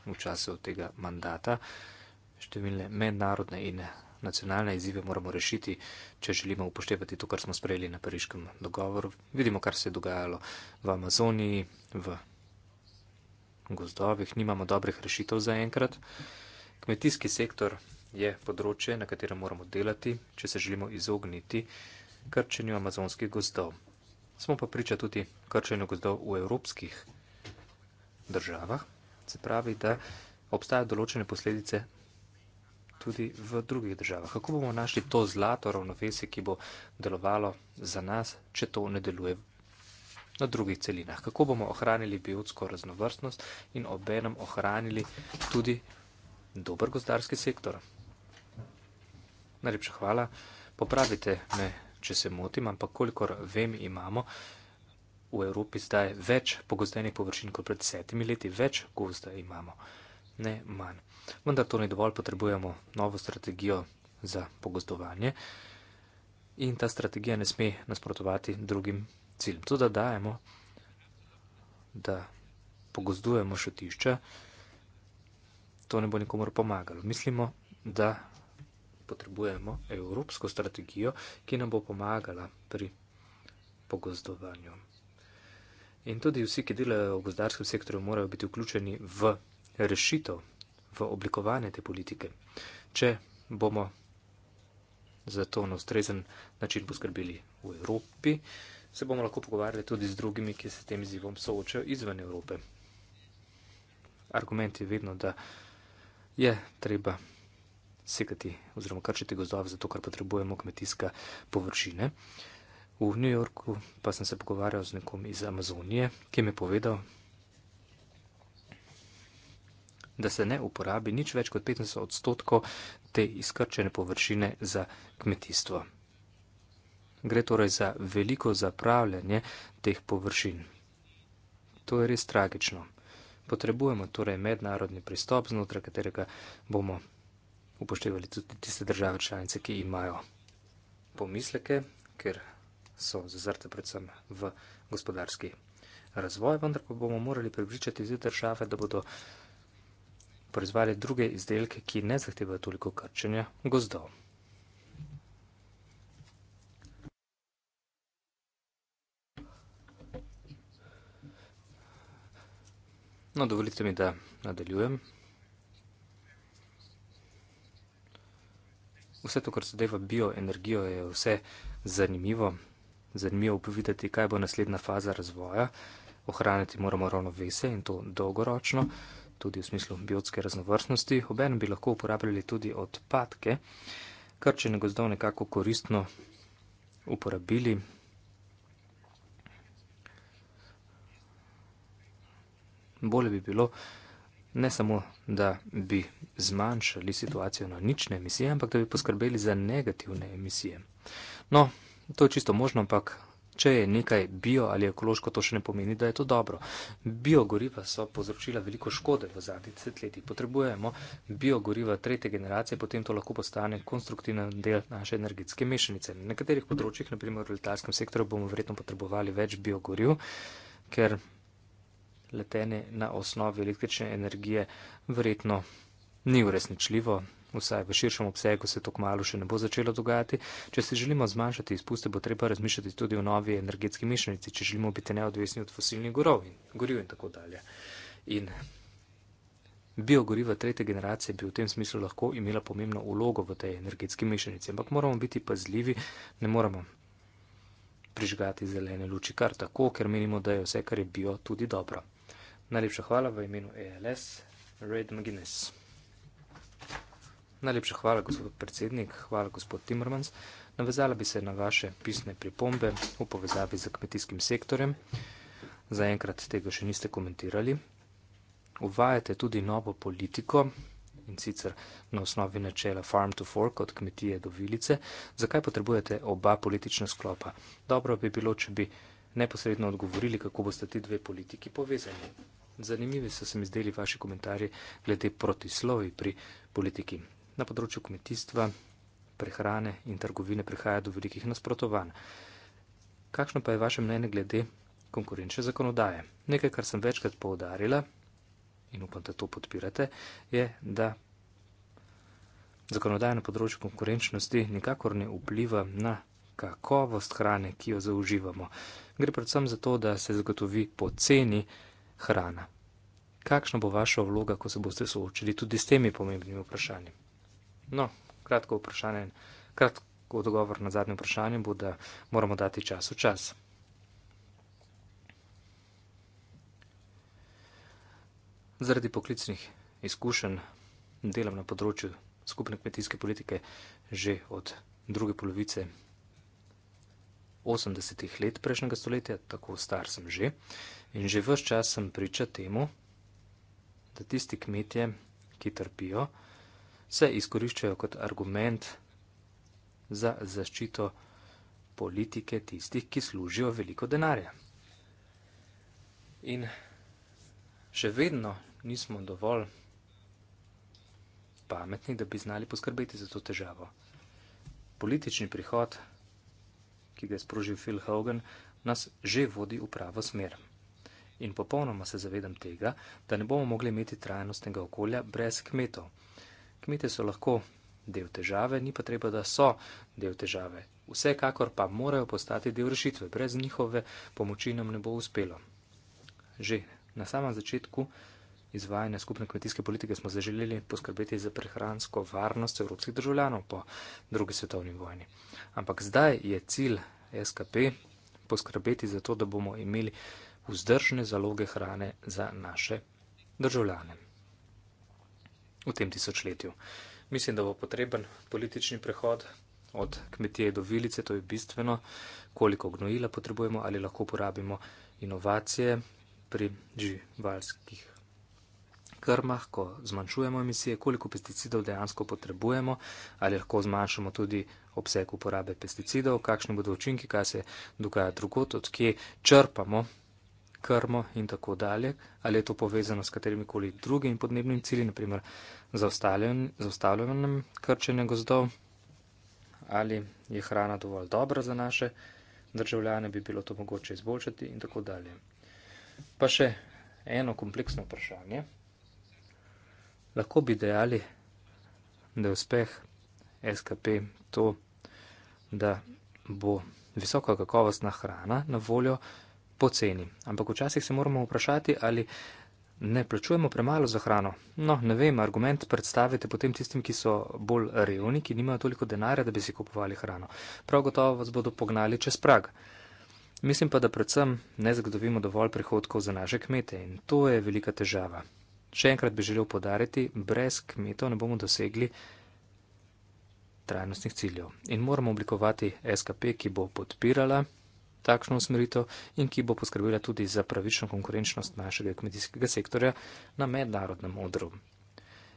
v času tega mandata. Številne mednarodne in nacionalne izzive moramo rešiti, če želimo upoštevati to, kar smo sprejeli na pariškem dogovoru. Vidimo, kar se je dogajalo v Amazoniji, v gozdovih, nimamo dobrih rešitev za enkrat. Kmetijski sektor je področje, na katerem moramo delati, če se želimo izogniti krčenju amazonskih gozdov. Smo pa priča tudi krčenju gozdov v evropskih državah. Se pravi, da obstajajo določene posledice tudi v drugih državah. Kako bomo našli to zlato ravnovesje, ki bo delovalo za nas, če to ne deluje na drugih celinah? Kako bomo ohranili biotsko raznovrstnost in obenem ohranili tudi dober gozdarski sektor? Najlepša hvala. Popravite me, če se motim, ampak kolikor vem, imamo v Evropi zdaj več pogozdenih površin kot pred desetimi leti, več gozda imamo ne manj. Vendar to ni dovolj, potrebujemo novo strategijo za pogostovanje in ta strategija ne sme nasprotovati drugim ciljem. To, da dajemo, da pogozdujemo šotišča, to ne bo nikomor pomagalo. Mislimo, da potrebujemo evropsko strategijo, ki nam bo pomagala pri pogozdovanju. In tudi vsi, ki delajo v gozdarskem sektorju, morajo biti vključeni v rešitev v oblikovanje te politike, če bomo za to na ustrezen način poskrbeli v Evropi, se bomo lahko pogovarjali tudi z drugimi, ki se tem izzivom soočajo izven Evrope. Argument je vedno, da je treba sekati oziroma krčiti gozdove za to, kar potrebujemo kmetijska površine. V New Yorku pa sem se pogovarjal z nekom iz Amazonije, ki mi je povedal, da se ne uporabi nič več kot 15 odstotkov te izkrčene površine za kmetijstvo. Gre torej za veliko zapravljanje teh površin. To je res tragično. Potrebujemo torej mednarodni pristop, znotraj katerega bomo upoštevali tudi tiste države članice, ki imajo pomisleke, ker so zazrte predvsem v gospodarski razvoj, vendar pa bomo morali prepričati te države, da bodo proizvajali druge izdelke, ki ne zahtevajo toliko krčenja gozdov. No, dovolite mi, da nadaljujem. Vse to, kar se deva bioenergijo, je vse zanimivo. Zanimivo je povedati, kaj bo naslednja faza razvoja. Ohraniti moramo ravno vese in to dolgoročno tudi v smislu biotske raznovrstnosti, obenem bi lahko uporabljali tudi odpadke, kar če ne gozdov nekako koristno uporabili. Bole bi bilo ne samo, da bi zmanjšali situacijo na nične emisije, ampak da bi poskrbeli za negativne emisije. No, to je čisto možno, ampak Če je nekaj bio ali ekološko, to še ne pomeni, da je to dobro. Biogoriva so povzročila veliko škode v zadnjih desetletjih. Potrebujemo biogoriva tretje generacije, potem to lahko postane konstruktivna del naše energetske mešanice. Na nekaterih področjih, naprimer v letalskem sektorju, bomo verjetno potrebovali več biogoriv, ker letenje na osnovi električne energije verjetno ni uresničljivo vsaj v širšem obsegu se to kmalo še ne bo začelo dogajati. Če si želimo zmanjšati izpuste, bo treba razmišljati tudi o novi energetski mešanici, če želimo biti neodvisni od fosilnih gorov in goriv in tako dalje. In Biogoriva tretje generacije bi v tem smislu lahko imela pomembno ulogo v tej energetski mešanici, ampak moramo biti pazljivi, ne moramo prižgati zelene luči kar tako, ker menimo, da je vse, kar je bio, tudi dobro. Najlepša hvala v imenu ELS, Red McGuinness. Najlepša hvala, gospod predsednik, hvala, gospod Timmermans. Navezala bi se na vaše pisne pripombe v povezavi z kmetijskim sektorjem. Zaenkrat tega še niste komentirali. Uvajate tudi novo politiko in sicer na osnovi načela Farm to Fork od kmetije do vilice. Zakaj potrebujete oba politična sklopa? Dobro bi bilo, če bi neposredno odgovorili, kako boste ti dve politiki povezani. Zanimivi so se mi zdeli vaši komentarji glede protislovi pri politiki na področju kmetijstva, prehrane in trgovine prihaja do velikih nasprotovanj. Kakšno pa je vaše mnenje glede konkurenčne zakonodaje? Nekaj, kar sem večkrat poudarila in upam, da to podpirate, je, da zakonodaja na področju konkurenčnosti nikakor ne vpliva na kakovost hrane, ki jo zaužívamo. Gre predvsem za to, da se zagotovi poceni hrana. Kakšna bo vaša vloga, ko se boste soočili tudi s temi pomembnimi vprašanji? No, kratko vprašanje, kratko odgovor na zadnje vprašanje bo, da moramo dati čas v čas. Zaradi poklicnih izkušenj delam na področju skupne kmetijske politike že od druge polovice 80-ih let prejšnjega stoletja, tako star sem že, in že vse čas sem priča temu, da tisti kmetje, ki trpijo, se izkoriščajo kot argument za zaščito politike tistih, ki služijo veliko denarja. In še vedno nismo dovolj pametni, da bi znali poskrbeti za to težavo. Politični prihod, ki ga je sprožil Phil Hogan, nas že vodi v pravo smer. In popolnoma se zavedam tega, da ne bomo mogli imeti trajnostnega okolja brez kmetov. Kmete so lahko del težave, ni pa treba, da so del težave. Vsekakor pa morajo postati del rešitve, brez njihove pomoči nam ne bo uspelo. Že na samem začetku izvajanja skupne kmetijske politike smo zaželeli poskrbeti za prehransko varnost evropskih državljanov po drugi svetovni vojni. Ampak zdaj je cilj SKP poskrbeti za to, da bomo imeli vzdržne zaloge hrane za naše državljane v tem tisočletju. Mislim, da bo potreben politični prehod od kmetije do vilice, to je bistveno, koliko gnojila potrebujemo ali lahko uporabimo inovacije pri živalskih krmah, ko zmanjšujemo emisije, koliko pesticidov dejansko potrebujemo ali lahko zmanjšamo tudi obseg uporabe pesticidov, kakšni bodo učinki, kaj se dogaja drugot, odkje črpamo krmo in tako dalje, ali je to povezano s katerimi koli drugimi podnebnimi cilji, naprimer zaustavljanjem krčenja gozdov, ali je hrana dovolj dobra za naše državljane, bi bilo to mogoče izboljšati in tako dalje. Pa še eno kompleksno vprašanje. Lahko bi dejali, da je uspeh SKP to, da bo visoka kakovostna hrana na voljo, poceni. Ampak včasih se moramo vprašati, ali ne plačujemo premalo za hrano. No, ne vem, argument predstavite potem tistim, ki so bolj revni, ki nimajo toliko denarja, da bi si kupovali hrano. Prav gotovo vas bodo pognali čez prag. Mislim pa, da predvsem ne zagotovimo dovolj prihodkov za naše kmete in to je velika težava. Še enkrat bi želel podariti, brez kmetov ne bomo dosegli trajnostnih ciljev in moramo oblikovati SKP, ki bo podpirala takšno usmeritev in ki bo poskrbela tudi za pravično konkurenčnost našega kmetijskega sektorja na mednarodnem odru.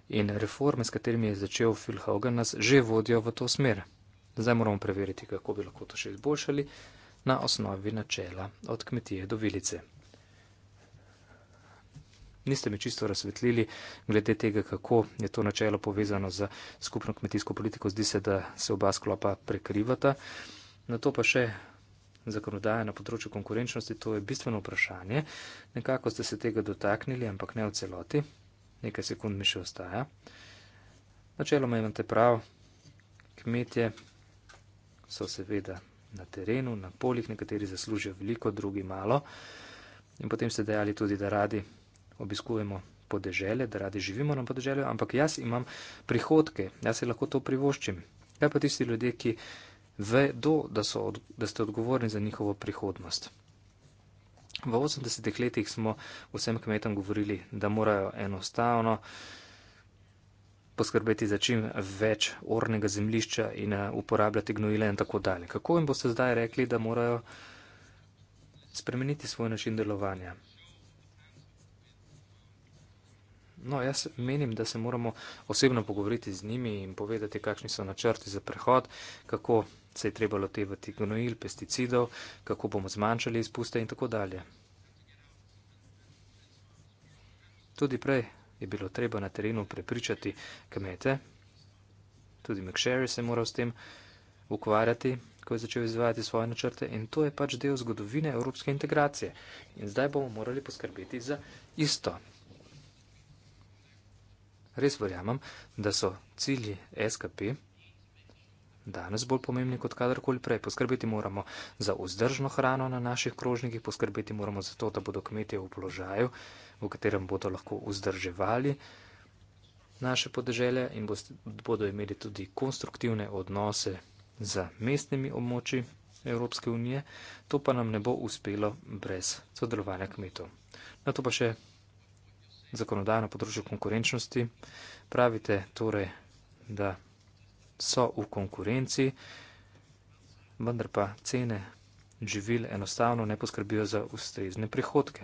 In reforme, s katerimi je začel Phil Hogan, nas že vodijo v to smer. Zdaj moramo preveriti, kako bi lahko to še izboljšali na osnovi načela od kmetije do vilice. Niste mi čisto razsvetlili glede tega, kako je to načelo povezano z skupno kmetijsko politiko. Zdi se, da se oba sklopa prekrivata. Na to pa še zakonodaje na področju konkurenčnosti, to je bistveno vprašanje. Nekako ste se tega dotaknili, ampak ne v celoti. Nekaj sekund mi še ostaja. Načeloma imate prav, kmetje so seveda na terenu, na poljih, nekateri zaslužijo veliko, drugi malo. In potem ste dejali tudi, da radi obiskujemo podeželje, da radi živimo na podeželju, ampak jaz imam prihodke, jaz si lahko to privoščim. Kaj ja, pa tisti ljudje, ki vedo, da, so, da ste odgovorni za njihovo prihodnost. V 80-ih letih smo vsem kmetom govorili, da morajo enostavno poskrbeti za čim več ornega zemlišča in eh, uporabljati gnojile in tako dalje. Kako jim boste zdaj rekli, da morajo spremeniti svoj način delovanja? No, jaz menim, da se moramo osebno pogovoriti z njimi in povedati, kakšni so načrti za prehod, kako se je treba lotevati gnojil, pesticidov, kako bomo zmanjšali izpuste in tako dalje. Tudi prej je bilo treba na terenu prepričati kmete, tudi McSherry se je moral s tem ukvarjati, ko je začel izvajati svoje načrte in to je pač del zgodovine evropske integracije. In zdaj bomo morali poskrbeti za isto. Res verjamem, da so cilji SKP danes bolj pomembni kot kadarkoli prej. Poskrbeti moramo za vzdržno hrano na naših krožnikih, poskrbeti moramo za to, da bodo kmetje v položaju, v katerem bodo lahko vzdrževali naše podeželje in bodo imeli tudi konstruktivne odnose z mestnimi območji Evropske unije. To pa nam ne bo uspelo brez sodelovanja kmetov. Na to pa še zakonodajno področje konkurenčnosti. Pravite torej, da so v konkurenci, vendar pa cene živil enostavno ne poskrbijo za ustrezne prihodke.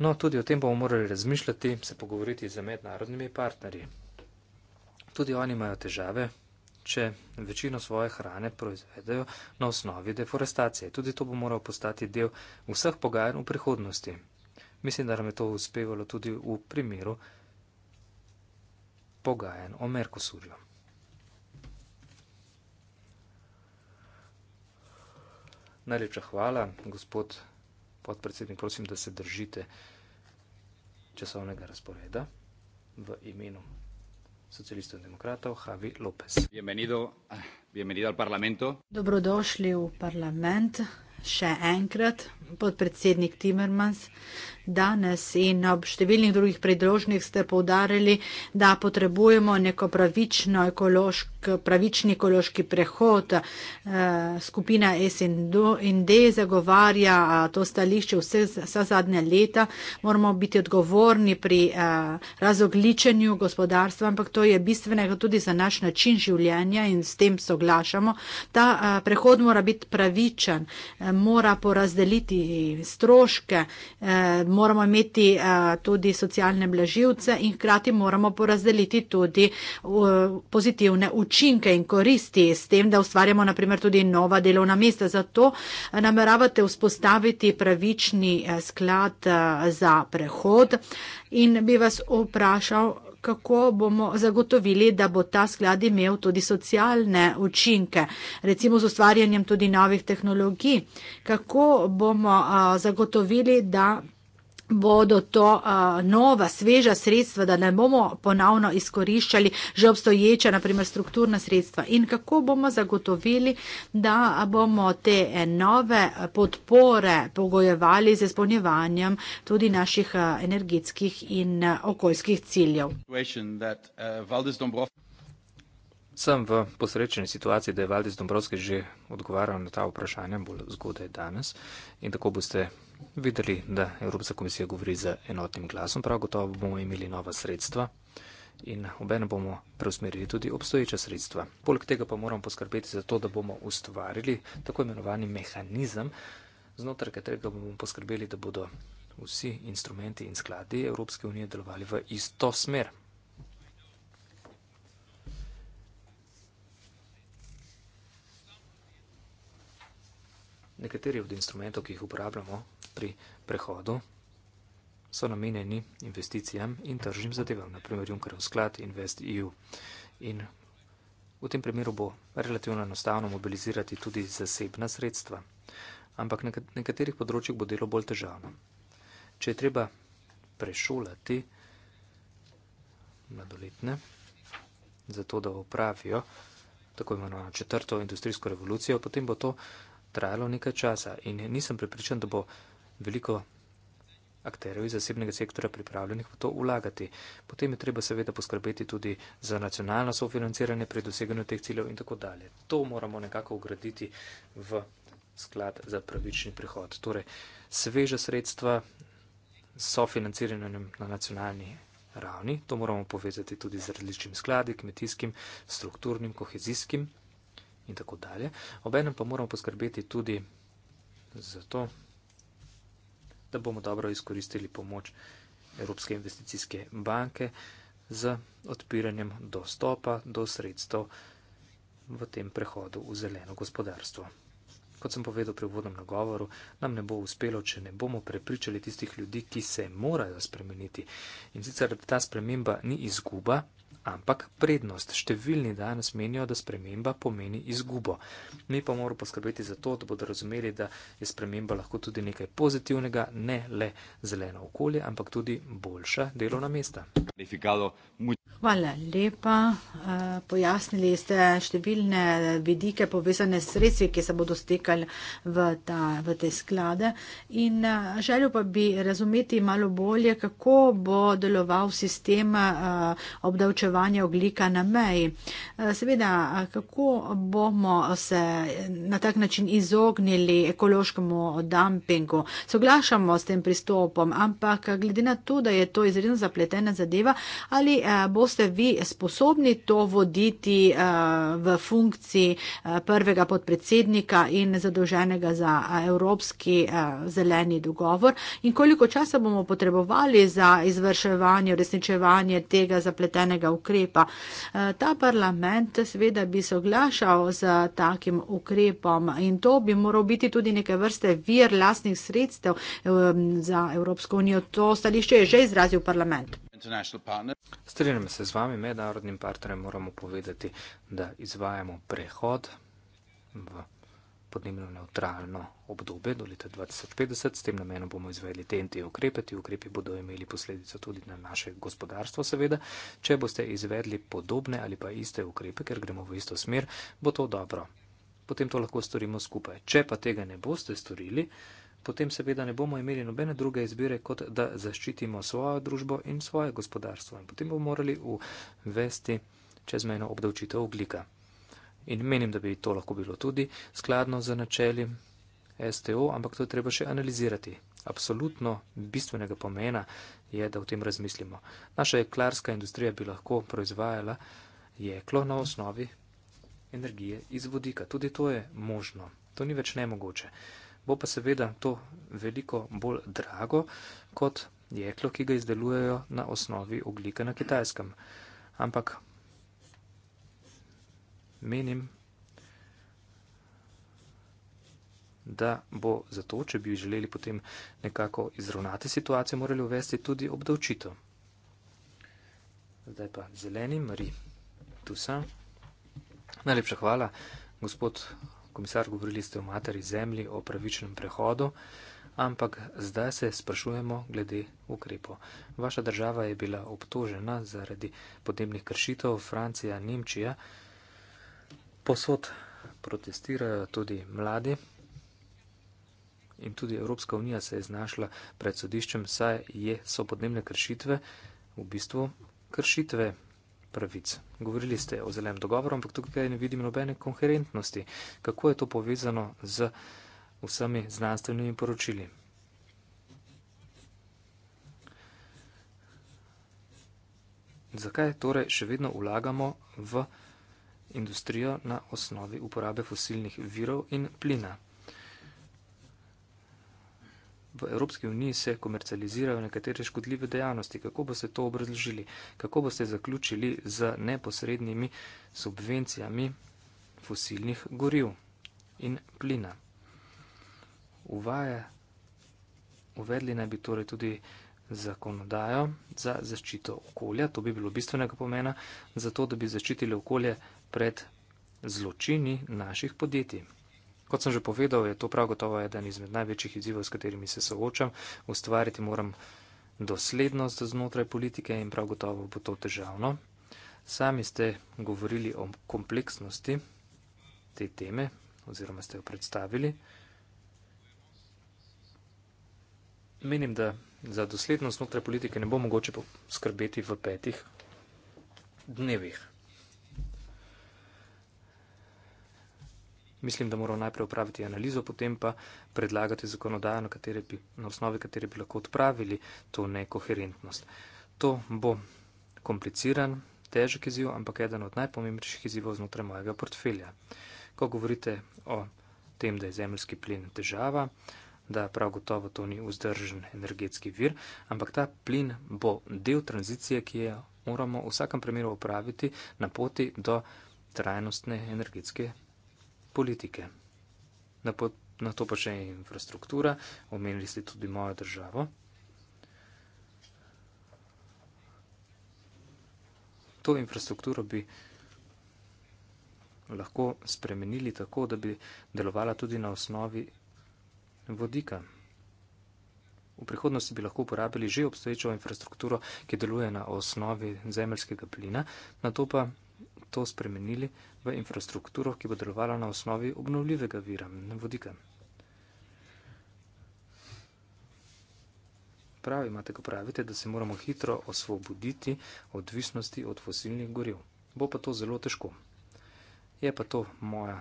No, tudi o tem bomo morali razmišljati, se pogovoriti z mednarodnimi partnerji. Tudi oni imajo težave, če večino svoje hrane proizvedejo na osnovi deforestacije. Tudi to bo moral postati del vseh pogajanj v prihodnosti. Mislim, da nam je to uspevalo tudi v primeru pogajanj o Merkosurju. Najlepša hvala, gospod podpredsednik, prosim, da se držite časovnega razporeda v imenu socialistov in demokratov Javi Lopez. Dobrodošli v parlament. Še enkrat, podpredsednik Timmermans, danes in ob številnih drugih predložnih ste povdarjali, da potrebujemo neko pravično ekološko k pravični ekološki prehod. Eh, skupina SND zagovarja eh, to stališče vse za zadnja leta. Moramo biti odgovorni pri eh, razogličenju gospodarstva, ampak to je bistvenega tudi za naš način življenja in s tem soglašamo. Ta prehod mora biti pravičen, mora porazdeliti stroške, moramo imeti tudi socialne blaživce in hkrati moramo porazdeliti tudi pozitivne učinke učinke in koristi s tem, da ustvarjamo naprimer tudi nova delovna mesta. Zato nameravate vzpostaviti pravični eh, sklad eh, za prehod in bi vas vprašal, kako bomo zagotovili, da bo ta sklad imel tudi socialne učinke, recimo z ustvarjanjem tudi novih tehnologij. Kako bomo eh, zagotovili, da bodo to a, nova, sveža sredstva, da ne bomo ponavno izkoriščali že obstoječa, naprimer strukturna sredstva in kako bomo zagotovili, da bomo te e, nove podpore pogojevali z izpolnjevanjem tudi naših energetskih in e, okoljskih ciljev. Sem v posrečeni situaciji, da je Valdis Dombrovski že odgovarjal na ta vprašanja bolj zgodaj danes in tako boste videli, da Evropska komisija govori z enotnim glasom, prav gotovo bomo imeli nova sredstva in obene bomo preusmerili tudi obstoječa sredstva. Poleg tega pa moramo poskrbeti za to, da bomo ustvarili tako imenovani mehanizem, znotraj katerega bomo poskrbeli, da bodo vsi instrumenti in skladi Evropske unije delovali v isto smer. Nekateri od instrumentov, ki jih uporabljamo pri prehodu, so namenjeni investicijam in tržnim zadevam, naprimer Junkerov sklad Invest EU. In v tem primeru bo relativno enostavno mobilizirati tudi zasebna sredstva, ampak na nekaterih področjih bo delo bolj težavno. Če je treba prešolati mladoletne, zato da opravijo tako imenovano četrto industrijsko revolucijo, potem bo to trajalo nekaj časa in nisem pripričan, da bo veliko akterjev iz zasebnega sektora pripravljenih v to vlagati. Potem je treba seveda poskrbeti tudi za nacionalno sofinanciranje pri doseganju teh ciljev in tako dalje. To moramo nekako ugraditi v sklad za pravični prihod. Torej, sveža sredstva sofinanciranjem na nacionalni ravni, to moramo povezati tudi z različnim skladi, kmetijskim, strukturnim, kohezijskim in tako dalje. Obenem pa moramo poskrbeti tudi za to, da bomo dobro izkoristili pomoč Evropske investicijske banke z odpiranjem dostopa do sredstev v tem prehodu v zeleno gospodarstvo. Kot sem povedal pri uvodnem nagovoru, nam ne bo uspelo, če ne bomo prepričali tistih ljudi, ki se morajo spremeniti. In sicer ta sprememba ni izguba, ampak prednost. Številni danes menijo, da sprememba pomeni izgubo. Mi pa moramo poskrbeti za to, da bodo razumeli, da je sprememba lahko tudi nekaj pozitivnega, ne le zeleno okolje, ampak tudi boljša delovna mesta. Hvala lepa. Eh, pojasnili ste številne vidike povezane s sredstvi, ki se bodo stekali v, ta, v te sklade. In eh, želel pa bi razumeti malo bolje, kako bo deloval sistem eh, obdavčevanja oglika na meji. Seveda, kako bomo se na tak način izognili ekološkemu dumpingu. Soglašamo s tem pristopom, ampak glede na to, da je to izredno zapletena zadeva, ali bo boste vi sposobni to voditi eh, v funkciji eh, prvega podpredsednika in zadolženega za eh, Evropski zeleni dogovor in koliko časa bomo potrebovali za izvrševanje, resničevanje tega zapletenega ukrepa. Ta parlament seveda bi soglašal z takim ukrepom in to bi moral biti tudi neke vrste vir lasnih sredstev za Evropsko unijo. To stališče je že izrazil parlament. Strinjam se z vami, mednarodnim partnerjem moramo povedati, da izvajamo prehod v podnebno neutralno obdobje do leta 2050. S tem namenom bomo izvedli TNT ukrepe. Ti ukrepi bodo imeli posledico tudi na naše gospodarstvo, seveda. Če boste izvedli podobne ali pa iste ukrepe, ker gremo v isto smer, bo to dobro. Potem to lahko storimo skupaj. Če pa tega ne boste storili, potem seveda ne bomo imeli nobene druge izbire, kot da zaščitimo svojo družbo in svoje gospodarstvo. In potem bomo morali uvesti čezmejno obdavčitev oglika. In menim, da bi to lahko bilo tudi skladno z načeli STO, ampak to je treba še analizirati. Absolutno bistvenega pomena je, da o tem razmislimo. Naša jeklarska industrija bi lahko proizvajala jeklo na osnovi energije iz vodika. Tudi to je možno. To ni več nemogoče bo pa seveda to veliko bolj drago kot jeklo, ki ga izdelujejo na osnovi oglika na kitajskem. Ampak menim, da bo zato, če bi želeli potem nekako izravnati situacijo, morali uvesti tudi obdavčitev. Zdaj pa zeleni, Mari, tu sem. Najlepša hvala, gospod komisar, govorili ste o materi zemlji, o pravičnem prehodu, ampak zdaj se sprašujemo glede ukrepo. Vaša država je bila obtožena zaradi podnebnih kršitev, Francija, Nemčija, posod protestirajo tudi mladi in tudi Evropska unija se je znašla pred sodiščem, saj je, so podnebne kršitve v bistvu kršitve pravic. Govorili ste o zelenem dogovoru, ampak tukaj ne vidim nobene koherentnosti. Kako je to povezano z vsemi znanstvenimi poročili? Zakaj torej še vedno vlagamo v industrijo na osnovi uporabe fosilnih virov in plina? V Evropski uniji se komercializirajo nekatere škodljive dejavnosti. Kako boste to obrazložili? Kako boste zaključili z neposrednimi subvencijami fosilnih goriv in plina? Uvaja, uvedli naj bi torej tudi zakonodajo za zaščito okolja. To bi bilo bistvenega pomena, zato da bi zaščitili okolje pred zločini naših podjetij. Kot sem že povedal, je to prav gotovo eden izmed največjih izzivov, s katerimi se soočam. Ustvariti moram doslednost znotraj politike in prav gotovo bo to težavno. Sami ste govorili o kompleksnosti te teme oziroma ste jo predstavili. Menim, da za doslednost znotraj politike ne bo mogoče skrbeti v petih dnevih. Mislim, da moramo najprej upraviti analizo, potem pa predlagati zakonodajo, na, bi, na osnovi katere bi lahko odpravili to nekoherentnost. To bo kompliciran, težek izziv, ampak eden od najpomembnejših izzivov znotraj mojega portfelja. Ko govorite o tem, da je zemljski plin težava, da prav gotovo to ni vzdržen energetski vir, ampak ta plin bo del tranzicije, ki jo moramo v vsakem primeru upraviti na poti do trajnostne energetske politike. Na, po, na to pa še infrastruktura, omenili ste tudi mojo državo. To infrastrukturo bi lahko spremenili tako, da bi delovala tudi na osnovi vodika. V prihodnosti bi lahko uporabili že obstoječo infrastrukturo, ki deluje na osnovi zemljskega plina, na to pa to spremenili v infrastrukturo, ki bo delovala na osnovi obnovljivega vira vodika. Pravi imate, ko pravite, da se moramo hitro osvoboditi odvisnosti od fosilnih goriv. Bo pa to zelo težko. Je pa to moja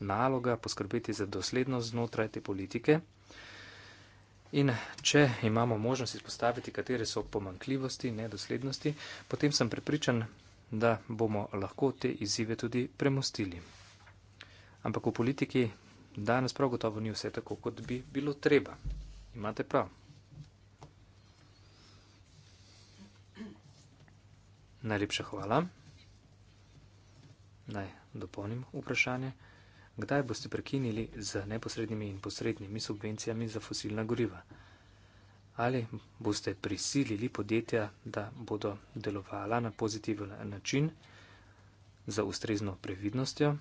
naloga poskrbeti za doslednost znotraj te politike. In če imamo možnost izpostaviti, katere so pomankljivosti, nedoslednosti, potem sem prepričan, da bomo lahko te izzive tudi premostili. Ampak v politiki danes prav gotovo ni vse tako, kot bi bilo treba. Imate prav. Najlepša hvala. Naj dopolnim vprašanje. Kdaj boste prekinili z neposrednimi in posrednimi subvencijami za fosilna goriva? ali boste prisilili podjetja, da bodo delovala na pozitiven način za ustrezno previdnostjo,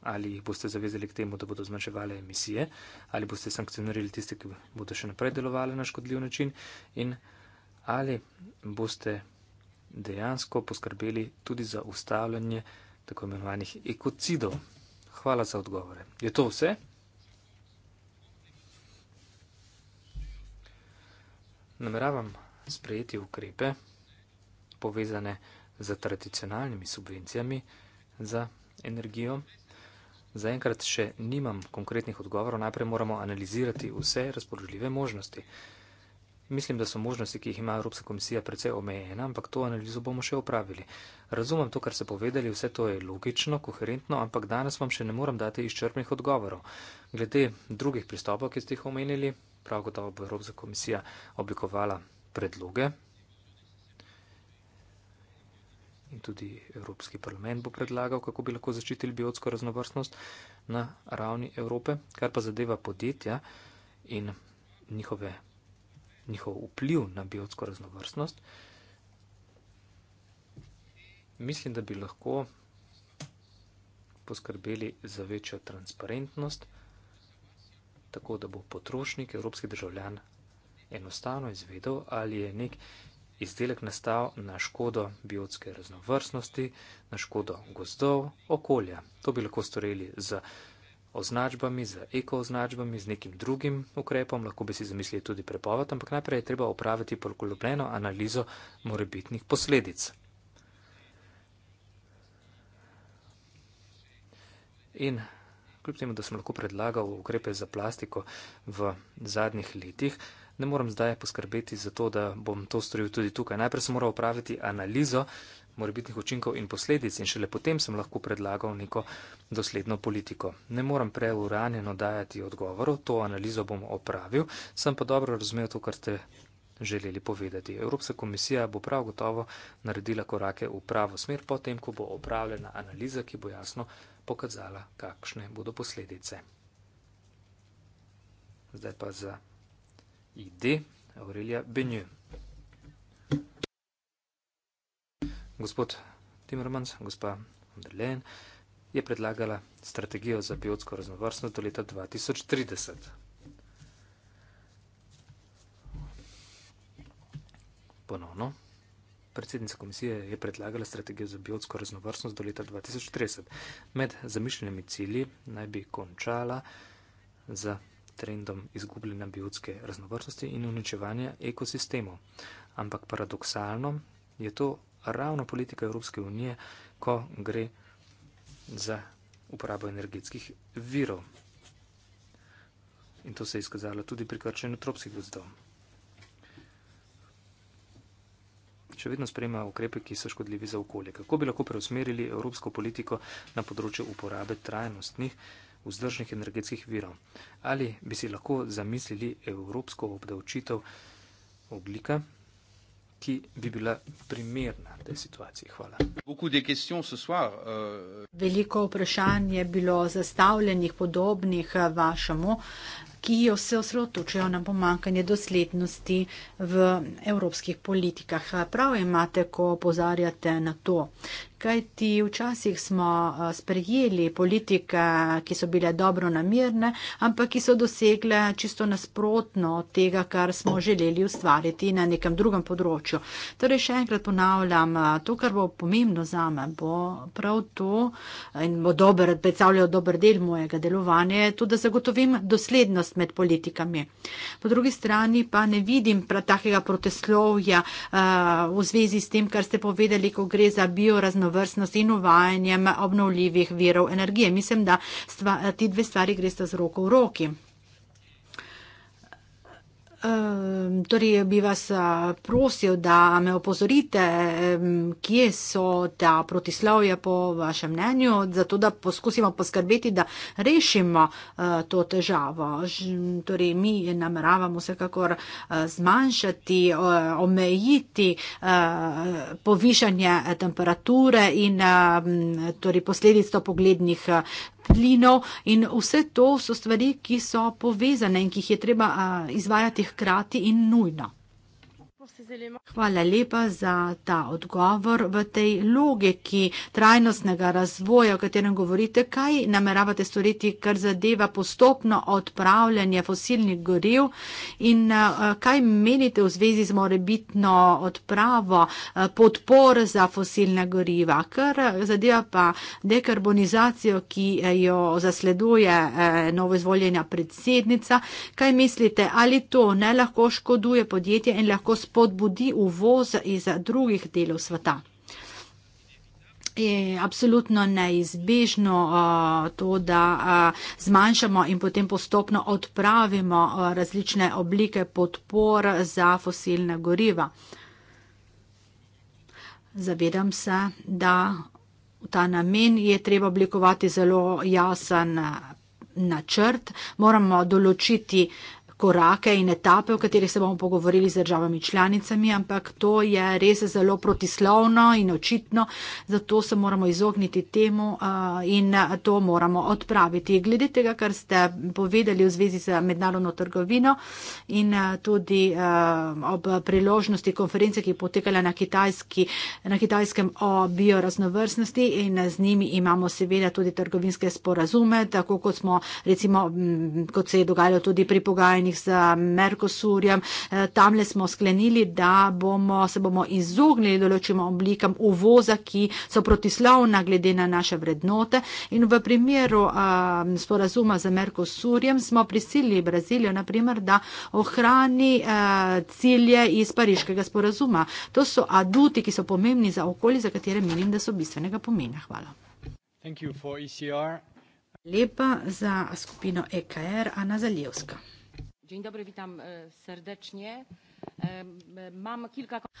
ali jih boste zavezali k temu, da bodo zmanjševali emisije, ali boste sankcionirali tiste, ki bodo še naprej delovali na škodljiv način in ali boste dejansko poskrbeli tudi za ustavljanje tako imenovanih ekocidov. Hvala za odgovore. Je to vse? nameravam sprejeti ukrepe povezane z tradicionalnimi subvencijami za energijo. Zaenkrat še nimam konkretnih odgovorov, najprej moramo analizirati vse razpoložljive možnosti. Mislim, da so možnosti, ki jih ima Evropska komisija, precej omejene, ampak to analizo bomo še opravili. Razumem to, kar ste povedali, vse to je logično, koherentno, ampak danes vam še ne morem dati izčrpnih odgovorov. Glede drugih pristopov, ki ste jih omenili, prav gotovo bo Evropska komisija oblikovala predloge in tudi Evropski parlament bo predlagal, kako bi lahko začitili biotsko raznovrstnost na ravni Evrope, kar pa zadeva podjetja in njihove, njihov vpliv na biotsko raznovrstnost. Mislim, da bi lahko poskrbeli za večjo transparentnost tako da bo potrošnik, evropski državljan, enostavno izvedel, ali je nek izdelek nastal na škodo biotske raznovrstnosti, na škodo gozdov, okolja. To bi lahko storili z označbami, z ekooznačbami, z nekim drugim ukrepom, lahko bi si zamislili tudi prepoved, ampak najprej je treba upraviti poglobljeno analizo morebitnih posledic. In kljub temu, da sem lahko predlagal ukrepe za plastiko v zadnjih letih, ne moram zdaj poskrbeti za to, da bom to storil tudi tukaj. Najprej sem moral upraviti analizo morebitnih učinkov in posledic in šele potem sem lahko predlagal neko dosledno politiko. Ne moram preuranjeno dajati odgovorov, to analizo bom opravil, sem pa dobro razumel to, kar ste želeli povedati. Evropska komisija bo prav gotovo naredila korake v pravo smer, potem ko bo opravljena analiza, ki bo jasno pokazala, kakšne bodo posledice. Zdaj pa za ID Aurelija Benju. Gospod Timmermans, gospa Vendelen, je predlagala strategijo za biotsko raznovrstnost do leta 2030. Ponovno. Predsednica komisije je predlagala strategijo za biotsko raznovrstnost do leta 2030. Med zamišljenimi cilji naj bi končala z trendom izgubljanja biotske raznovrstnosti in uničevanja ekosistemov. Ampak paradoksalno je to ravno politika Evropske unije, ko gre za uporabo energetskih virov. In to se je izkazalo tudi pri krčenju tropskih gozdov. če vedno sprejema ukrepe, ki so škodljivi za okolje. Kako bi lahko preusmerili evropsko politiko na področju uporabe trajnostnih vzdržnih energetskih virov? Ali bi si lahko zamislili evropsko obdavčitev oblika? qui bi bila primerna tej situaciji. Hvala. Euh, Veliko vprašanj je bilo zastavljenih podobnih vašemu ki jo se osredotočajo na pomankanje doslednosti v evropskih politikah. Prav imate, ko opozarjate na to kajti včasih smo eh, sprejeli politika, ki so bile dobro namirne, ampak ki so dosegle čisto nasprotno od tega, kar smo želeli ustvariti na nekem drugem področju. Torej, še enkrat ponavljam, eh, to, kar bo pomembno za me, bo prav to eh, in bo dober, predstavljal dober del mojega delovanja, je to, da zagotovim doslednost med politikami. Po drugi strani pa ne vidim takega proteslovja v zvezi s tem, kar ste povedali, ko gre za bioraznovanje raznovrstnost in uvajanjem obnovljivih virov energije. Mislim, da stva, ti dve stvari gresta z roko v roki torej bi vas eh, prosil, da me opozorite, kje so ta protislovje po vašem mnenju, zato da poskusimo poskrbeti, da rešimo eh, to težavo. Torej, mi nameravamo vsekakor eh, zmanjšati, omejiti povišanje temperature in torej posledic to poglednih plinov in vse to so stvari, ki so povezane in ki jih je treba izvajati hkrati in nujno. Hvala lepa za ta odgovor v tej logiki trajnostnega razvoja, o katerem govorite. Kaj nameravate storiti, kar zadeva postopno odpravljanje fosilnih goriv in eh, kaj menite v zvezi z morebitno odpravo eh, podpor za fosilna goriva? Kar zadeva pa dekarbonizacijo, ki eh, jo zasleduje novoizvoljena predsednica, kaj mislite, ali to ne lahko škoduje podjetje in lahko spodbuja? spodbudi uvoz iz drugih delov sveta. Je absolutno neizbežno uh, to, da uh, zmanjšamo in potem postopno odpravimo uh, različne oblike podpor za fosilne goriva. Zavedam se, da v ta namen je treba oblikovati zelo jasen načrt. Moramo določiti uh, korake in etape, o katerih se bomo pogovorili z državami članicami, ampak to je res zelo protislovno in očitno, zato se moramo izogniti temu uh, in to moramo odpraviti. Glede tega, kar ste povedali v zvezi z mednarodno trgovino in uh, tudi uh, ob priložnosti konference, ki je potekala na, kitajski, na kitajskem o bioraznovrstnosti in z njimi imamo seveda tudi trgovinske sporazume, tako kot smo recimo, kot se je dogajalo tudi pri pogajanjih, usklajenih z Merkosurjem. Eh, tamle smo sklenili, da bomo, se bomo izognili določim oblikam uvoza, ki so protislavna glede na naše vrednote. In v primeru eh, sporazuma z Merkosurjem smo prisilili Brazilijo, naprimer, da ohrani eh, cilje iz Pariškega sporazuma. To so aduti, ki so pomembni za okolje, za katere menim, da so bistvenega pomena. Hvala. E Lepa za skupino EKR Ana Zaljevska dzień dobry witam e, serdecznie.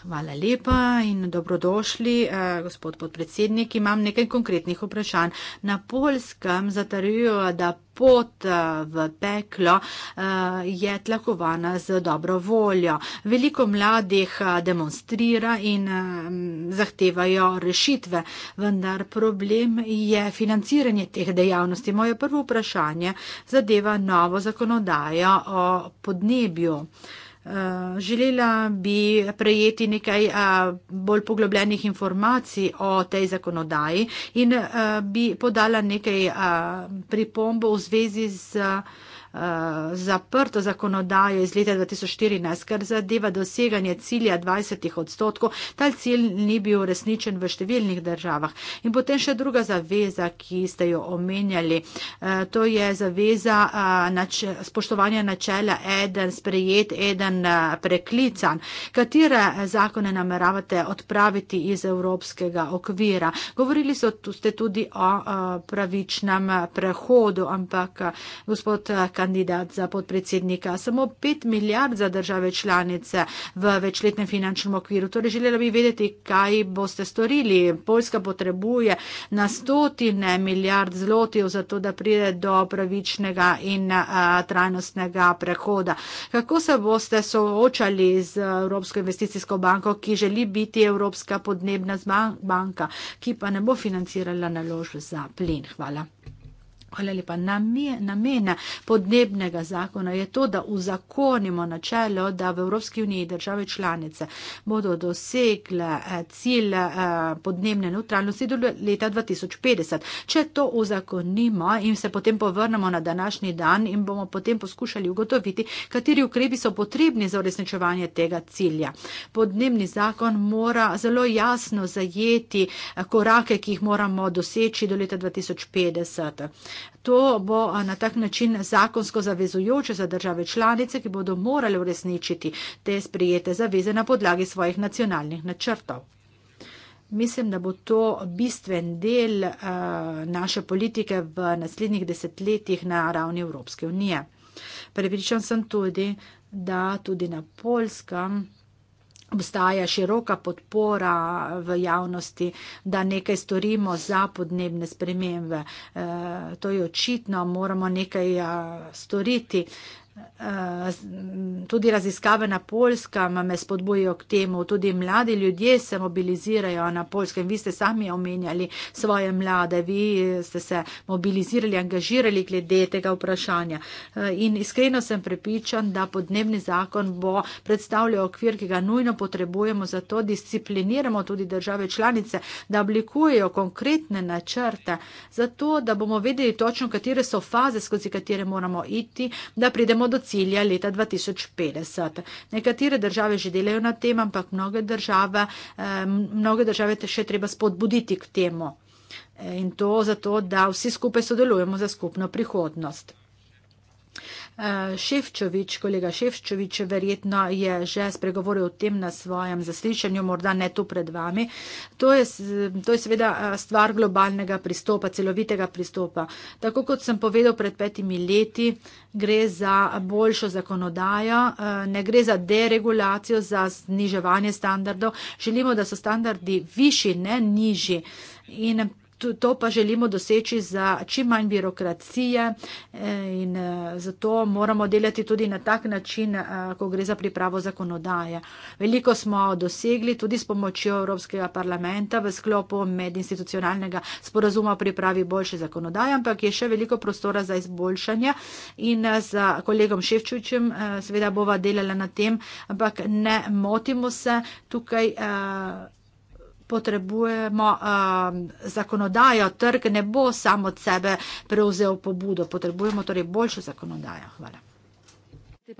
Hvala lepa in dobrodošli, eh, gospod podpredsednik. Imam nekaj konkretnih vprašanj. Na Poljskem zatrjujejo, da pot eh, v peklo eh, je tlakovana z dobro voljo. Veliko mladih demonstrira in zahtevajo rešitve, vendar problem je financiranje teh dejavnosti. Moje prvo vprašanje zadeva novo zakonodajo o podnebju. Eh, želela bi prejeti nekaj eh, bolj poglobljenih informacij o tej zakonodaji in eh, bi podala nekaj pripombo v zvezi z Eh, zaprto zakonodajo iz leta 2014, kar zadeva doseganje cilja 20 odstotkov. Ta cilj ni bil resničen v številnih državah. In potem še druga zaveza, ki ste jo omenjali, eh, to je zaveza eh, spoštovanja načela eden sprejet, eden preklican. Katere zakone nameravate odpraviti iz evropskega okvira? Govorili ste tudi o pravičnem prehodu, ampak gospod kandidat za podpredsednika. Samo 5 milijard za države članice v večletnem finančnem okviru. Torej, želela bi vedeti, kaj boste storili. Poljska potrebuje na stotine milijard zlotijo za to, da pride do pravičnega in a, trajnostnega prehoda. Kako se boste soočali z Evropsko investicijsko banko, ki želi biti Evropska podnebna banka, ki pa ne bo financirala naložb za plin? Hvala. Hvala lepa. Namen podnebnega zakona je to, da uzakonimo načelo, da v Evropski uniji države članice bodo dosegle eh, cilj eh, podnebne neutralnosti do leta 2050. Če to uzakonimo in se potem povrnemo na današnji dan in bomo potem poskušali ugotoviti, kateri ukrepi so potrebni za uresničevanje tega cilja. Podnebni zakon mora zelo jasno zajeti eh, korake, ki jih moramo doseči do leta 2050. To bo na tak način zakonsko zavezujoče za države članice, ki bodo morali uresničiti te sprijete zaveze na podlagi svojih nacionalnih načrtov. Mislim, da bo to bistven del naše politike v naslednjih desetletjih na ravni Evropske unije. Prepričan sem tudi, da tudi na polskem obstaja široka podpora v javnosti, da nekaj storimo za podnebne spremembe. Eh, to je očitno, moramo nekaj eh, storiti. Eh, tudi raziskave na polskem me spodbujajo k temu, tudi mladi ljudje se mobilizirajo na polskem. Vi ste sami omenjali svoje mlade, vi ste se mobilizirali, angažirali glede tega vprašanja. Eh, in iskreno sem prepričan, da podnebni zakon bo predstavljal okvir, ki ga nujno potrebujemo, zato discipliniramo tudi države članice, da oblikujejo konkretne načrte, zato da bomo vedeli točno, katere so faze, skozi katere moramo iti, da pridemo do cilja leta 2050. Nekatere države že delajo na tem, ampak mnoge države, mnoge države te še treba spodbuditi k temu. In to zato, da vsi skupaj sodelujemo za skupno prihodnost. Eh, Ševčovič, kolega Ševčovič, verjetno je že spregovoril o tem na svojem zaslišanju, morda ne tu pred vami. To je, to je seveda eh, stvar globalnega pristopa, celovitega pristopa. Tako kot sem povedal pred petimi leti, gre za boljšo zakonodajo, eh, ne gre za deregulacijo, za zniževanje standardov. Želimo, da so standardi višji, ne nižji. In to, to pa želimo doseči za čim manj birokracije eh, in eh, zato moramo delati tudi na tak način, eh, ko gre za pripravo zakonodaje. Veliko smo dosegli tudi s pomočjo Evropskega parlamenta v sklopu medinstitucionalnega sporazuma o pripravi boljše zakonodaje, ampak je še veliko prostora za izboljšanje in z kolegom Ševčučem seveda bova delala na tem, ampak ne motimo se tukaj potrebujemo um, zakonodajo, trg ne bo samo od sebe prevzel pobudo, potrebujemo torej boljšo zakonodajo. Hvala. E,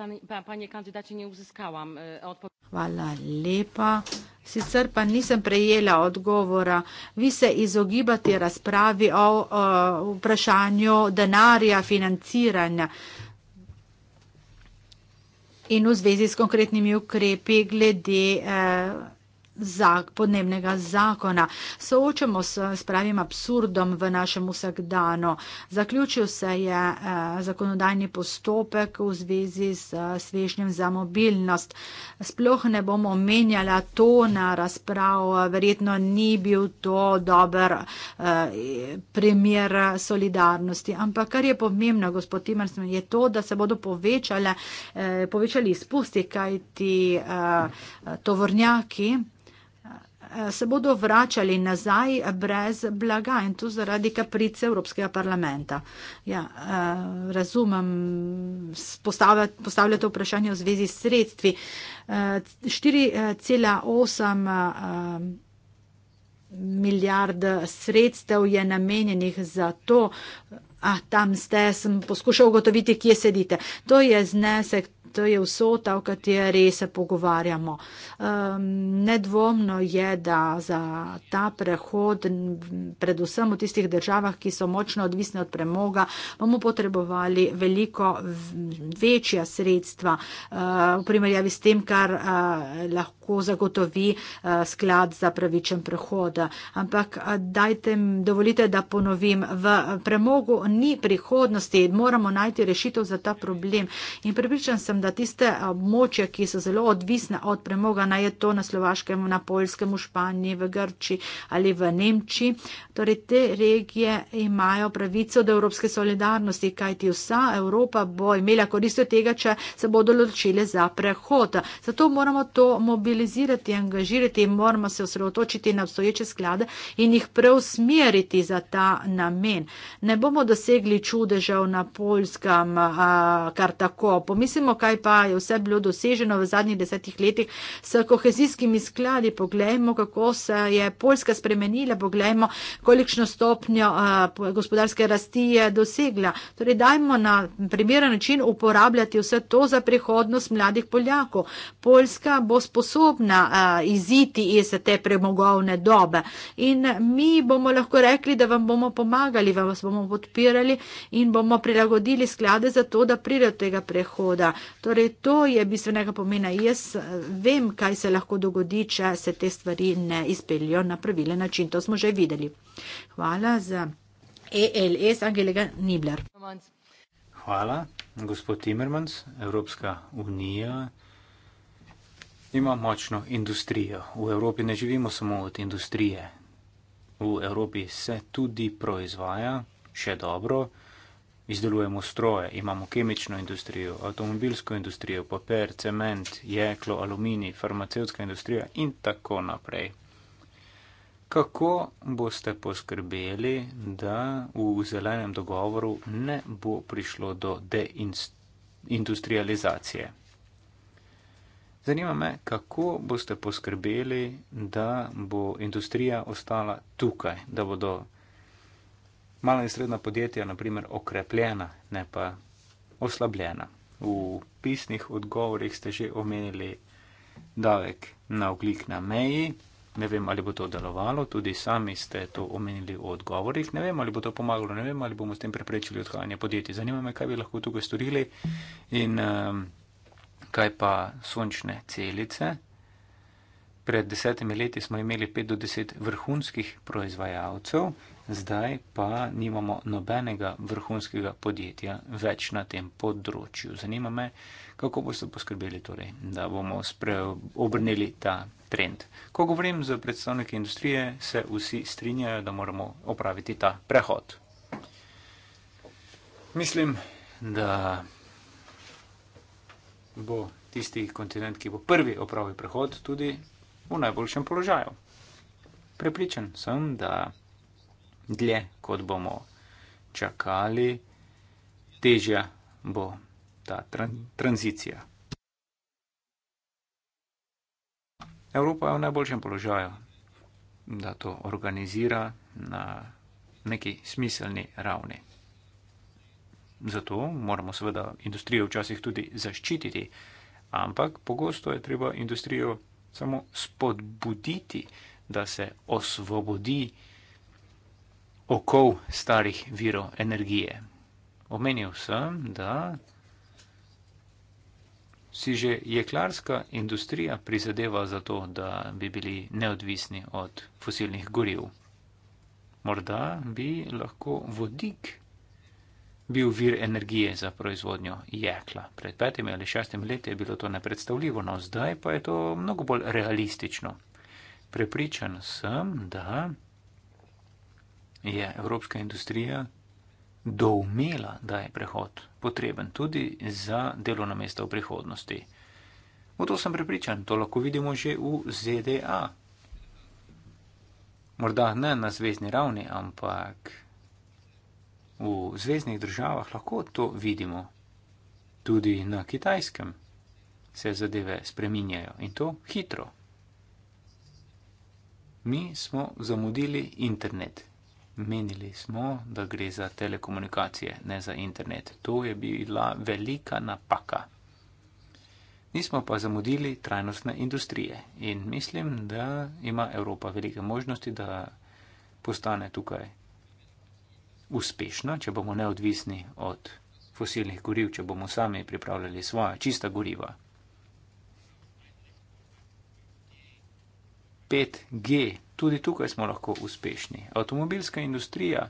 Hvala lepa. Sicer pa nisem prejela odgovora. Vi se izogibate razpravi o, o vprašanju denarja, financiranja in v zvezi s konkretnimi ukrepi glede. Eh, podnebnega zakona. Soočamo se s pravim absurdom v našem vsakdano. Zaključil se je eh, zakonodajni postopek v zvezi s eh, svežnjem za mobilnost. Sploh ne bom omenjala to na razprav, verjetno ni bil to dober eh, primer solidarnosti. Ampak kar je pomembno, gospod Timersen, je to, da se bodo povečali izpusti, kajti tovornjaki, Eh, se bodo vračali nazaj brez blaga in to zaradi kaprice Evropskega parlamenta. Ja, eh, razumem, postavljate vprašanje v zvezi s sredstvi. 4,8 eh, milijard sredstev je namenjenih za to, a ah, tam ste, sem poskušal ugotoviti, kje sedite. To je znesek to je vsota, o kateri se pogovarjamo. Um, nedvomno je, da za ta prehod, predvsem v tistih državah, ki so močno odvisne od premoga, bomo potrebovali veliko večja sredstva uh, v primerjavi s tem, kar uh, lahko lahko zagotovi eh, sklad za pravičen prehod. Ampak eh, dajte, dovolite, da ponovim, v eh, premogu ni prihodnosti, moramo najti rešitev za ta problem. In pripričan sem, da tiste moče, ki so zelo odvisne od premoga, naj je to na Slovaškem, na Poljskem, v Španiji, v Grči ali v Nemčiji, torej te regije imajo pravico do evropske solidarnosti, kajti vsa Evropa bo imela koristjo tega, če se bodo odločile za prehod. Zato moramo to mobilizirati mobilizirati, angažirati in moramo se osredotočiti na obstoječe sklade in jih preusmeriti za ta namen. Ne bomo dosegli čudežev na polskem a, kar tako. Pomislimo, kaj pa je vse bilo doseženo v zadnjih desetih letih s kohezijskimi skladi. Poglejmo, kako se je Poljska spremenila, poglejmo, kolikšno stopnjo a, gospodarske rasti je dosegla. Torej, dajmo na primeren način uporabljati vse to za prihodnost mladih Poljakov. Poljska bo sposobna podobna uh, iziti iz te premogovne dobe. In mi bomo lahko rekli, da vam bomo pomagali, vam vas bomo podpirali in bomo prilagodili sklade za to, da pride do tega prehoda. Torej, to je bistvenega pomena. Jaz vem, kaj se lahko dogodi, če se te stvari ne izpeljajo na pravilen način. To smo že videli. Hvala za ELS Angelega Nibler. Hvala, gospod Timmermans, Evropska unija ima močno industrijo. V Evropi ne živimo samo od industrije. V Evropi se tudi proizvaja, še dobro, izdelujemo stroje, imamo kemično industrijo, avtomobilsko industrijo, papir, cement, jeklo, aluminij, farmacevtska industrija in tako naprej. Kako boste poskrbeli, da v zelenem dogovoru ne bo prišlo do deindustrializacije? Zanima me, kako boste poskrbeli, da bo industrija ostala tukaj, da bodo mala in srednja podjetja, naprimer, okrepljena, ne pa oslabljena. V pisnih odgovorih ste že omenili davek na oglik na meji. Ne vem, ali bo to delovalo, tudi sami ste to omenili v odgovorih. Ne vem, ali bo to pomagalo, ne vem, ali bomo s tem preprečili odhajanje podjetij. Zanima me, kaj bi lahko tukaj storili. In, um, Kaj pa sončne celice? Pred desetimi leti smo imeli 5 do 10 vrhunskih proizvajalcev, zdaj pa nimamo nobenega vrhunskega podjetja več na tem področju. Zanima me, kako boste poskrbeli, torej, da bomo obrnili ta trend. Ko govorim z predstavniki industrije, se vsi strinjajo, da moramo opraviti ta prehod. Mislim, da bo tisti kontinent, ki bo prvi opravil prehod, tudi v najboljšem položaju. Prepričan sem, da dlje kot bomo čakali, težja bo ta tran tranzicija. Evropa je v najboljšem položaju, da to organizira na neki smiselni ravni. Zato moramo seveda industrijo včasih tudi zaščititi, ampak pogosto je treba industrijo samo spodbuditi, da se osvobodi okov starih virov energije. Omenil sem, da si že jeklarska industrija prizadeva za to, da bi bili neodvisni od fosilnih goriv. Morda bi lahko vodik bil vir energije za proizvodnjo jekla. Pred petimi ali šestimi leti je bilo to nepredstavljivo, no zdaj pa je to mnogo bolj realistično. Prepričan sem, da je evropska industrija doumela, da je prehod potreben tudi za delovna mesta v prihodnosti. V to sem prepričan, to lahko vidimo že v ZDA. Morda ne na zvezdni ravni, ampak v zvezdnih državah lahko to vidimo. Tudi na kitajskem se zadeve spreminjajo in to hitro. Mi smo zamudili internet. Menili smo, da gre za telekomunikacije, ne za internet. To je bila velika napaka. Nismo pa zamudili trajnostne industrije in mislim, da ima Evropa velike možnosti, da postane tukaj uspešna, če bomo neodvisni od fosilnih goriv, če bomo sami pripravljali svoja čista goriva. 5G, tudi tukaj smo lahko uspešni. Avtomobilska industrija,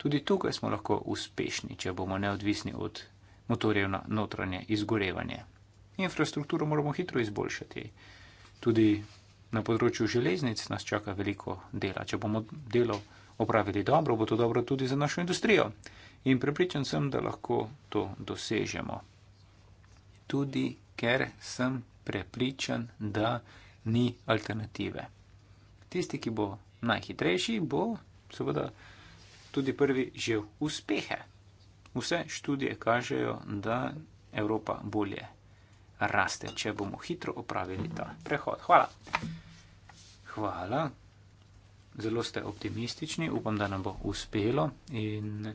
tudi tukaj smo lahko uspešni, če bomo neodvisni od motorjev na notranje izgorevanje. Infrastrukturo moramo hitro izboljšati. Tudi na področju železnic nas čaka veliko dela. Če bomo delo opravili dobro, bo to dobro tudi za našo industrijo. In prepričan sem, da lahko to dosežemo. Tudi ker sem prepričan, da ni alternative. Tisti, ki bo najhitrejši, bo seveda tudi prvi že v uspehe. Vse študije kažejo, da Evropa bolje raste, če bomo hitro opravili ta prehod. Hvala. Hvala zelo ste optimistični, upam, da nam bo uspelo. In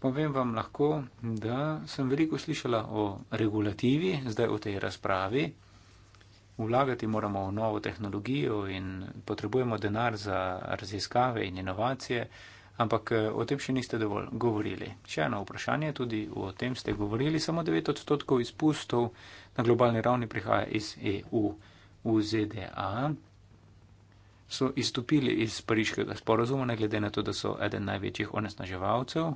povem vam lahko, da sem veliko slišala o regulativi, zdaj o tej razpravi. Vlagati moramo v novo tehnologijo in potrebujemo denar za raziskave in inovacije, ampak o tem še niste dovolj govorili. Še eno vprašanje, tudi o tem ste govorili, samo 9 odstotkov izpustov na globalni ravni prihaja iz EU v ZDA so izstopili iz pariškega sporozuma, ne glede na to, da so eden največjih onesnaževalcev.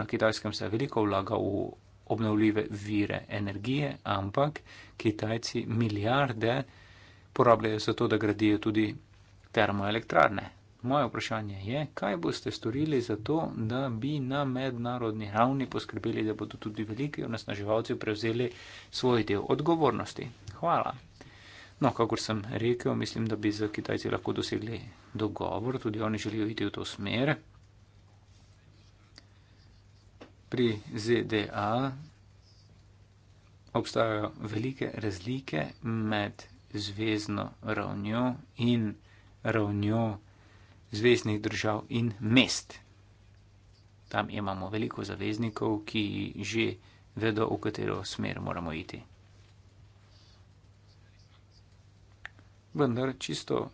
Na kitajskem se veliko vlaga v obnovljive vire energije, ampak kitajci milijarde porabljajo za to, da gradijo tudi termoelektrarne. Moje vprašanje je, kaj boste storili za to, da bi na mednarodni ravni poskrbeli, da bodo tudi veliki onesnaževalci prevzeli svoj del odgovornosti? Hvala. No, kakor sem rekel, mislim, da bi z Kitajci lahko dosegli dogovor, tudi oni želijo iti v to smer. Pri ZDA obstajajo velike razlike med zvezdno ravnjo in ravnjo zvezdnih držav in mest. Tam imamo veliko zaveznikov, ki že vedo, v katero smer moramo iti. Vendar čisto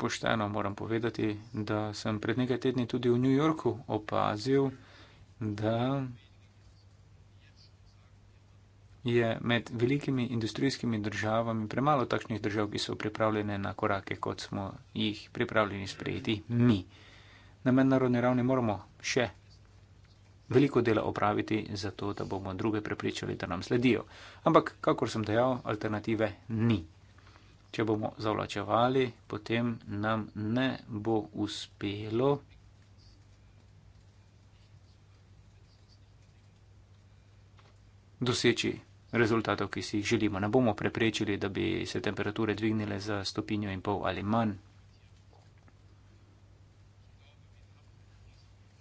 pošteno moram povedati, da sem pred nekaj tedni tudi v New Yorku opazil, da je med velikimi industrijskimi državami premalo takšnih držav, ki so pripravljene na korake, kot smo jih pripravljeni sprejeti mi. Na mednarodni ravni moramo še veliko dela opraviti, zato da bomo druge prepričali, da nam sledijo. Ampak, kakor sem dejal, alternative ni. Če bomo zavlačevali, potem nam ne bo uspelo. Doseči rezultatov, ki si jih želimo. Ne bomo preprečili, da bi se temperature dvignile za stopinjo in pol ali manj.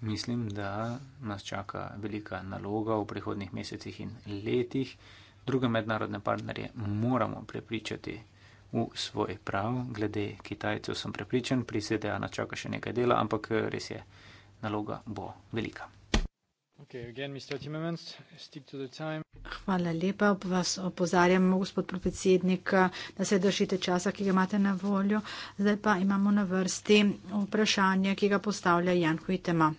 Mislim, da nas čaka velika naloga v prihodnih mesecih in letih. Druge mednarodne partnerje moramo prepričati, v svoj prav. Glede Kitajcev sem prepričan, pri ZDA nas čaka še nekaj dela, ampak res je, naloga bo velika. Okay, again, Hvala lepa, vas opozarjam, gospod predsednik, da se držite časa, ki ga imate na voljo. Zdaj pa imamo na vrsti vprašanje, ki ga postavlja Jan Kujtema.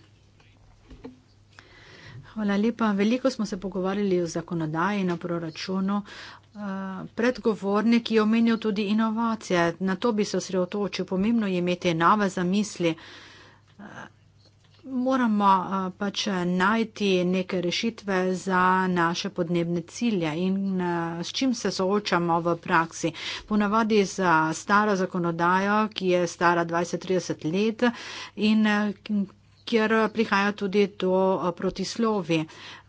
Hvala lepa. Veliko smo se pogovarjali o zakonodaji na proračunu, predgovornik je omenil tudi inovacije. Na to bi se osredotočil. Pomembno je imeti nove zamisli. Moramo pač najti neke rešitve za naše podnebne cilje in s čim se soočamo v praksi. Ponavadi z staro zakonodajo, ki je stara 20-30 let in kjer eh, prihaja tudi do eh, protislovi.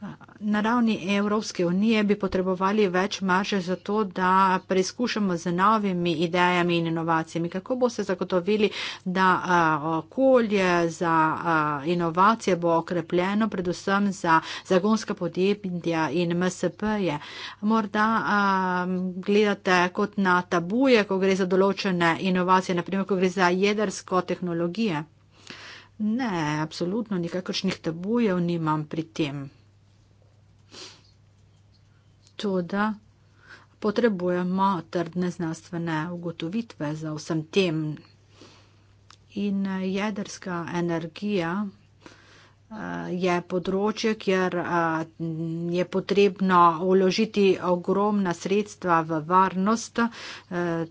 Eh, na ravni Evropske unije bi potrebovali več marže za to, da preizkušamo z novimi idejami in inovacijami. Kako bo se zagotovili, da okolje za inovacije bo okrepljeno, predvsem za zagonska podjetja in MSP-je? Morda gledate kot na tabuje, ko gre za določene inovacije, naprimer, ko gre za jedrsko tehnologijo. Ne, absolutno nikakršnih tabujev nimam pri tem. Tudi potrebujemo trdne znanstvene ugotovitve za vsem tem. In eh, jedrska energija je področje, kjer je potrebno uložiti ogromna sredstva v varnost. E,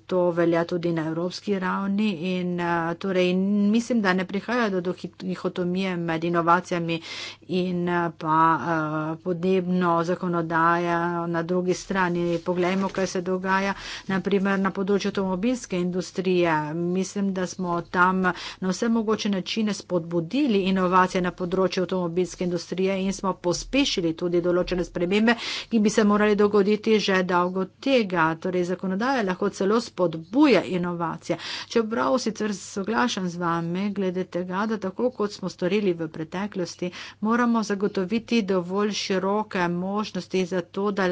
to velja tudi na evropski ravni in torej mislim, da ne prihaja do dihotomije med inovacijami in pa podnebno zakonodaja na drugi strani. Poglejmo, kaj se dogaja naprimer na področju avtomobilske industrije. Mislim, da smo tam na vse mogoče načine spodbudili inovacije na področju področju avtomobilske industrije in smo pospešili tudi določene spremembe, ki bi se morali dogoditi že dolgo tega. Torej, zakonodaja lahko celo spodbuja inovacije. Čeprav sicer soglašam z vami, glede tega, da tako kot smo storili v preteklosti, moramo zagotoviti dovolj široke možnosti za to, da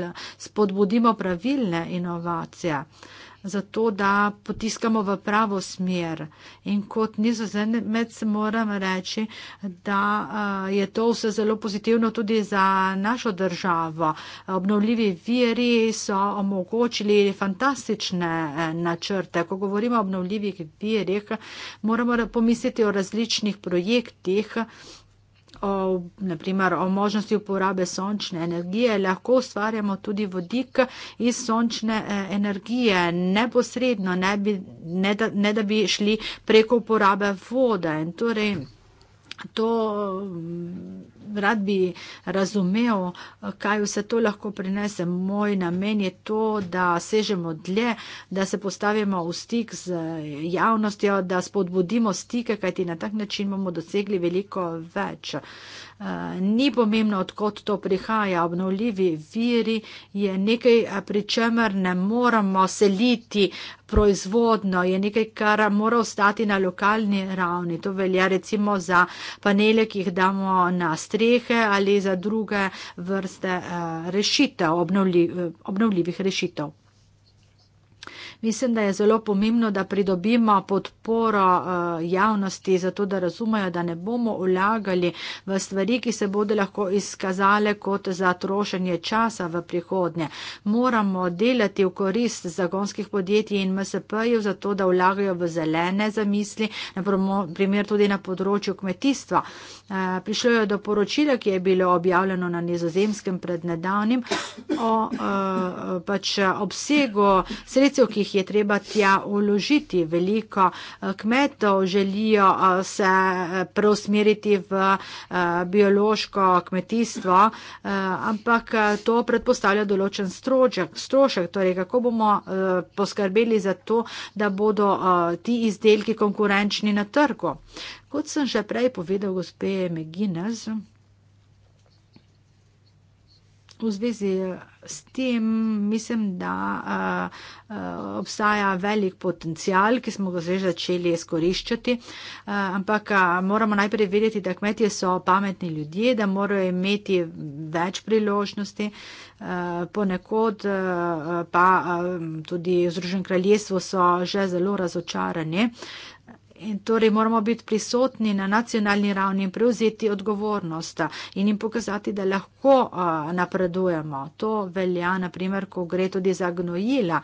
spodbudimo pravilne inovacije zato da potiskamo v pravo smer. In kot nizozemec moram reči, da je to vse zelo pozitivno tudi za našo državo. Obnovljivi viri so omogočili fantastične e, načrte. Ko govorimo o obnovljivih virih, moramo pomisliti o različnih projektih o, naprimer, o možnosti uporabe sončne energije, lahko ustvarjamo tudi vodik iz sončne e, energije neposredno, ne, bi, ne, da, ne da bi šli preko uporabe vode. In torej, to, rad bi razumel, kaj vse to lahko prinese. Moj namen je to, da sežemo dlje, da se postavimo v stik z javnostjo, da spodbudimo stike, kajti na tak način bomo dosegli veliko več. Uh, ni pomembno, odkot to prihaja, obnovljivi viri je nekaj, pri čemer ne moramo seliti proizvodno, je nekaj, kar mora ostati na lokalni ravni. To velja recimo za panele, ki jih damo na strehe ali za druge vrste rešitev, obnovljivih rešitev. Mislim, da je zelo pomembno, da pridobimo podporo eh, javnosti, zato da razumejo, da ne bomo ulagali v stvari, ki se bodo lahko izkazale kot za trošenje časa v prihodnje. Moramo delati v korist zagonskih podjetij in MSP-jev, zato da ulagajo v zelene zamisli, na primer tudi na področju kmetijstva. Eh, prišlo je do poročila, ki je bilo objavljeno na nizozemskem pred nedavnim o eh, pač obsegu sredstev, ki jih je treba tja uložiti. Veliko eh, kmetov želijo eh, se eh, preusmeriti v biološko kmetijstvo, ampak to predpostavlja določen strošek. strošek. Torej, kako bomo poskrbeli za to, da bodo ti izdelki konkurenčni na trgu? Kot sem že prej povedal, gospe Meginez. V zvezi eh, s tem mislim, da uh, uh, obstaja velik potencial, ki smo ga že začeli izkoriščati, uh, ampak uh, moramo najprej vedeti, da kmetje so pametni ljudje, da morajo imeti več priložnosti. Uh, ponekod uh, pa uh, tudi v Združenem kraljestvu so že zelo razočarani. Uh, in torej moramo biti prisotni na nacionalni ravni in prevzeti odgovornost in jim pokazati, da lahko napredujemo. To velja, naprimer, ko gre tudi za gnojila,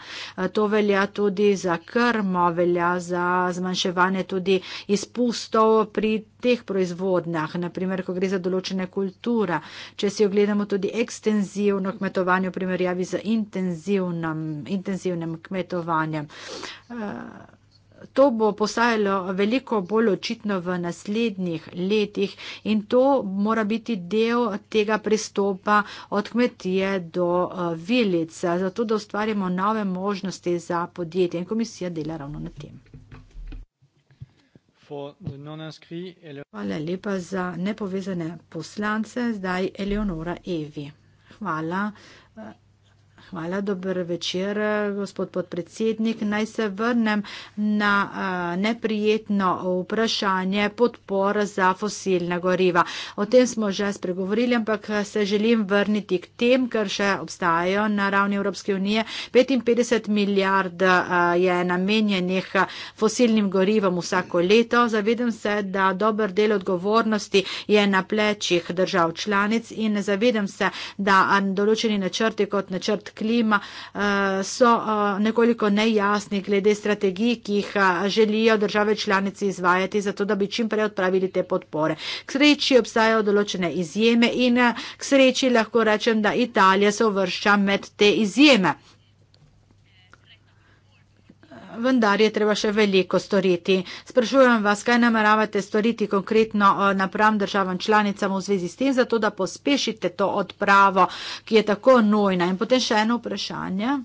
to velja tudi za krmo, velja za zmanjševanje tudi izpustov pri teh proizvodnjah, naprimer, ko gre za določene kulture. Če si ogledamo tudi ekstenzivno kmetovanje v primerjavi z intenzivnim kmetovanjem. Uh, To bo postajalo veliko bolj očitno v naslednjih letih in to mora biti del tega pristopa od kmetije do eh, vilic, zato da ustvarjamo nove možnosti za podjetje in komisija dela ravno na tem. Hvala lepa za nepovezane poslance, zdaj Eleonora Evi. Hvala. Eh, Hvala, dober večer, gospod podpredsednik. Naj se vrnem na neprijetno vprašanje podpora za fosilna goriva. O tem smo že spregovorili, ampak se želim vrniti k tem, kar še obstajajo na ravni Evropske unije. 55 milijard je namenjenih fosilnim gorivom vsako leto. Zavedam se, da dober del odgovornosti je na plečih držav članic in zavedam se, da določeni načrti kot načrt klima eh, so eh, nekoliko nejasni glede strategij, ki jih eh, želijo države članici izvajati, zato da bi čim prej odpravili te podpore. K sreči obstajajo določene izjeme in k sreči lahko rečem, da Italija se uvršča med te izjeme vendar je treba še veliko storiti. Sprašujem vas, kaj nameravate storiti konkretno eh, napram državam članicam v zvezi s tem, zato da pospešite to odpravo, ki je tako nujna. In potem še eno vprašanje.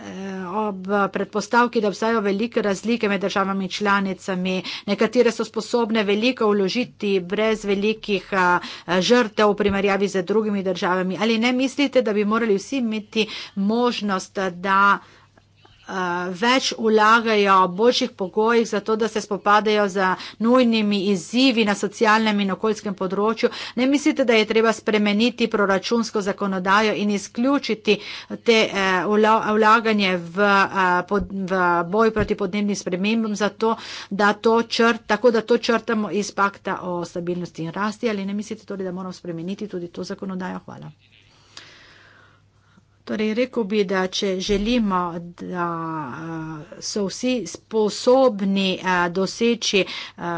Eh, ob predpostavki, da obstajajo velike razlike med državami članicami, nekatere so sposobne veliko vložiti brez velikih eh, žrtev v primerjavi z drugimi državami, ali ne mislite, da bi morali vsi imeti možnost, da več vlagajo v boljših pogojih za to, da se spopadajo z nujnimi izzivi na socialnem in okoljskem področju. Ne mislite, da je treba spremeniti proračunsko zakonodajo in izključiti te e, vlaganje v, e, v boj proti podnebnim spremembam za to, da to črt, tako da to črtamo iz pakta o stabilnosti in rasti ali ne mislite torej, da moramo spremeniti tudi to zakonodajo? Hvala. Torej, rekel bi, da če želimo, da eh, so vsi sposobni eh, doseči eh,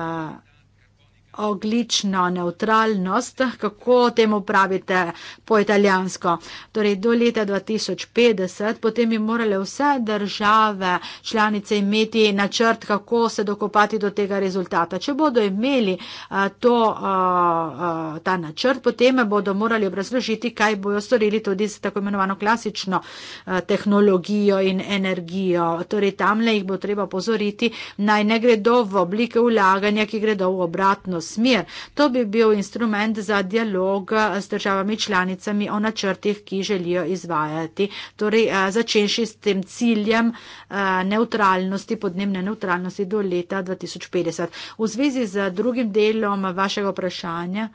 oglično neutralnost, kako temu pravite po italijansko. Torej, do leta 2050 potem bi morale vse države članice imeti načrt, kako se dokopati do tega rezultata. Če bodo imeli a, to, a, a, ta načrt, potem bodo morali obrazložiti, kaj bojo storili tudi s tako imenovano klasično a, tehnologijo in energijo. Torej, tamle jih bo treba pozoriti, naj ne gredo v oblike vlaganja, ki gredo v obratnost smer. To bi bil instrument za dialog eh, z državami članicami o načrtih, ki želijo izvajati. Torej, eh, začenši s tem ciljem eh, neutralnosti, podnebne neutralnosti do leta 2050. V zvezi z drugim delom vašega vprašanja,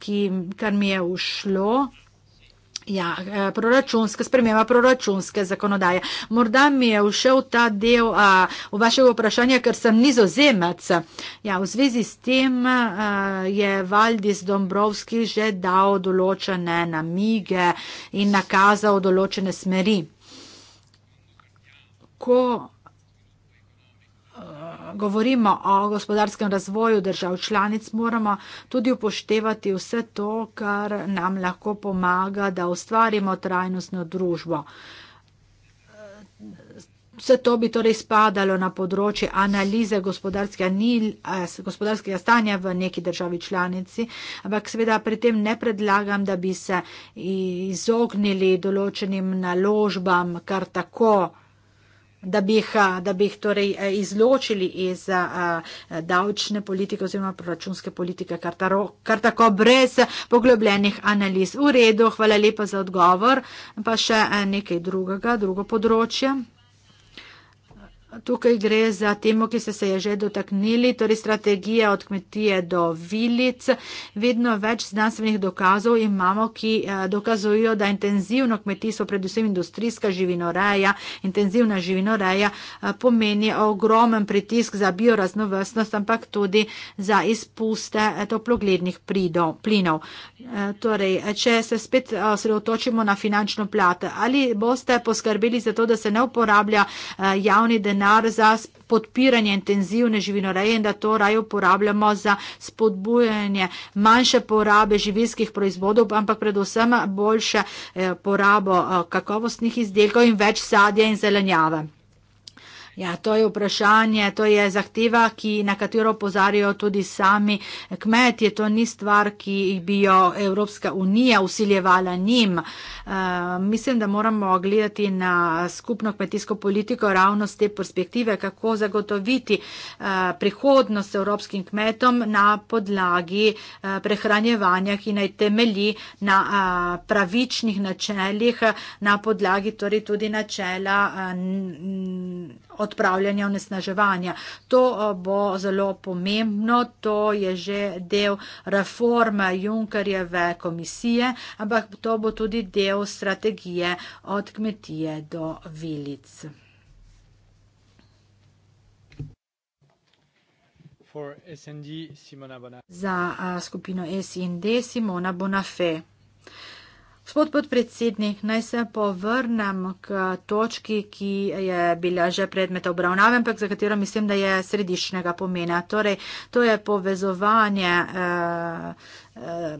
ki, kar mi je ušlo, Ja, eh, proračunska, sprememba proračunske zakonodaje. Morda mi je všel ta del a, v vašega vprašanja, ker sem nizozemec. Ja, v zvezi s tem a, je Valdis Dombrovski že dal določene namige in nakazal določene smeri. Ko govorimo o gospodarskem razvoju držav članic, moramo tudi upoštevati vse to, kar nam lahko pomaga, da ustvarimo trajnostno družbo. Vse to bi torej spadalo na področje analize gospodarskega, ni, eh, gospodarskega stanja v neki državi članici, ampak seveda pri tem ne predlagam, da bi se izognili določenim naložbam kar tako da bi jih, da bi jih torej e, izločili iz davčne politike oziroma proračunske politike, kar, taro, kar tako brez poglobljenih analiz. V redu, hvala lepa za odgovor. Pa še e, nekaj drugega, drugo področje. Tukaj gre za temo, ki ste se je že dotaknili, torej strategija od kmetije do vilic. Vedno več znanstvenih dokazov imamo, ki eh, dokazujo, da intenzivno kmetijstvo, predvsem industrijska živinoreja, intenzivna živinoreja eh, pomeni ogromen pritisk za bioraznovrstnost, ampak tudi za izpuste eh, toploglednih plinov. E, torej, če se spet e, osredotočimo na finančno plat, ali boste poskrbeli za to, da se ne uporablja e, javni denar za podpiranje intenzivne živinoreje in da to raje uporabljamo za spodbujanje manjše porabe živilskih proizvodov, ampak predvsem boljše porabo kakovostnih izdelkov in več sadja in zelenjave. Ja, to je vprašanje, to je zahteva, ki, na katero pozarjajo tudi sami kmetje. To ni stvar, ki bi jo Evropska unija usiljevala njim. Uh, mislim, da moramo gledati na skupno kmetijsko politiko ravno z te perspektive, kako zagotoviti uh, prihodnost evropskim kmetom na podlagi uh, prehranjevanja, ki naj temelji na uh, pravičnih načeljih, na podlagi torej tudi načela. Uh, odpravljanja onesnaževanja. To eh, bo zelo pomembno, to je že del reforma Junkerjeve komisije, ampak to bo tudi del strategije od kmetije do vilic. Za skupino SND Simona Bonafé. Eh, Gospod podpredsednik, naj se povrnem k točki, ki je bila že predmet obravnave, ampak za katero mislim, da je središčnega pomena. Torej, to je povezovanje, eh, eh,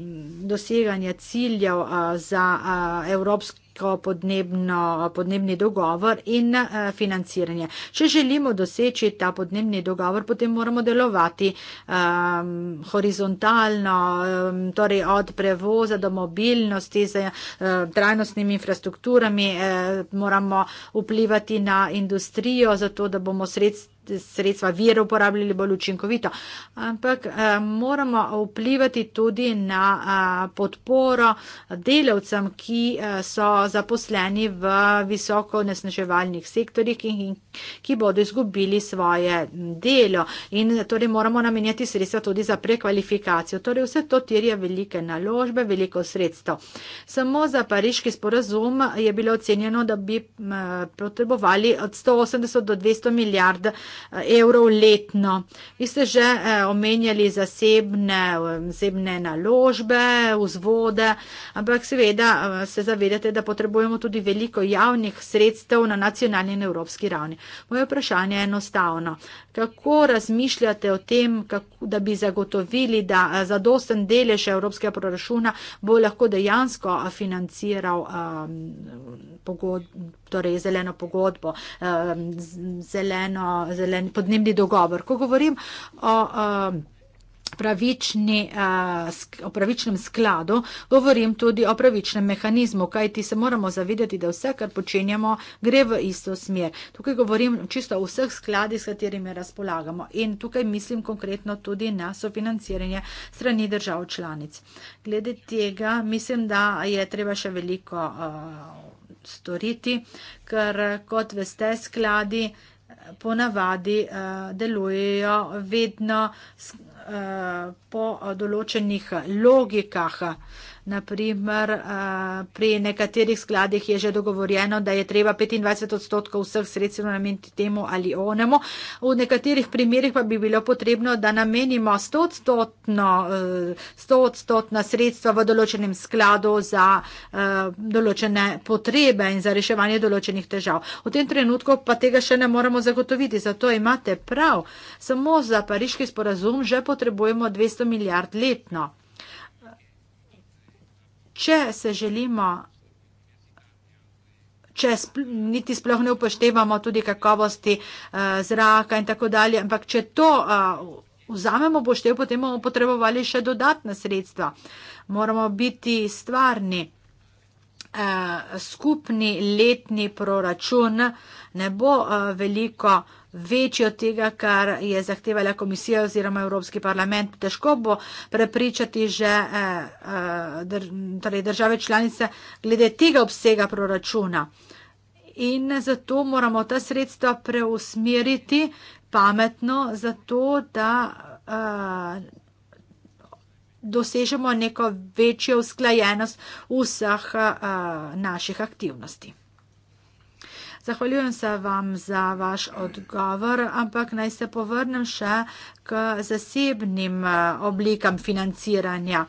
doseganje ciljev eh, za eh, evropski ko podnebno, podnebni dogovor in uh, financiranje. Če želimo doseči ta podnebni dogovor, potem moramo delovati um, horizontalno, um, torej od prevoza do mobilnosti z eh, trajnostnimi uh, infrastrukturami, uh, moramo vplivati na industrijo, zato da bomo sredstva sredstva, vir uporabljali bolj učinkovito. Ampak eh, moramo vplivati tudi na eh, podporo delavcem, ki eh, so zaposleni v visoko nesnaževalnih sektorjih in ki bodo izgubili svoje delo. In torej moramo namenjati sredstva tudi za prekvalifikacijo. Torej vse to tirje velike naložbe, veliko sredstev. Samo za pariški sporazum je bilo ocenjeno, da bi potrebovali od 180 do 200 milijard Eh, evrov letno. Vi ste že eh, omenjali zasebne, zasebne naložbe, vzvode, ampak seveda eh, se zavedate, da potrebujemo tudi veliko javnih sredstev na nacionalni in evropski ravni. Moje vprašanje je enostavno. Kako razmišljate o tem, kako, da bi zagotovili, da zadosten delež evropskega proračuna bo lahko dejansko financiral um, pogodbe? torej zeleno pogodbo, zeleno, zelen, podnebni dogovor. Ko govorim o Pravični, eh, o pravičnem skladu, govorim tudi o pravičnem mehanizmu, kajti se moramo zavedati, da vse, kar počenjamo, gre v isto smer. Tukaj govorim čisto o vseh skladih, s katerimi razpolagamo in tukaj mislim konkretno tudi na sofinanciranje strani držav članic. Glede tega mislim, da je treba še veliko. Uh, storiti, ker kot veste, skladi eh, ponavadi eh, delujejo vedno eh, po določenih logikah. Naprimer, eh, pri nekaterih skladih je že dogovorjeno, da je treba 25 odstotkov vseh sredstev nameniti temu ali onemu. V nekaterih primerjih pa bi bilo potrebno, da namenimo 100 eh, odstotna sredstva v določenem skladu za eh, določene potrebe in za reševanje določenih težav. V tem trenutku pa tega še ne moramo zagotoviti, zato imate prav. Samo za pariški sporazum že potrebujemo 200 milijard letno če se želimo, če sp niti sploh ne upoštevamo tudi kakovosti uh, zraka in tako dalje, ampak če to uh, vzamemo poštev, potem bomo potrebovali še dodatna sredstva. Moramo biti stvarni. Uh, skupni letni proračun ne bo uh, veliko. Uh, večji od tega, kar je zahtevala komisija oziroma Evropski parlament. Težko bo prepričati že eh, eh, torej države članice glede tega obsega proračuna. In zato moramo ta sredstva preusmeriti pametno, zato da eh, dosežemo neko večjo usklajenost vseh a, naših aktivnosti. Zahvaljujem se vam za vaš odgovor, ampak naj se povrnem še k zasebnim eh, oblikam financiranja.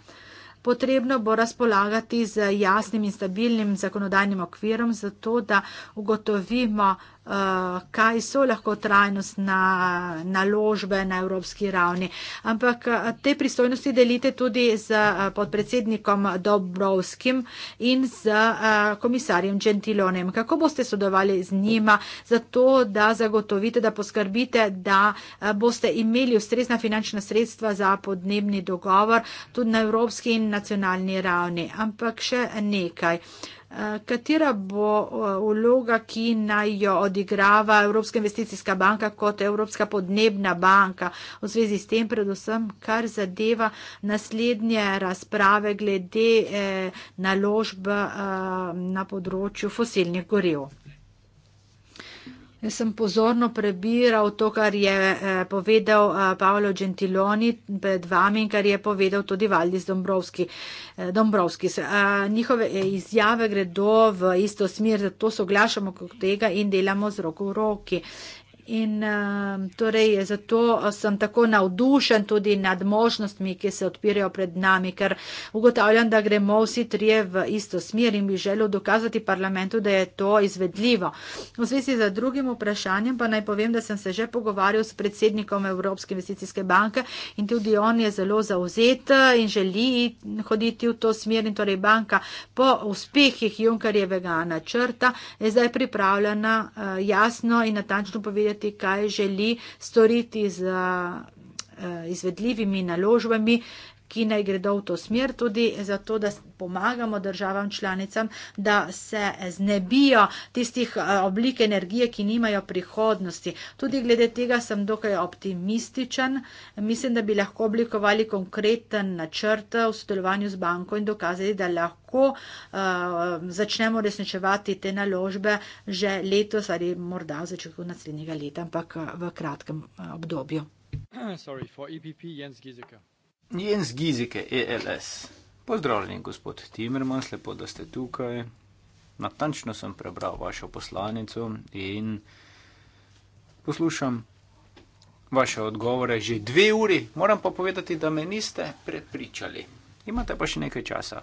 Potrebno bo razpolagati z jasnim in stabilnim zakonodajnim okvirom, zato da ugotovimo, Eh, kaj so lahko trajnostna naložbe na evropski ravni. Ampak eh, te pristojnosti delite tudi z eh, podpredsednikom Dobrovskim in z komisarjem Gentilonem. Kako boste sodelovali z njima za to, da zagotovite, da poskrbite, da boste imeli ustrezna finančna sredstva za podnebni dogovor tudi na evropski in nacionalni ravni? Ampak še nekaj. Katera bo eh, vloga, ki naj jo odigrava Evropska investicijska banka kot Evropska podnebna banka v zvezi s tem, predvsem kar zadeva naslednje razprave glede eh, naložb eh, na področju fosilnih goriv? Jaz sem pozorno prebiral to, kar je eh, povedal eh, Paolo Gentiloni pred vami in kar je povedal tudi Valdis Dombrovski. Eh, Dombrovski. Njihove izjave gredo v isto smer, zato soglašamo kot tega in delamo z roko v roki. In um, torej zato uh, sem tako navdušen tudi nad možnostmi, ki se odpirajo pred nami, ker ugotavljam, da gremo vsi trije v isto smer in bi želel dokazati parlamentu, da je to izvedljivo. V zvezi z drugim vprašanjem pa naj povem, da sem se že pogovarjal s predsednikom Evropske investicijske banke in tudi on je zelo zauzet uh, in želi hoditi v to smer in torej banka po uspehih Junkarjevega načrta je zdaj pripravljena uh, jasno in natančno povedati, povedati, kaj želi storiti z eh, izvedljivimi naložbami, ki naj gredo v to smer, tudi zato, da pomagamo državam članicam, da se znebijo tistih eh, oblik energije, ki nimajo prihodnosti. Tudi glede tega sem dokaj optimističen. Mislim, da bi lahko oblikovali konkreten načrt eh, v sodelovanju z banko in dokazali, da lahko uh, začnemo resničevati te naložbe že letos ali morda v začetku naslednjega leta, ampak v kratkem obdobju. Sorry, for EPP, Jens Gizeka. Jens Gizike, ELS. Pozdravljen, gospod Timerman, lepo, da ste tukaj. Natančno sem prebral vašo poslanico in poslušam vaše odgovore že dve uri. Moram pa povedati, da me niste prepričali. Imate pa še nekaj časa.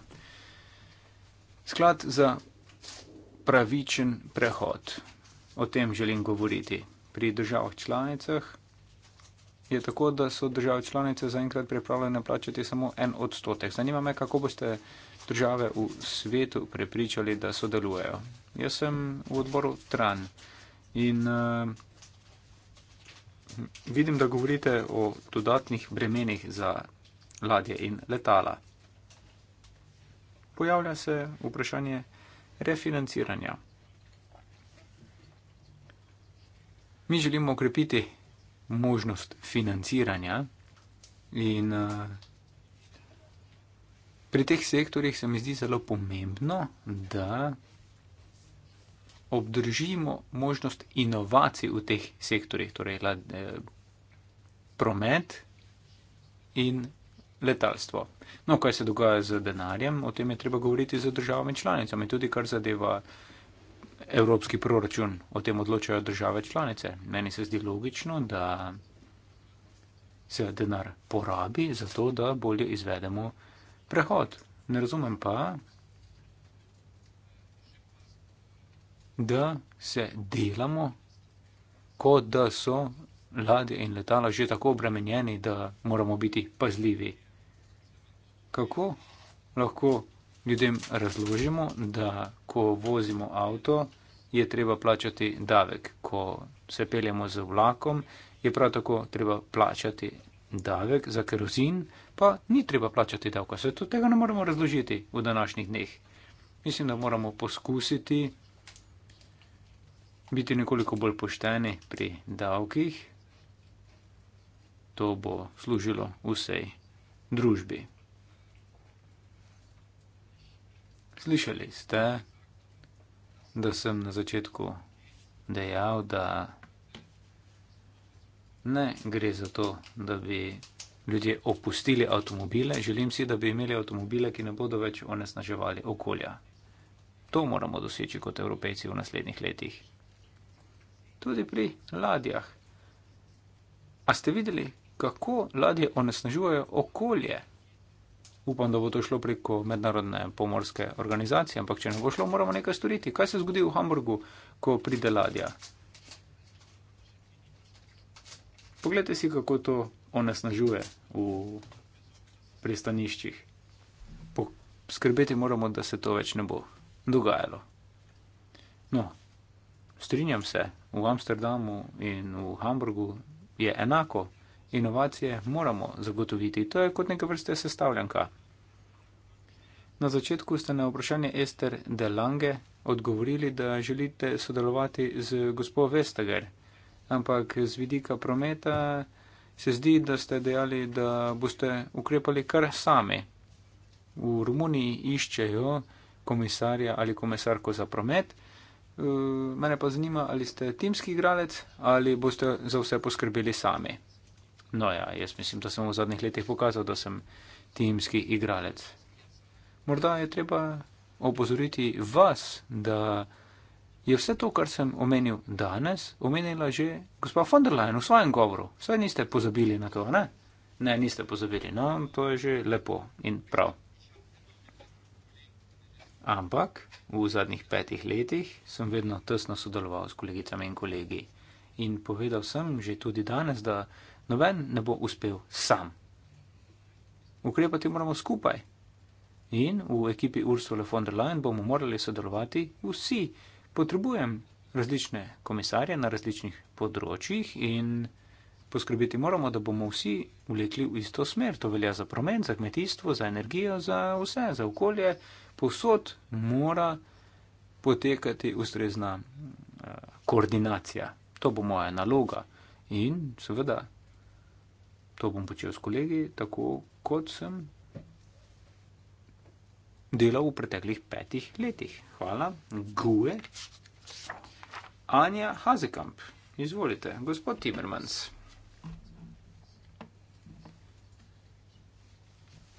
Sklad za pravičen prehod. O tem želim govoriti pri državah članicah je tako, da so države članice zaenkrat pripravljene plačati samo en odstotek. Zanima me, kako boste države v svetu prepričali, da sodelujejo. Jaz sem v odboru Tran in uh, vidim, da govorite o dodatnih bremenih za ladje in letala. Pojavlja se vprašanje refinanciranja. Mi želimo okrepiti možnost financiranja. In eh, pri teh sektorjih se mi zdi zelo pomembno, da obdržimo možnost inovacij v teh sektorjih, torej eh, promet in letalstvo. No, kaj se dogaja z denarjem, o tem je treba govoriti z državami članicami, tudi kar zadeva uh, evropski proračun, o tem odločajo države članice. Meni se zdi logično, da se denar porabi za to, da bolje izvedemo prehod. Ne razumem pa, da se delamo, kot da so ladje in letala že tako obremenjeni, da moramo biti pazljivi. Kako lahko ljudem razložimo, da ko vozimo avto, je treba plačati davek. Ko se peljemo z vlakom, je prav tako treba plačati davek za kerozin, pa ni treba plačati davka. Se to tega ne moremo razložiti v današnjih dneh. Mislim, da moramo poskusiti biti nekoliko bolj pošteni pri davkih. To bo služilo vsej družbi. Slišali ste, da sem na začetku dejal, da ne gre za to, da bi ljudje opustili avtomobile. Želim si, da bi imeli avtomobile, ki ne bodo več onesnaževali okolja. To moramo doseči kot evropejci v naslednjih letih. Tudi pri ladjah. A ste videli, kako ladje onesnažujejo okolje? Upam, da bo to šlo preko mednarodne pomorske organizacije, ampak če ne bo šlo, moramo nekaj storiti. Kaj se zgodi v Hamburgu, ko pride ladja? Poglejte si, kako to onesnažuje v pristaniščih. Poskrbeti moramo, da se to več ne bo dogajalo. No, strinjam se, v Amsterdamu in v Hamburgu je enako inovacije moramo zagotoviti. To je kot neka vrste sestavljanka. Na začetku ste na vprašanje Ester de Lange odgovorili, da želite sodelovati z gospod Vestager, ampak z vidika prometa se zdi, da ste dejali, da boste ukrepali kar sami. V Romuniji iščejo komisarja ali komisarko za promet. E, mene pa zanima, ali ste timski igralec ali boste za vse poskrbeli sami. No ja, jaz mislim, da sem v zadnjih letih pokazal, da sem timski igralec. Morda je treba opozoriti vas, da je vse to, kar sem omenil danes, omenila že gospa von der Leyen v svojem govoru. Saj niste pozabili na to, ne? Ne, niste pozabili, no, to je že lepo in prav. Ampak v zadnjih petih letih sem vedno tesno sodeloval s kolegicami in kolegi. In povedal sem že tudi danes, da noben ne bo uspel sam. Ukrepati moramo skupaj. In v ekipi Ursula von der Leyen bomo morali sodelovati vsi. Potrebujem različne komisarje na različnih področjih in poskrbeti moramo, da bomo vsi vlekli v isto smer. To velja za promet, za kmetijstvo, za energijo, za vse, za okolje. Posod mora potekati ustrezna eh, koordinacija. To bo moja naloga. In seveda To bom počel s kolegi, tako kot sem delal v preteklih petih letih. Hvala, Gue. Anja Hazekamp, izvolite, gospod Timmermans.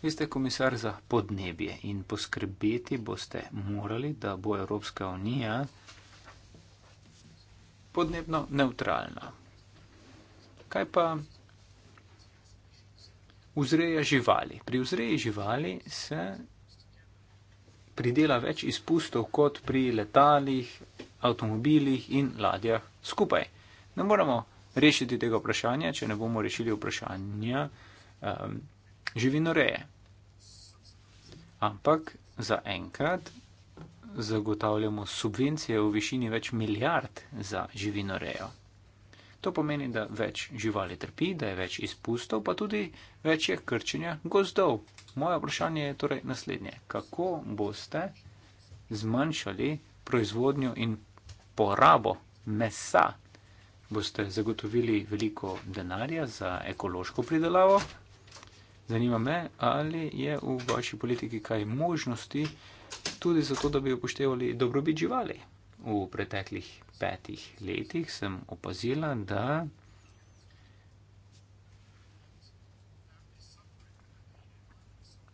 Vi ste komisar za podnebje in poskrbeti boste morali, da bo Evropska unija podnebno neutralna. Kaj pa vzreja živali. Pri vzreji živali se pridela več izpustov kot pri letalih, avtomobilih in ladjah skupaj. Ne moramo rešiti tega vprašanja, če ne bomo rešili vprašanja um, živinoreje. Ampak za enkrat zagotavljamo subvencije v višini več milijard za živinorejo. To pomeni, da več živali trpi, da je več izpustov, pa tudi več je krčenja gozdov. Moje vprašanje je torej naslednje. Kako boste zmanjšali proizvodnjo in porabo mesa? Boste zagotovili veliko denarja za ekološko pridelavo? Zanima me, ali je v vaši politiki kaj možnosti tudi zato, da bi upoštevali dobrobit živali v preteklih petih letih sem opazila, da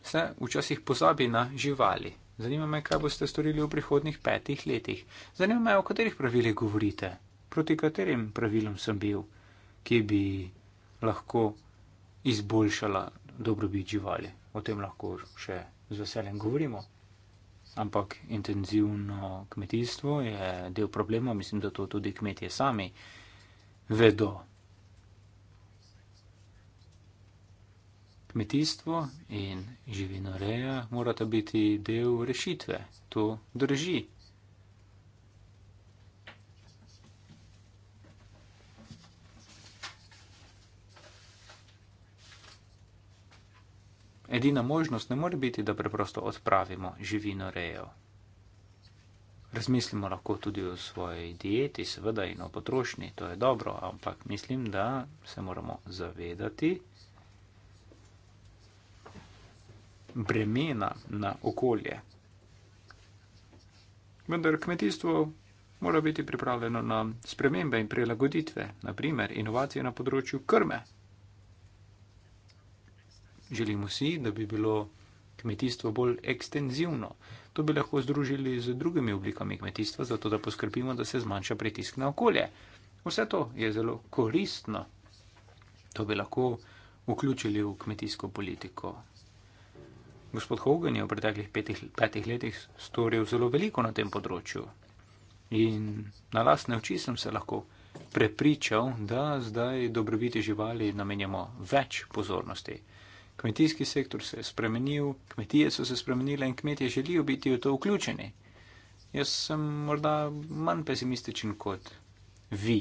se včasih pozabi na živali. Zanima me, kaj boste storili v prihodnih petih letih. Zanima me, o katerih pravilih govorite, proti katerim pravilom sem bil, ki bi lahko izboljšala dobrobit živali. O tem lahko še z veseljem govorimo. Ampak intenzivno kmetijstvo je del problema, mislim, da to tudi kmetije sami vedo. Kmetijstvo in živinoreja morata biti del rešitve. To drži. Edina možnost ne more biti, da preprosto odpravimo živino rejo. Razmislimo lahko tudi o svoji dieti, seveda in o potrošnji, to je dobro, ampak mislim, da se moramo zavedati bremena na okolje. Vendar kmetijstvo mora biti pripravljeno na spremembe in prilagoditve, naprimer inovacije na področju krme. Želimo si, da bi bilo kmetijstvo bolj ekstenzivno. To bi lahko združili z drugimi oblikami kmetijstva, zato da poskrbimo, da se zmanjša pritisk na okolje. Vse to je zelo koristno. To bi lahko vključili v kmetijsko politiko. Gospod Hogan je v preteklih petih, petih letih storil zelo veliko na tem področju in na lastne oči sem se lahko prepričal, da zdaj dobrobiti živali namenjamo več pozornosti. Kmetijski sektor se je spremenil, kmetije so se spremenile in kmetije želijo biti v to vključeni. Jaz sem morda manj pesimističen kot vi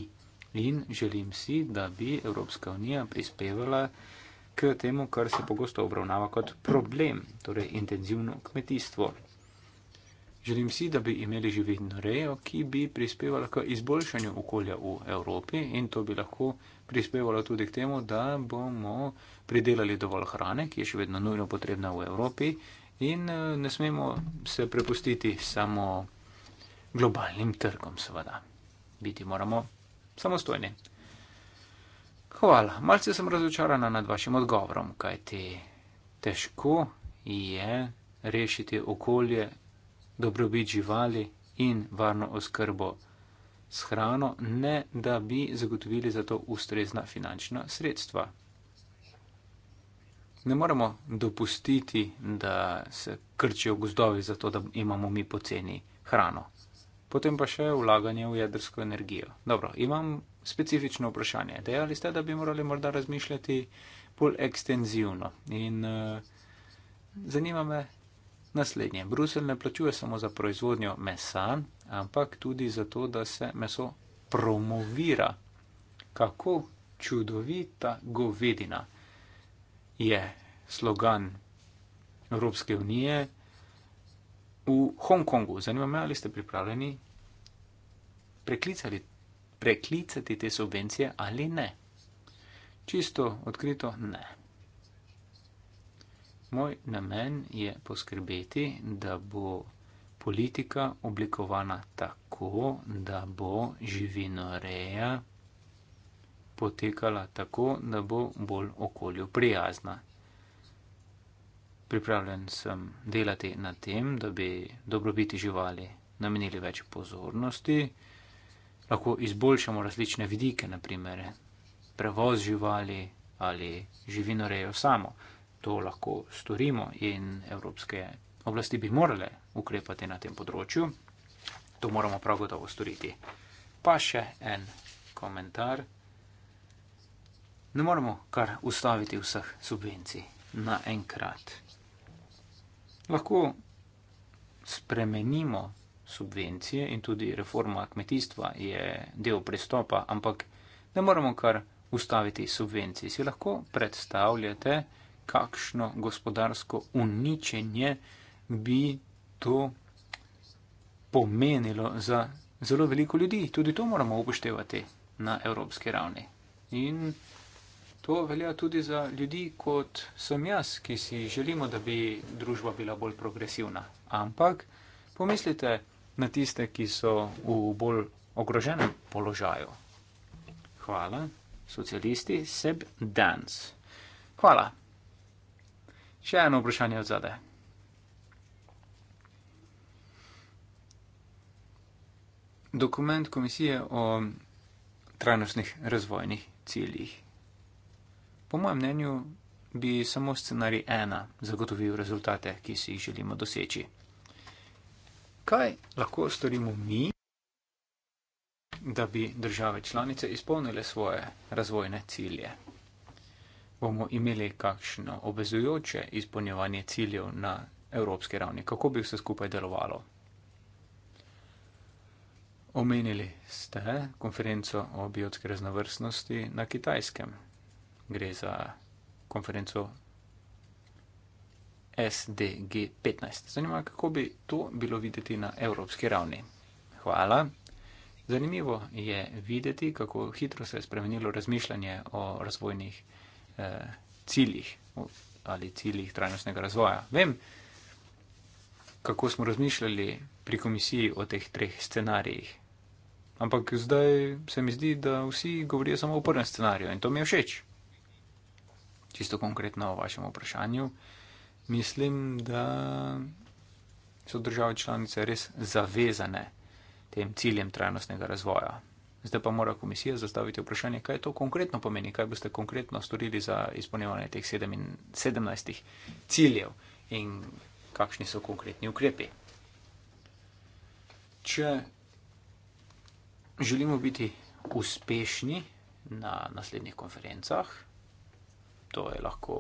in želim si, da bi Evropska unija prispevala k temu, kar se pogosto obravnava kot problem, torej intenzivno kmetijstvo. Želim si, da bi imeli živino rejo, ki bi prispevala k izboljšanju okolja v Evropi in to bi lahko prispevalo tudi k temu, da bomo pridelali dovolj hrane, ki je še vedno nujno potrebna v Evropi in eh, ne smemo se prepustiti samo globalnim trgom, seveda. Biti moramo samostojni. Hvala, malce sem razočarana nad vašim odgovorom, kaj ti težko je rešiti okolje dobrobit živali in varno oskrbo s hrano, ne da bi zagotovili za to ustrezna finančna sredstva. Ne moremo dopustiti, da se krčijo gozdovi za to, da imamo mi poceni hrano. Potem pa še vlaganje v jedrsko energijo. Dobro, imam specifično vprašanje. Dejali ste, da bi morali morda razmišljati bolj ekstenzivno. In uh, zanima me, naslednje. Brusel ne plačuje samo za proizvodnjo mesa, ampak tudi za to, da se meso promovira. Kako čudovita govedina je slogan Evropske unije v Hongkongu. Zanima me, ali ste pripravljeni preklicali, preklicati te subvencije ali ne. Čisto odkrito ne. Moj namen je poskrbeti, da bo politika oblikovana tako, da bo živinoreja potekala tako, da bo bolj okolju prijazna. Pripravljen sem delati na tem, da bi dobrobiti živali namenili več pozornosti, lahko izboljšamo različne vidike, naprimer prevoz živali ali živinorejo samo to lahko storimo in evropske oblasti bi morale ukrepati na tem področju. To moramo prav gotovo storiti. Pa še en komentar. Ne moramo kar ustaviti vseh subvencij naenkrat. Lahko spremenimo subvencije in tudi reforma kmetijstva je del pristopa, ampak ne moramo kar ustaviti subvencij. Si lahko predstavljate, kakšno gospodarsko uničenje bi to pomenilo za zelo veliko ljudi. Tudi to moramo upoštevati na evropski ravni. In to velja tudi za ljudi, kot sem jaz, ki si želimo, da bi družba bila bolj progresivna. Ampak pomislite na tiste, ki so v bolj ogroženem položaju. Hvala, socialisti, seb dance. Hvala. Še eno vprašanje odzade. Dokument komisije o trajnostnih razvojnih ciljih. Po mojem mnenju bi samo scenarij ena zagotovil rezultate, ki si jih želimo doseči. Kaj lahko storimo mi, da bi države članice izpolnile svoje razvojne cilje? bomo imeli kakšno obvezujoče izpolnjevanje ciljev na evropski ravni? Kako bi vse skupaj delovalo? Omenili ste konferenco o biotski raznovrstnosti na kitajskem. Gre za konferenco SDG15. Zanima me, kako bi to bilo videti na evropski ravni. Hvala. Zanimivo je videti, kako hitro se je spremenilo razmišljanje o razvojnih eh, ciljih ali ciljih trajnostnega razvoja. Vem, kako smo razmišljali pri komisiji o teh treh scenarijih. Ampak zdaj se mi zdi, da vsi govorijo samo o prvem scenariju in to mi je všeč. Čisto konkretno o vašem vprašanju. Mislim, da so države članice res zavezane tem ciljem trajnostnega razvoja. Zdaj pa mora komisija zastaviti vprašanje, kaj to konkretno pomeni, kaj boste konkretno storili za izpolnjevanje teh 17 ciljev in kakšni so konkretni ukrepi. Če želimo biti uspešni na naslednjih konferencah, to je lahko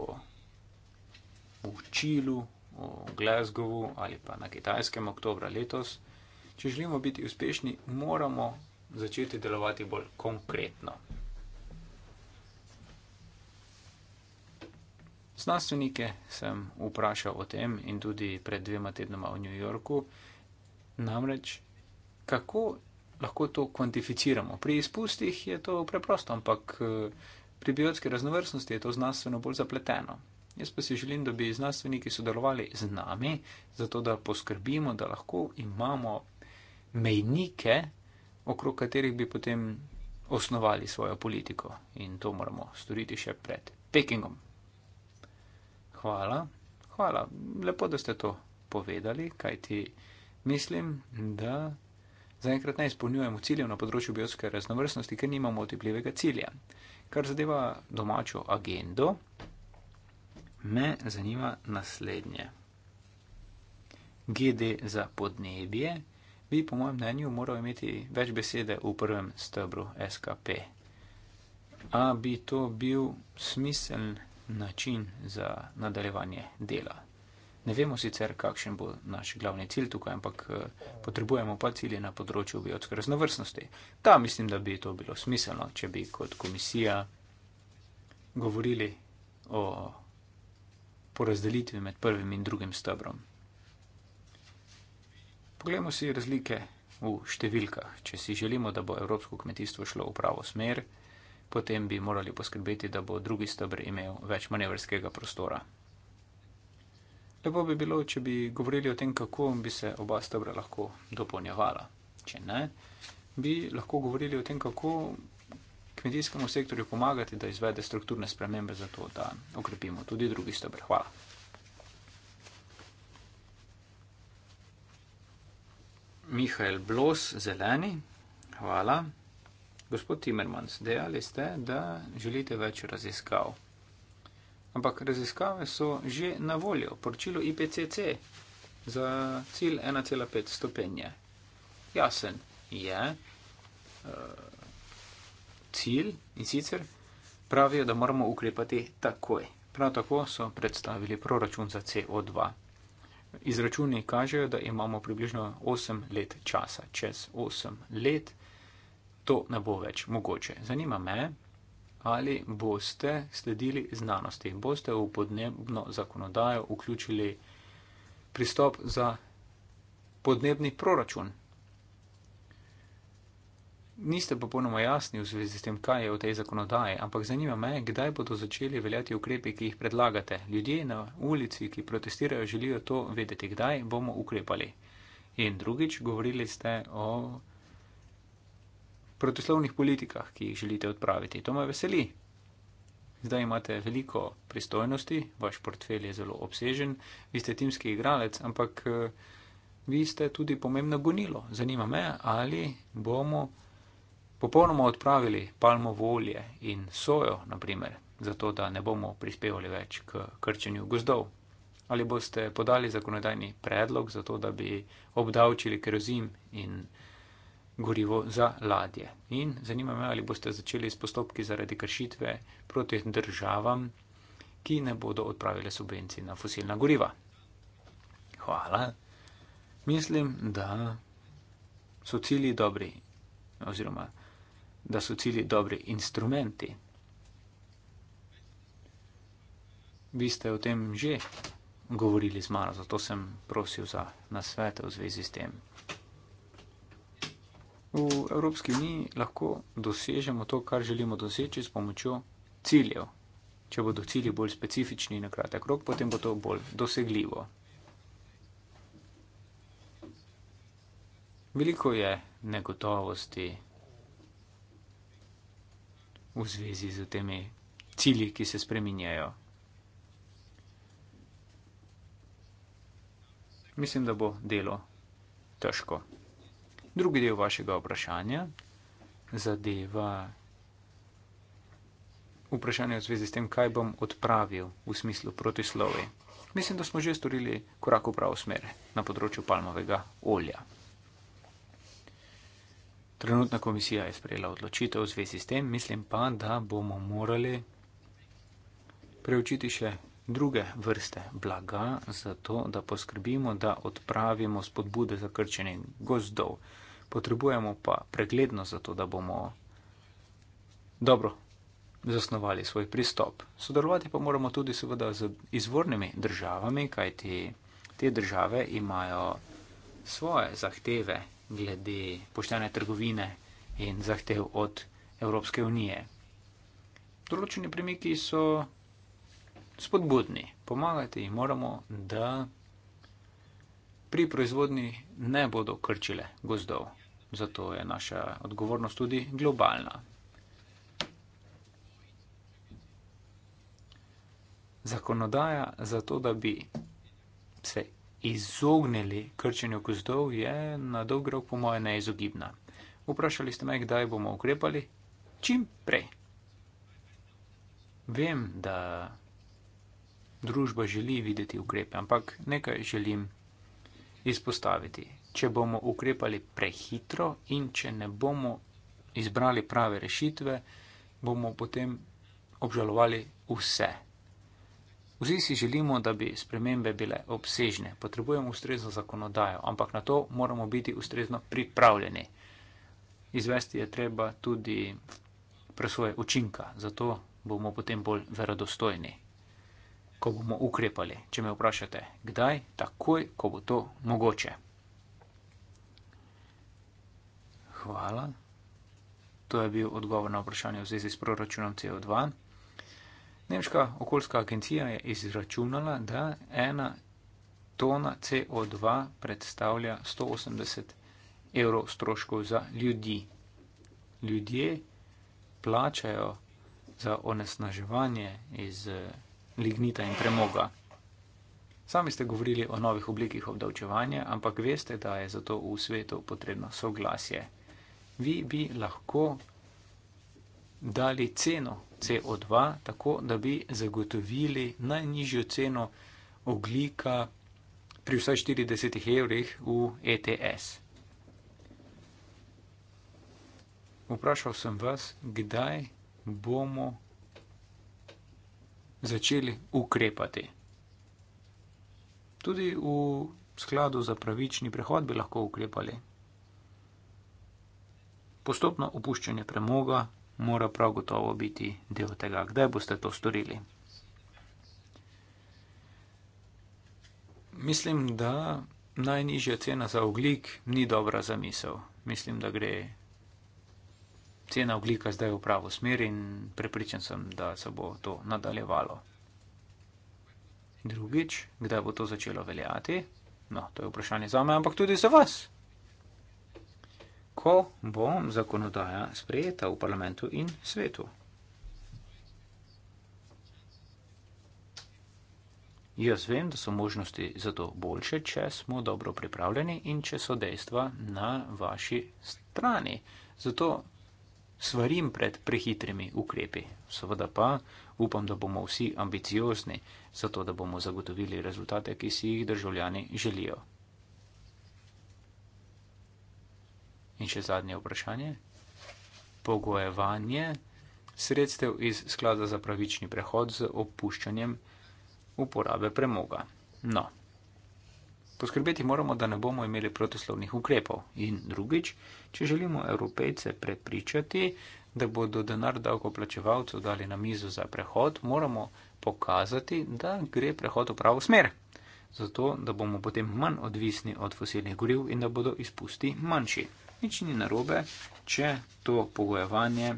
v Čilu, v Glasgowu ali pa na Kitajskem oktobra letos, če želimo biti uspešni, moramo začeti delovati bolj konkretno. Znanstvenike sem vprašal o tem in tudi pred dvema tednoma v New Yorku, namreč kako lahko to kvantificiramo. Pri izpustih je to preprosto, ampak eh, pri biotski raznovrstnosti je to znanstveno bolj zapleteno. Jaz pa si želim, da bi znanstveniki sodelovali z nami, zato da poskrbimo, da lahko imamo mejnike, okrog katerih bi potem osnovali svojo politiko. In to moramo storiti še pred Pekingom. Hvala, hvala. Lepo, da ste to povedali, kaj ti mislim, da. Zaenkrat ne izpolnjujemo ciljev na področju biotske raznovrstnosti, ker nimamo otipljivega cilja. Kar zadeva domačo agendo, me zanima naslednje. GD za podnebje bi po mojem mnenju moral imeti več besede v prvem stebru SKP. A bi to bil smiseln način za nadaljevanje dela? Ne vemo sicer, kakšen bo naš glavni cilj tukaj, ampak eh, potrebujemo pa cilje na področju biotske raznovrstnosti. Ta mislim, da bi to bilo smiselno, če bi kot komisija govorili o porazdelitvi med prvim in drugim stebrom. Poglejmo si razlike v številkah. Če si želimo, da bo evropsko kmetijstvo šlo v pravo smer, potem bi morali poskrbeti, da bo drugi stebr imel več manevrskega prostora. Lepo bi bilo, če bi govorili o tem, kako bi se oba stebra lahko dopolnjevala. Če ne, bi lahko govorili o tem, kako kmetijskemu sektorju pomagati, da izvede strukturne spremembe za to, da okrepimo tudi drugi stebr. Hvala. Mihajl Blos, zeleni. Hvala. Gospod Timmermans, dejali ste, da želite več raziskav. Ampak raziskave so že na voljo, poročilo IPCC za cilj 1,5 stopenje. Jasen je uh, cilj in sicer pravijo, da moramo ukrepati takoj. Prav tako so predstavili proračun za CO2. Izračuni kažejo, da imamo približno 8 let časa. Čez 8 let to ne bo več mogoče. Zanima me, ali boste sledili znanosti, boste v podnebno zakonodajo vključili pristop za podnebni proračun. Niste pa ponoma jasni v zvezi s tem, kaj je v tej zakonodaji, ampak zanima me, kdaj bodo začeli veljati ukrepi, ki jih predlagate. Ljudje na ulici, ki protestirajo, želijo to vedeti, kdaj bomo ukrepali. In drugič, govorili ste o protislovnih politikah, ki jih želite odpraviti. To me veseli. Zdaj imate veliko pristojnosti, vaš portfelj je zelo obsežen, vi ste timski igralec, ampak eh, vi ste tudi pomembno gonilo. Zanima me, ali bomo popolnoma odpravili palmovo olje in sojo, naprimer, zato da ne bomo prispevali več k krčenju gozdov? Ali boste podali zakonodajni predlog za to, da bi obdavčili kerozim in gorivo za ladje? In zanima me, ali boste začeli s postopki zaradi kršitve proti državam, ki ne bodo odpravile subvencij na fosilna goriva? Hvala. Mislim, da so cilji dobri, oziroma da so cilji dobri instrumenti. Vi ste o tem že govorili z mano, zato sem prosil za nasvete v zvezi s tem. V Evropski uniji lahko dosežemo to, kar želimo doseči s pomočjo ciljev. Če bodo cilji bolj specifični in na kratek rok, potem bo to bolj dosegljivo. Veliko je negotovosti v zvezi z temi cilji, ki se spreminjajo. Mislim, da bo delo težko. Drugi del vašega vprašanja zadeva vprašanje v zvezi s tem, kaj bom odpravil v smislu protislovi. Mislim, da smo že storili korak v pravo smer na področju palmovega olja. Trenutna komisija je sprejela odločitev v zvezi s tem, mislim pa, da bomo morali preučiti še druge vrste blaga, zato da poskrbimo, da odpravimo spodbude za krčenje gozdov. Potrebujemo pa pregledno, zato da bomo dobro zasnovali svoj pristop. Sodelovati pa moramo tudi seveda z izvornimi državami, kajti te države imajo svoje zahteve glede poštene trgovine in zahtev od Evropske unije. Določeni premiki so spodbudni, pomagati jim moramo, da pri proizvodni ne bodo krčile gozdov. Zato je naša odgovornost tudi globalna. Zakonodaja za to, da bi se izognili krčenju gozdov, je na dolg rok, po moje, neizogibna. Vprašali ste me, kdaj bomo ukrepali? Čim prej. Vem, da družba želi videti ukrepe, ampak nekaj želim izpostaviti. Če bomo ukrepali prehitro in če ne bomo izbrali prave rešitve, bomo potem obžalovali vse. Vsi si želimo, da bi spremembe bile obsežne, potrebujemo ustrezno zakonodajo, ampak na to moramo biti ustrezno pripravljeni. Izvesti je treba tudi presoje učinka, zato bomo potem bolj verodostojni, ko bomo ukrepali. Če me vprašate, kdaj, takoj, ko bo to mogoče. Hvala. To je bil odgovor na vprašanje v zvezi s proračunom CO2. Nemška okoljska agencija je izračunala, da ena tona CO2 predstavlja 180 evrov stroškov za ljudi. Ljudje plačajo za onesnaževanje iz eh, lignita in premoga. Sami ste govorili o novih oblikih obdavčevanja, ampak veste, da je zato v svetu potrebno soglasje. Vi bi lahko dali ceno CO2, tako da bi zagotovili najnižjo ceno oglika pri vsaj 40 evrih v ETS. Vprašal sem vas, kdaj bomo začeli ukrepati. Tudi v skladu za pravični prehod bi lahko ukrepali. Postopno opuščanje premoga, mora prav gotovo biti del tega. Kdaj boste to storili? Mislim, da najnižja cena za oglik ni dobra za misel. Mislim, da gre cena oglika zdaj v pravo smer in prepričan sem, da se bo to nadaljevalo. Drugič, kdaj bo to začelo veljati? No, to je vprašanje za me, ampak tudi za vas ko bo zakonodaja sprejeta v parlamentu in svetu. Jaz vem, da so možnosti za to boljše, če smo dobro pripravljeni in če so dejstva na vaši strani. Zato svarim pred prehitrimi ukrepi. Seveda pa upam, da bomo vsi ambiciozni, zato da bomo zagotovili rezultate, ki si jih državljani želijo. In še zadnje vprašanje. Pogojevanje sredstev iz sklada za pravični prehod z opuščanjem uporabe premoga. No. Poskrbeti moramo, da ne bomo imeli protislovnih ukrepov. In drugič, če želimo evropejce prepričati, da bodo denar davkoplačevalcev dali na mizo za prehod, moramo pokazati, da gre prehod v pravo smer. Zato, da bomo potem manj odvisni od fosilnih goriv in da bodo izpusti manjši nič ni narobe, če to pogojevanje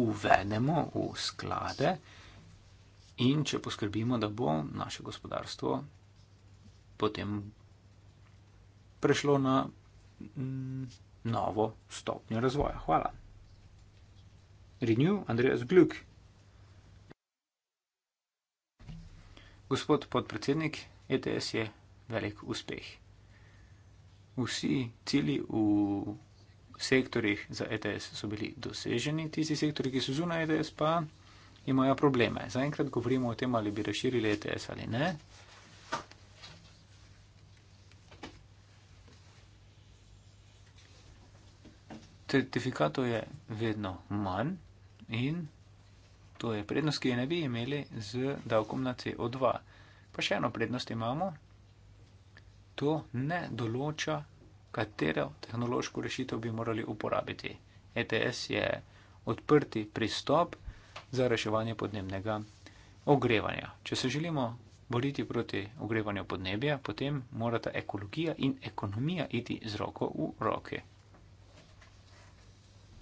uvedemo v sklade in če poskrbimo, da bo naše gospodarstvo potem prešlo na mm, novo stopnjo razvoja. Hvala. Renew, Andreas Gluck. Gospod podpredsednik, ETS je velik uspeh vsi cilji v sektorjih za ETS so bili doseženi, tisti sektori, ki so zunaj ETS, pa imajo probleme. Zaenkrat govorimo o tem, ali bi razširili ETS ali ne. Certifikatov je vedno manj in to je prednost, ki je ne bi imeli z davkom na CO2. Pa še eno prednost imamo, to ne določa, katero tehnološko rešitev bi morali uporabiti. ETS je odprti pristop za reševanje podnebnega ogrevanja. Če se želimo boriti proti ogrevanju podnebja, potem morata ekologija in ekonomija iti z roko v roki.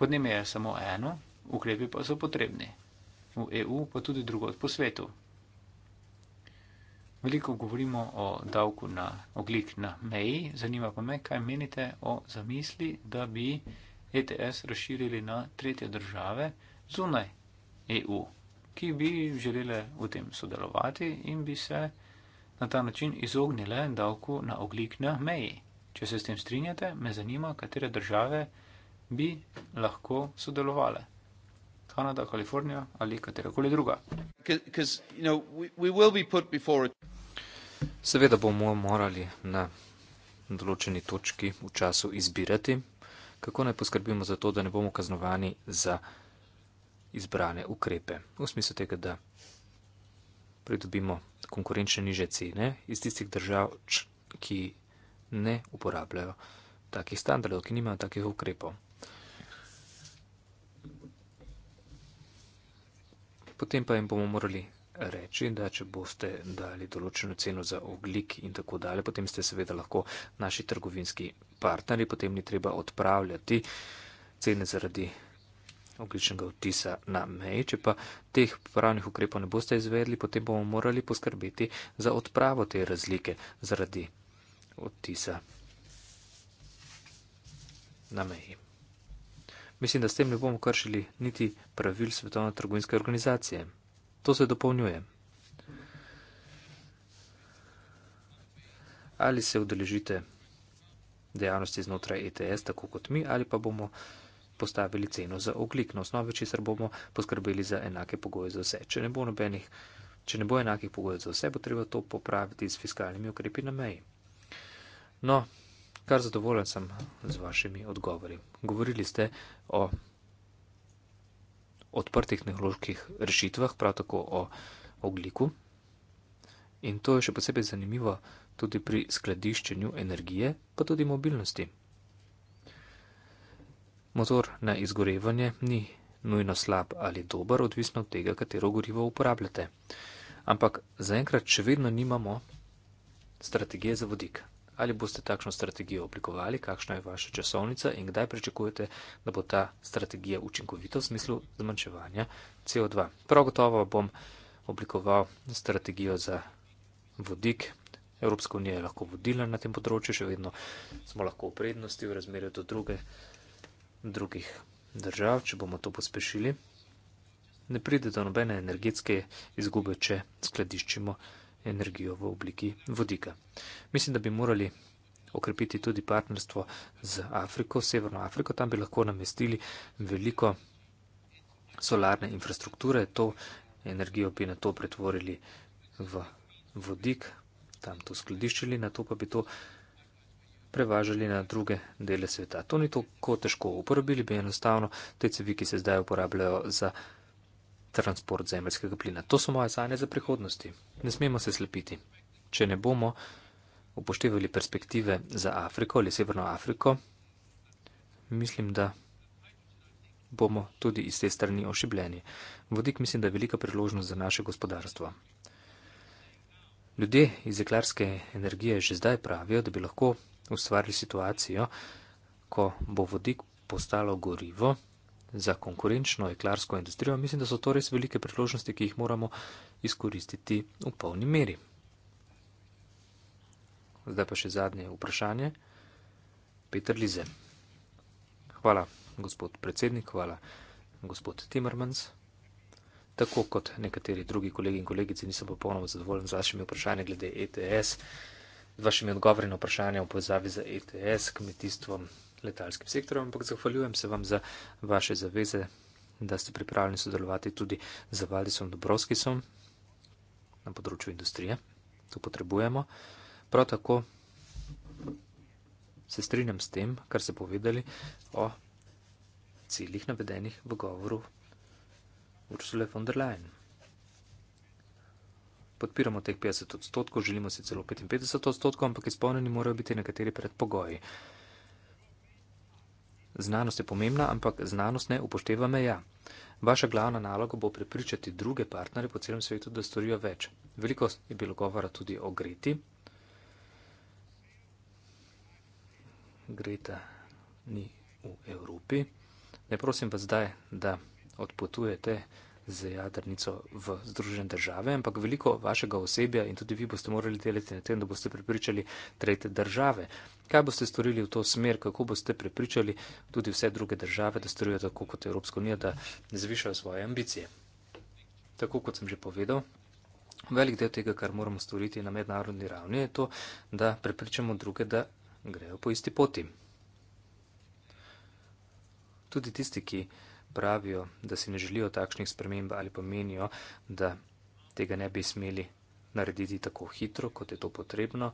Podnebje je samo eno, ukrepi pa so potrebni. V EU pa tudi drugo po svetu. Veliko govorimo o davku na oglik na meji, zanima pa me, kaj menite o zamisli, da bi ETS razširili na tretje države zunaj EU, ki bi želele v tem sodelovati in bi se na ta način izognile davku na oglik na meji. Če se s tem strinjate, me zanima, katere države bi lahko sodelovale. Kanada, Kalifornija ali katerakoli druga. Seveda bomo morali na določeni točki v času izbirati, kako naj poskrbimo za to, da ne bomo kaznovani za izbrane ukrepe. V smislu tega, da pridobimo konkurenčne niže cene iz tistih držav, ki ne uporabljajo takih standardov, ki nimajo takih ukrepov. Potem pa jim bomo morali reči, da če boste dali določeno ceno za oglik in tako dalje, potem ste seveda lahko naši trgovinski partnerji, potem ni treba odpravljati cene zaradi ogličnega odtisa na meji. Če pa teh pravnih ukrepov ne boste izvedli, potem bomo morali poskrbeti za odpravo te razlike zaradi odtisa na meji. Mislim, da s tem ne bomo kršili niti pravil Svetovne trgovinske organizacije to se dopolnjuje. Ali se udeležite dejavnosti znotraj ETS, tako kot mi, ali pa bomo postavili ceno za oglik, na osnovi česar bomo poskrbeli za enake pogoje za vse. Če ne bo, nobenih, če ne bo enakih pogojev za vse, bo treba to popraviti z fiskalnimi ukrepi na meji. No, kar zadovoljen sem z vašimi odgovori. Govorili ste o odprtih tehnoloških rešitvah, prav tako o ogliku. In to je še posebej zanimivo tudi pri skladiščenju energije, pa tudi mobilnosti. Motor na izgorevanje ni nujno slab ali dober, odvisno od tega, katero gorivo uporabljate. Ampak zaenkrat še vedno nimamo strategije za vodik ali boste takšno strategijo oblikovali, kakšna je vaša časovnica in kdaj pričakujete, da bo ta strategija učinkovita v smislu zmanjševanja CO2. Prav gotovo bom oblikoval strategijo za vodik. Evropska unija je lahko vodila na tem področju, še vedno smo lahko v prednosti v razmerju do druge, drugih držav, če bomo to pospešili. Ne pride do nobene energetske izgube, če skladiščimo energijo v obliki vodika. Mislim, da bi morali okrepiti tudi partnerstvo z Afriko, Severno Afriko, tam bi lahko namestili veliko solarne infrastrukture, to energijo bi na to pretvorili v vodik, tam to skladiščili, na to pa bi to prevažali na druge dele sveta. To ni tako težko uporabili, bi enostavno te cevi, ki se zdaj uporabljajo za energijo, transport zemeljskega plina. To so moje sanje za prihodnosti. Ne smemo se slepiti. Če ne bomo upoštevali perspektive za Afriko ali Severno Afriko, mislim, da bomo tudi iz te strani ošibljeni. Vodik mislim, da je velika priložnost za naše gospodarstvo. Ljudje iz jeklarske energije že zdaj pravijo, da bi lahko ustvarili situacijo, ko bo vodik postalo gorivo za konkurenčno jeklarsko industrijo, mislim, da so to res velike priložnosti, ki jih moramo izkoristiti v polni meri. Zdaj pa še zadnje vprašanje. Peter Lize. Hvala, gospod predsednik, hvala, gospod Timmermans. Tako kot nekateri drugi kolegi in kolegice, nisem popolnoma zadovoljen z vašimi vprašanji glede ETS, z vašimi odgovori na vprašanje v povezavi z ETS, kmetijstvom, letalskim sektorom, ampak zahvaljujem se vam za vaše zaveze, da ste pripravljeni sodelovati tudi z Valdisom Dobroskisom na področju industrije. To potrebujemo. Prav tako se strinjam s tem, kar ste povedali o ciljih navedenih v govoru Ursula von der Leyen. Podpiramo teh 50 odstotkov, želimo si celo 55 odstotkov, ampak izpolnjeni morajo biti nekateri predpogoji. Znanost je pomembna, ampak znanost ne upošteva meja. Vaša glavna naloga bo prepričati druge partnere po celem svetu, da storijo več. Veliko je bilo govora tudi o Greti. Greta ni v Evropi. Ne prosim vas zdaj, da odpotujete z jadrnico v Združene države, ampak veliko vašega osebja in tudi vi boste morali delati na tem, da boste prepričali tretje države. Kaj boste storili v to smer, kako boste prepričali tudi vse druge države, da storijo tako kot Evropska unija, da zvišajo svoje ambicije? Tako kot sem že povedal, velik del tega, kar moramo storiti na mednarodni ravni, je to, da prepričamo druge, da grejo po isti poti. Tudi tisti, ki pravijo, da si ne želijo takšnih sprememb ali pa menijo, da tega ne bi smeli narediti tako hitro, kot je to potrebno,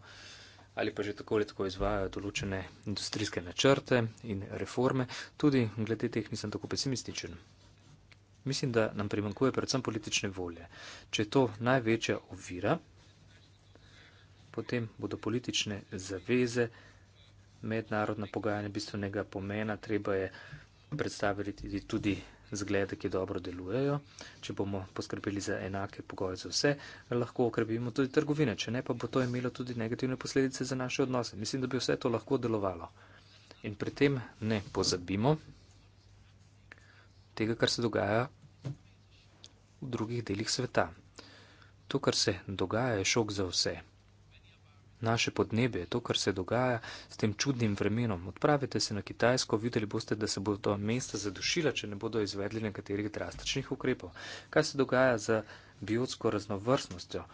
ali pa že tako ali tako izvajajo določene industrijske načrte in reforme, tudi glede teh nisem tako pesimističen. Mislim, da nam primankuje predvsem politične volje. Če je to največja ovira, potem bodo politične zaveze, mednarodna pogajanja bistvenega pomena, treba je predstavili tudi zglede, ki dobro delujejo. Če bomo poskrbeli za enake pogoje za vse, lahko okrepimo tudi trgovine, če ne pa bo to imelo tudi negativne posledice za naše odnose. Mislim, da bi vse to lahko delovalo. In pri tem ne pozabimo tega, kar se dogaja v drugih delih sveta. To, kar se dogaja, je šok za vse naše podnebje, to, kar se dogaja s tem čudnim vremenom. Odpravite se na Kitajsko, videli boste, da se bodo ta mesta zadušila, če ne bodo izvedli nekaterih drastičnih ukrepov. Kaj se dogaja z biotsko raznovrstnostjo?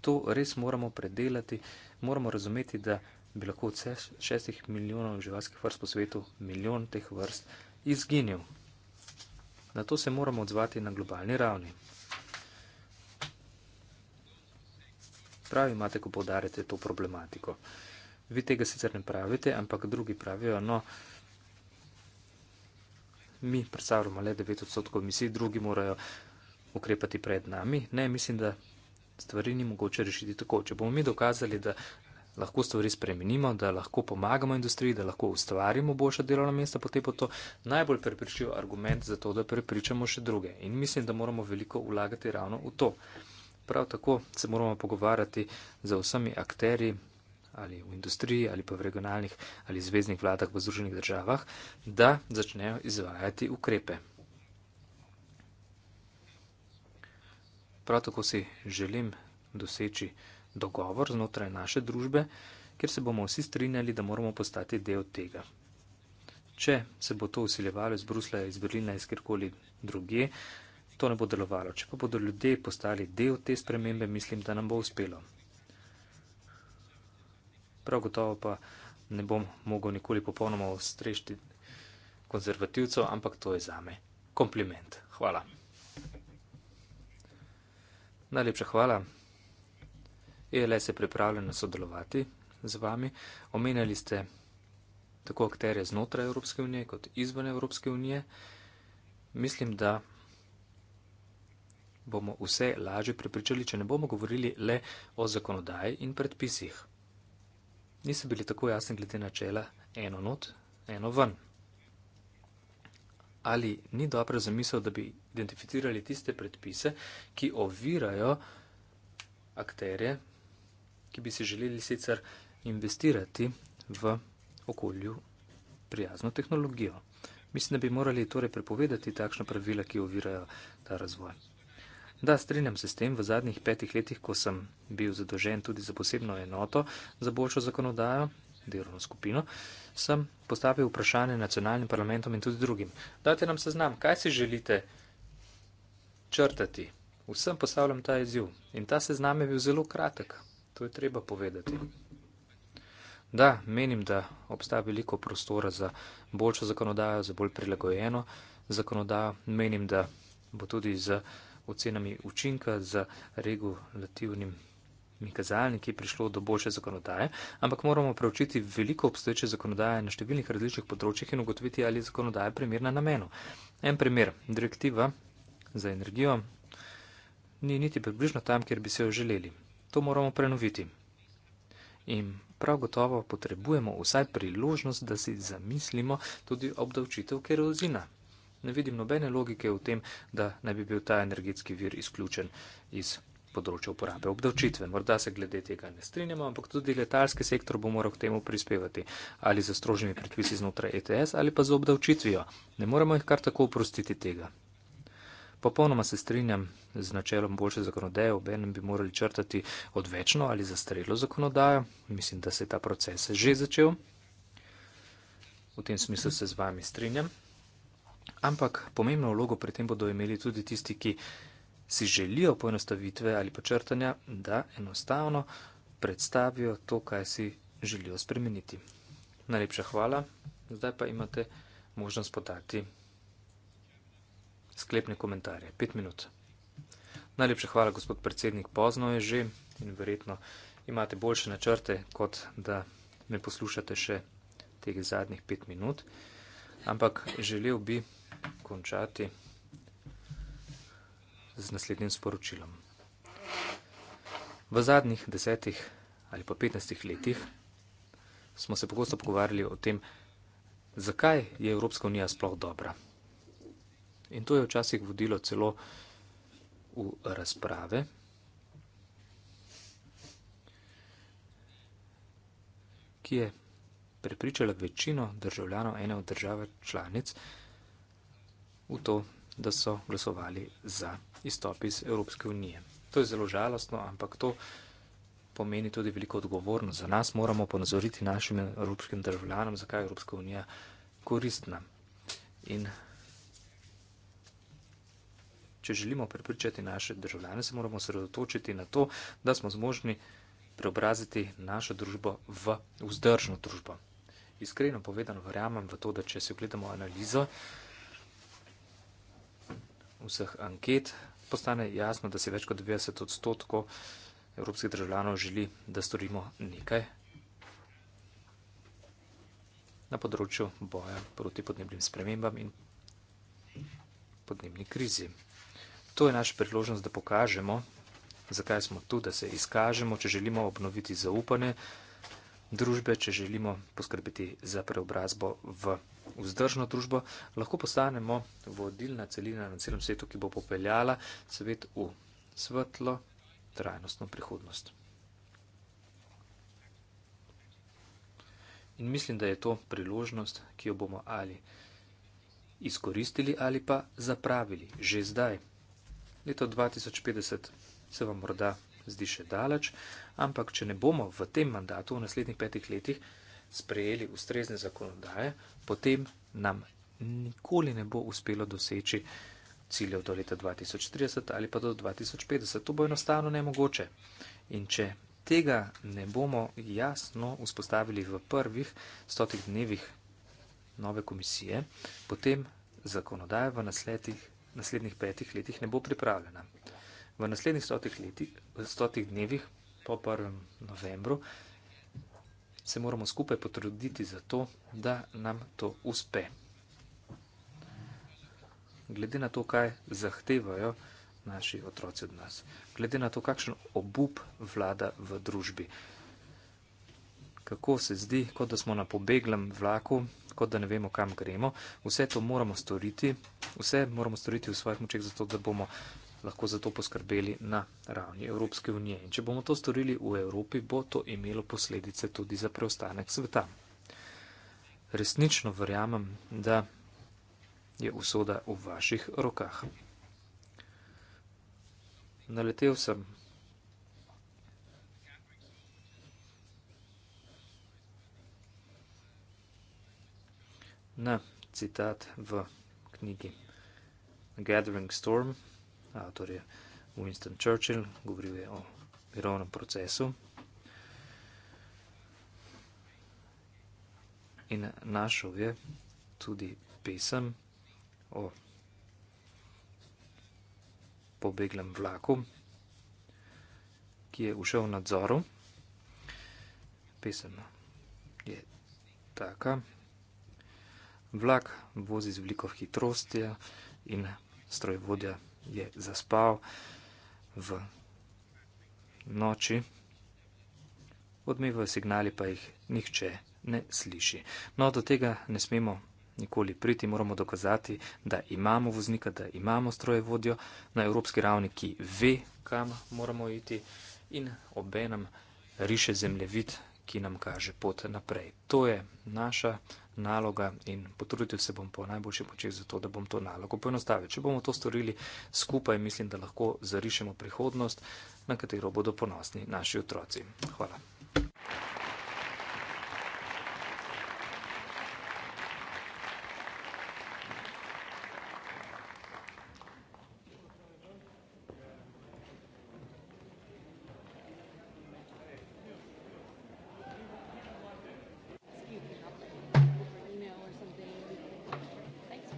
To res moramo predelati, moramo razumeti, da bi lahko od šestih milijonov živalskih vrst po svetu milijon teh vrst izginil. Na to se moramo odzvati na globalni ravni. pravi, imate, ko podarite to problematiko. Vi tega sicer ne pravite, ampak drugi pravijo, no, mi predstavljamo le 9 odstotkov misij, drugi morajo ukrepati pred nami. Ne, mislim, da stvari ni mogoče rešiti tako. Če bomo mi dokazali, da lahko stvari spremenimo, da lahko pomagamo industriji, da lahko ustvarimo boljša delovna mesta, potem bo to najbolj prepričljiv argument za to, da prepričamo še druge. In mislim, da moramo veliko vlagati ravno v to. Prav tako se moramo pogovarjati z vsemi akteri ali v industriji ali pa v regionalnih ali zvezdnih vladah v Združenih državah, da začnejo izvajati ukrepe. Prav tako si želim doseči dogovor znotraj naše družbe, kjer se bomo vsi strinjali, da moramo postati del tega. Če se bo to usiljevalo iz Brusla, iz Berlina, iz kjerkoli drugje, to ne bo delovalo. Če pa bodo ljudje postali del te spremembe, mislim, da nam bo uspelo. Prav gotovo pa ne bom mogel nikoli popolnoma ostrešti konzervativcev, ampak to je zame kompliment. Hvala. Najlepša hvala. ELS je pripravljena sodelovati z vami. Omenjali ste tako akterje znotraj Evropske unije kot izven Evropske unije. Mislim, da bomo vse lažje prepričali, če ne bomo govorili le o zakonodaji in predpisih. Niso bili tako jasni glede načela eno not, eno ven. Ali ni dobro zamisel, da bi identificirali tiste predpise, ki ovirajo akterje, ki bi si želeli sicer investirati v okolju prijazno tehnologijo? Mislim, da bi morali torej prepovedati takšna pravila, ki ovirajo ta razvoj. Da, strinjam se s tem, v zadnjih petih letih, ko sem bil zadolžen tudi za posebno enoto za boljšo zakonodajo, delovno skupino, sem postavil vprašanje nacionalnim parlamentom in tudi drugim. Dajte nam seznam, kaj si želite črtati. Vsem postavljam ta izziv. In ta seznam je bil zelo kratek. To je treba povedati. Da, menim, da obstaja veliko prostora za boljšo zakonodajo, za bolj prilagojeno zakonodajo. Menim, da bo tudi za ocenami učinka z regulativnim. Mi kazalniki prišlo do boljše zakonodaje, ampak moramo preučiti veliko obstoječe zakonodaje na številnih različnih področjih in ugotoviti, ali je zakonodaja primerna namenu. En primer, direktiva za energijo ni niti približno tam, kjer bi se jo želeli. To moramo prenoviti. In prav gotovo potrebujemo vsaj priložnost, da si zamislimo tudi obdavčitev kerozina. Ne vidim nobene logike v tem, da ne bi bil ta energetski vir izključen iz področja uporabe obdavčitve. Morda se glede tega ne strinjamo, ampak tudi letalski sektor bo moral k temu prispevati ali za strožnimi predpisi znotraj ETS ali pa za obdavčitvijo. Ne moramo jih kar tako oprostiti tega. Popolnoma se strinjam z načelom boljše zakonodaje, ob enem bi morali črtati odvečno ali zastrelo zakonodajo. Mislim, da se je ta proces že začel. V tem smislu se z vami strinjam. Ampak pomembno vlogo pri tem bodo imeli tudi tisti, ki si želijo poenostavitve ali počrtanja, da enostavno predstavijo to, kaj si želijo spremeniti. Najlepša hvala, zdaj pa imate možnost podati sklepne komentarje. Pet minut. Najlepša hvala, gospod predsednik, pozno je že in verjetno imate boljše načrte, kot da me poslušate še teh zadnjih pet minut. Ampak želel bi končati z naslednjim sporočilom. V zadnjih desetih ali pa petnajstih letih smo se pogosto pogovarjali o tem, zakaj je Evropska unija sploh dobra. In to je včasih vodilo celo v razprave. ki je prepričala večino državljanov ene od države članic, v to, da so glasovali za izstop iz Evropske unije. To je zelo žalostno, ampak to pomeni tudi veliko odgovornost za nas. Moramo ponazoriti našim evropskim državljanom, zakaj je Evropska unija koristna. In če želimo prepričati naše državljane, se moramo sredotočiti na to, da smo zmožni preobraziti našo družbo v vzdržno družbo. Iskreno povedano, verjamem v to, da če si ogledamo analizo, vseh anket postane jasno, da si več kot 90 odstotkov evropskih državljanov želi, da storimo nekaj na področju boja proti podnebnim spremembam in podnebni krizi. To je naša priložnost, da pokažemo, zakaj smo tu, da se izkažemo, če želimo obnoviti zaupanje družbe, če želimo poskrbeti za preobrazbo v vzdržno družbo, lahko postanemo vodilna celina na celem svetu, ki bo popeljala svet v svetlo, trajnostno prihodnost. In mislim, da je to priložnost, ki jo bomo ali izkoristili ali pa zapravili že zdaj. Leto 2050 se vam morda zdi še daleč, ampak če ne bomo v tem mandatu, v naslednjih petih letih, sprejeli ustrezne zakonodaje, potem nam nikoli ne bo uspelo doseči ciljev do leta 2030 ali pa do 2050. To bo enostavno nemogoče. In če tega ne bomo jasno vzpostavili v prvih stotih dnevih nove komisije, potem zakonodaja v nasletih, naslednjih petih letih ne bo pripravljena. V naslednjih stotih, letih, stotih dnevih po 1. novembru se moramo skupaj potruditi za to, da nam to uspe. Glede na to, kaj zahtevajo naši otroci od nas, glede na to, kakšen obup vlada v družbi, kako se zdi, kot da smo na pobeglem vlaku, kot da ne vemo, kam gremo, vse to moramo storiti, vse moramo storiti v svojih močeh, zato da bomo lahko za to poskrbeli na ravni Evropske unije. In če bomo to storili v Evropi, bo to imelo posledice tudi za preostanek sveta. Resnično verjamem, da je usoda v vaših rokah. Naletel sem. Na citat v knjigi Gathering Storm avtor je Winston Churchill, govoril je o mirovnem procesu. In našel je tudi pesem o pobeglem vlaku, ki je ušel v nadzoru. Pesem je taka. Vlak vozi z veliko hitrostjo in strojvodja vlaka je zaspal v noči, odmevajo signali, pa jih nihče ne sliši. No, do tega ne smemo nikoli priti, moramo dokazati, da imamo voznika, da imamo strojevodjo na evropski ravni, ki ve, kam moramo iti in obenem riše zemljevid ki nam kaže pot naprej. To je naša naloga in potrudil se bom po najboljših močeh za to, da bom to nalogo poenostavil. Če bomo to storili skupaj, mislim, da lahko zarišemo prihodnost, na katero bodo ponosni naši otroci. Hvala.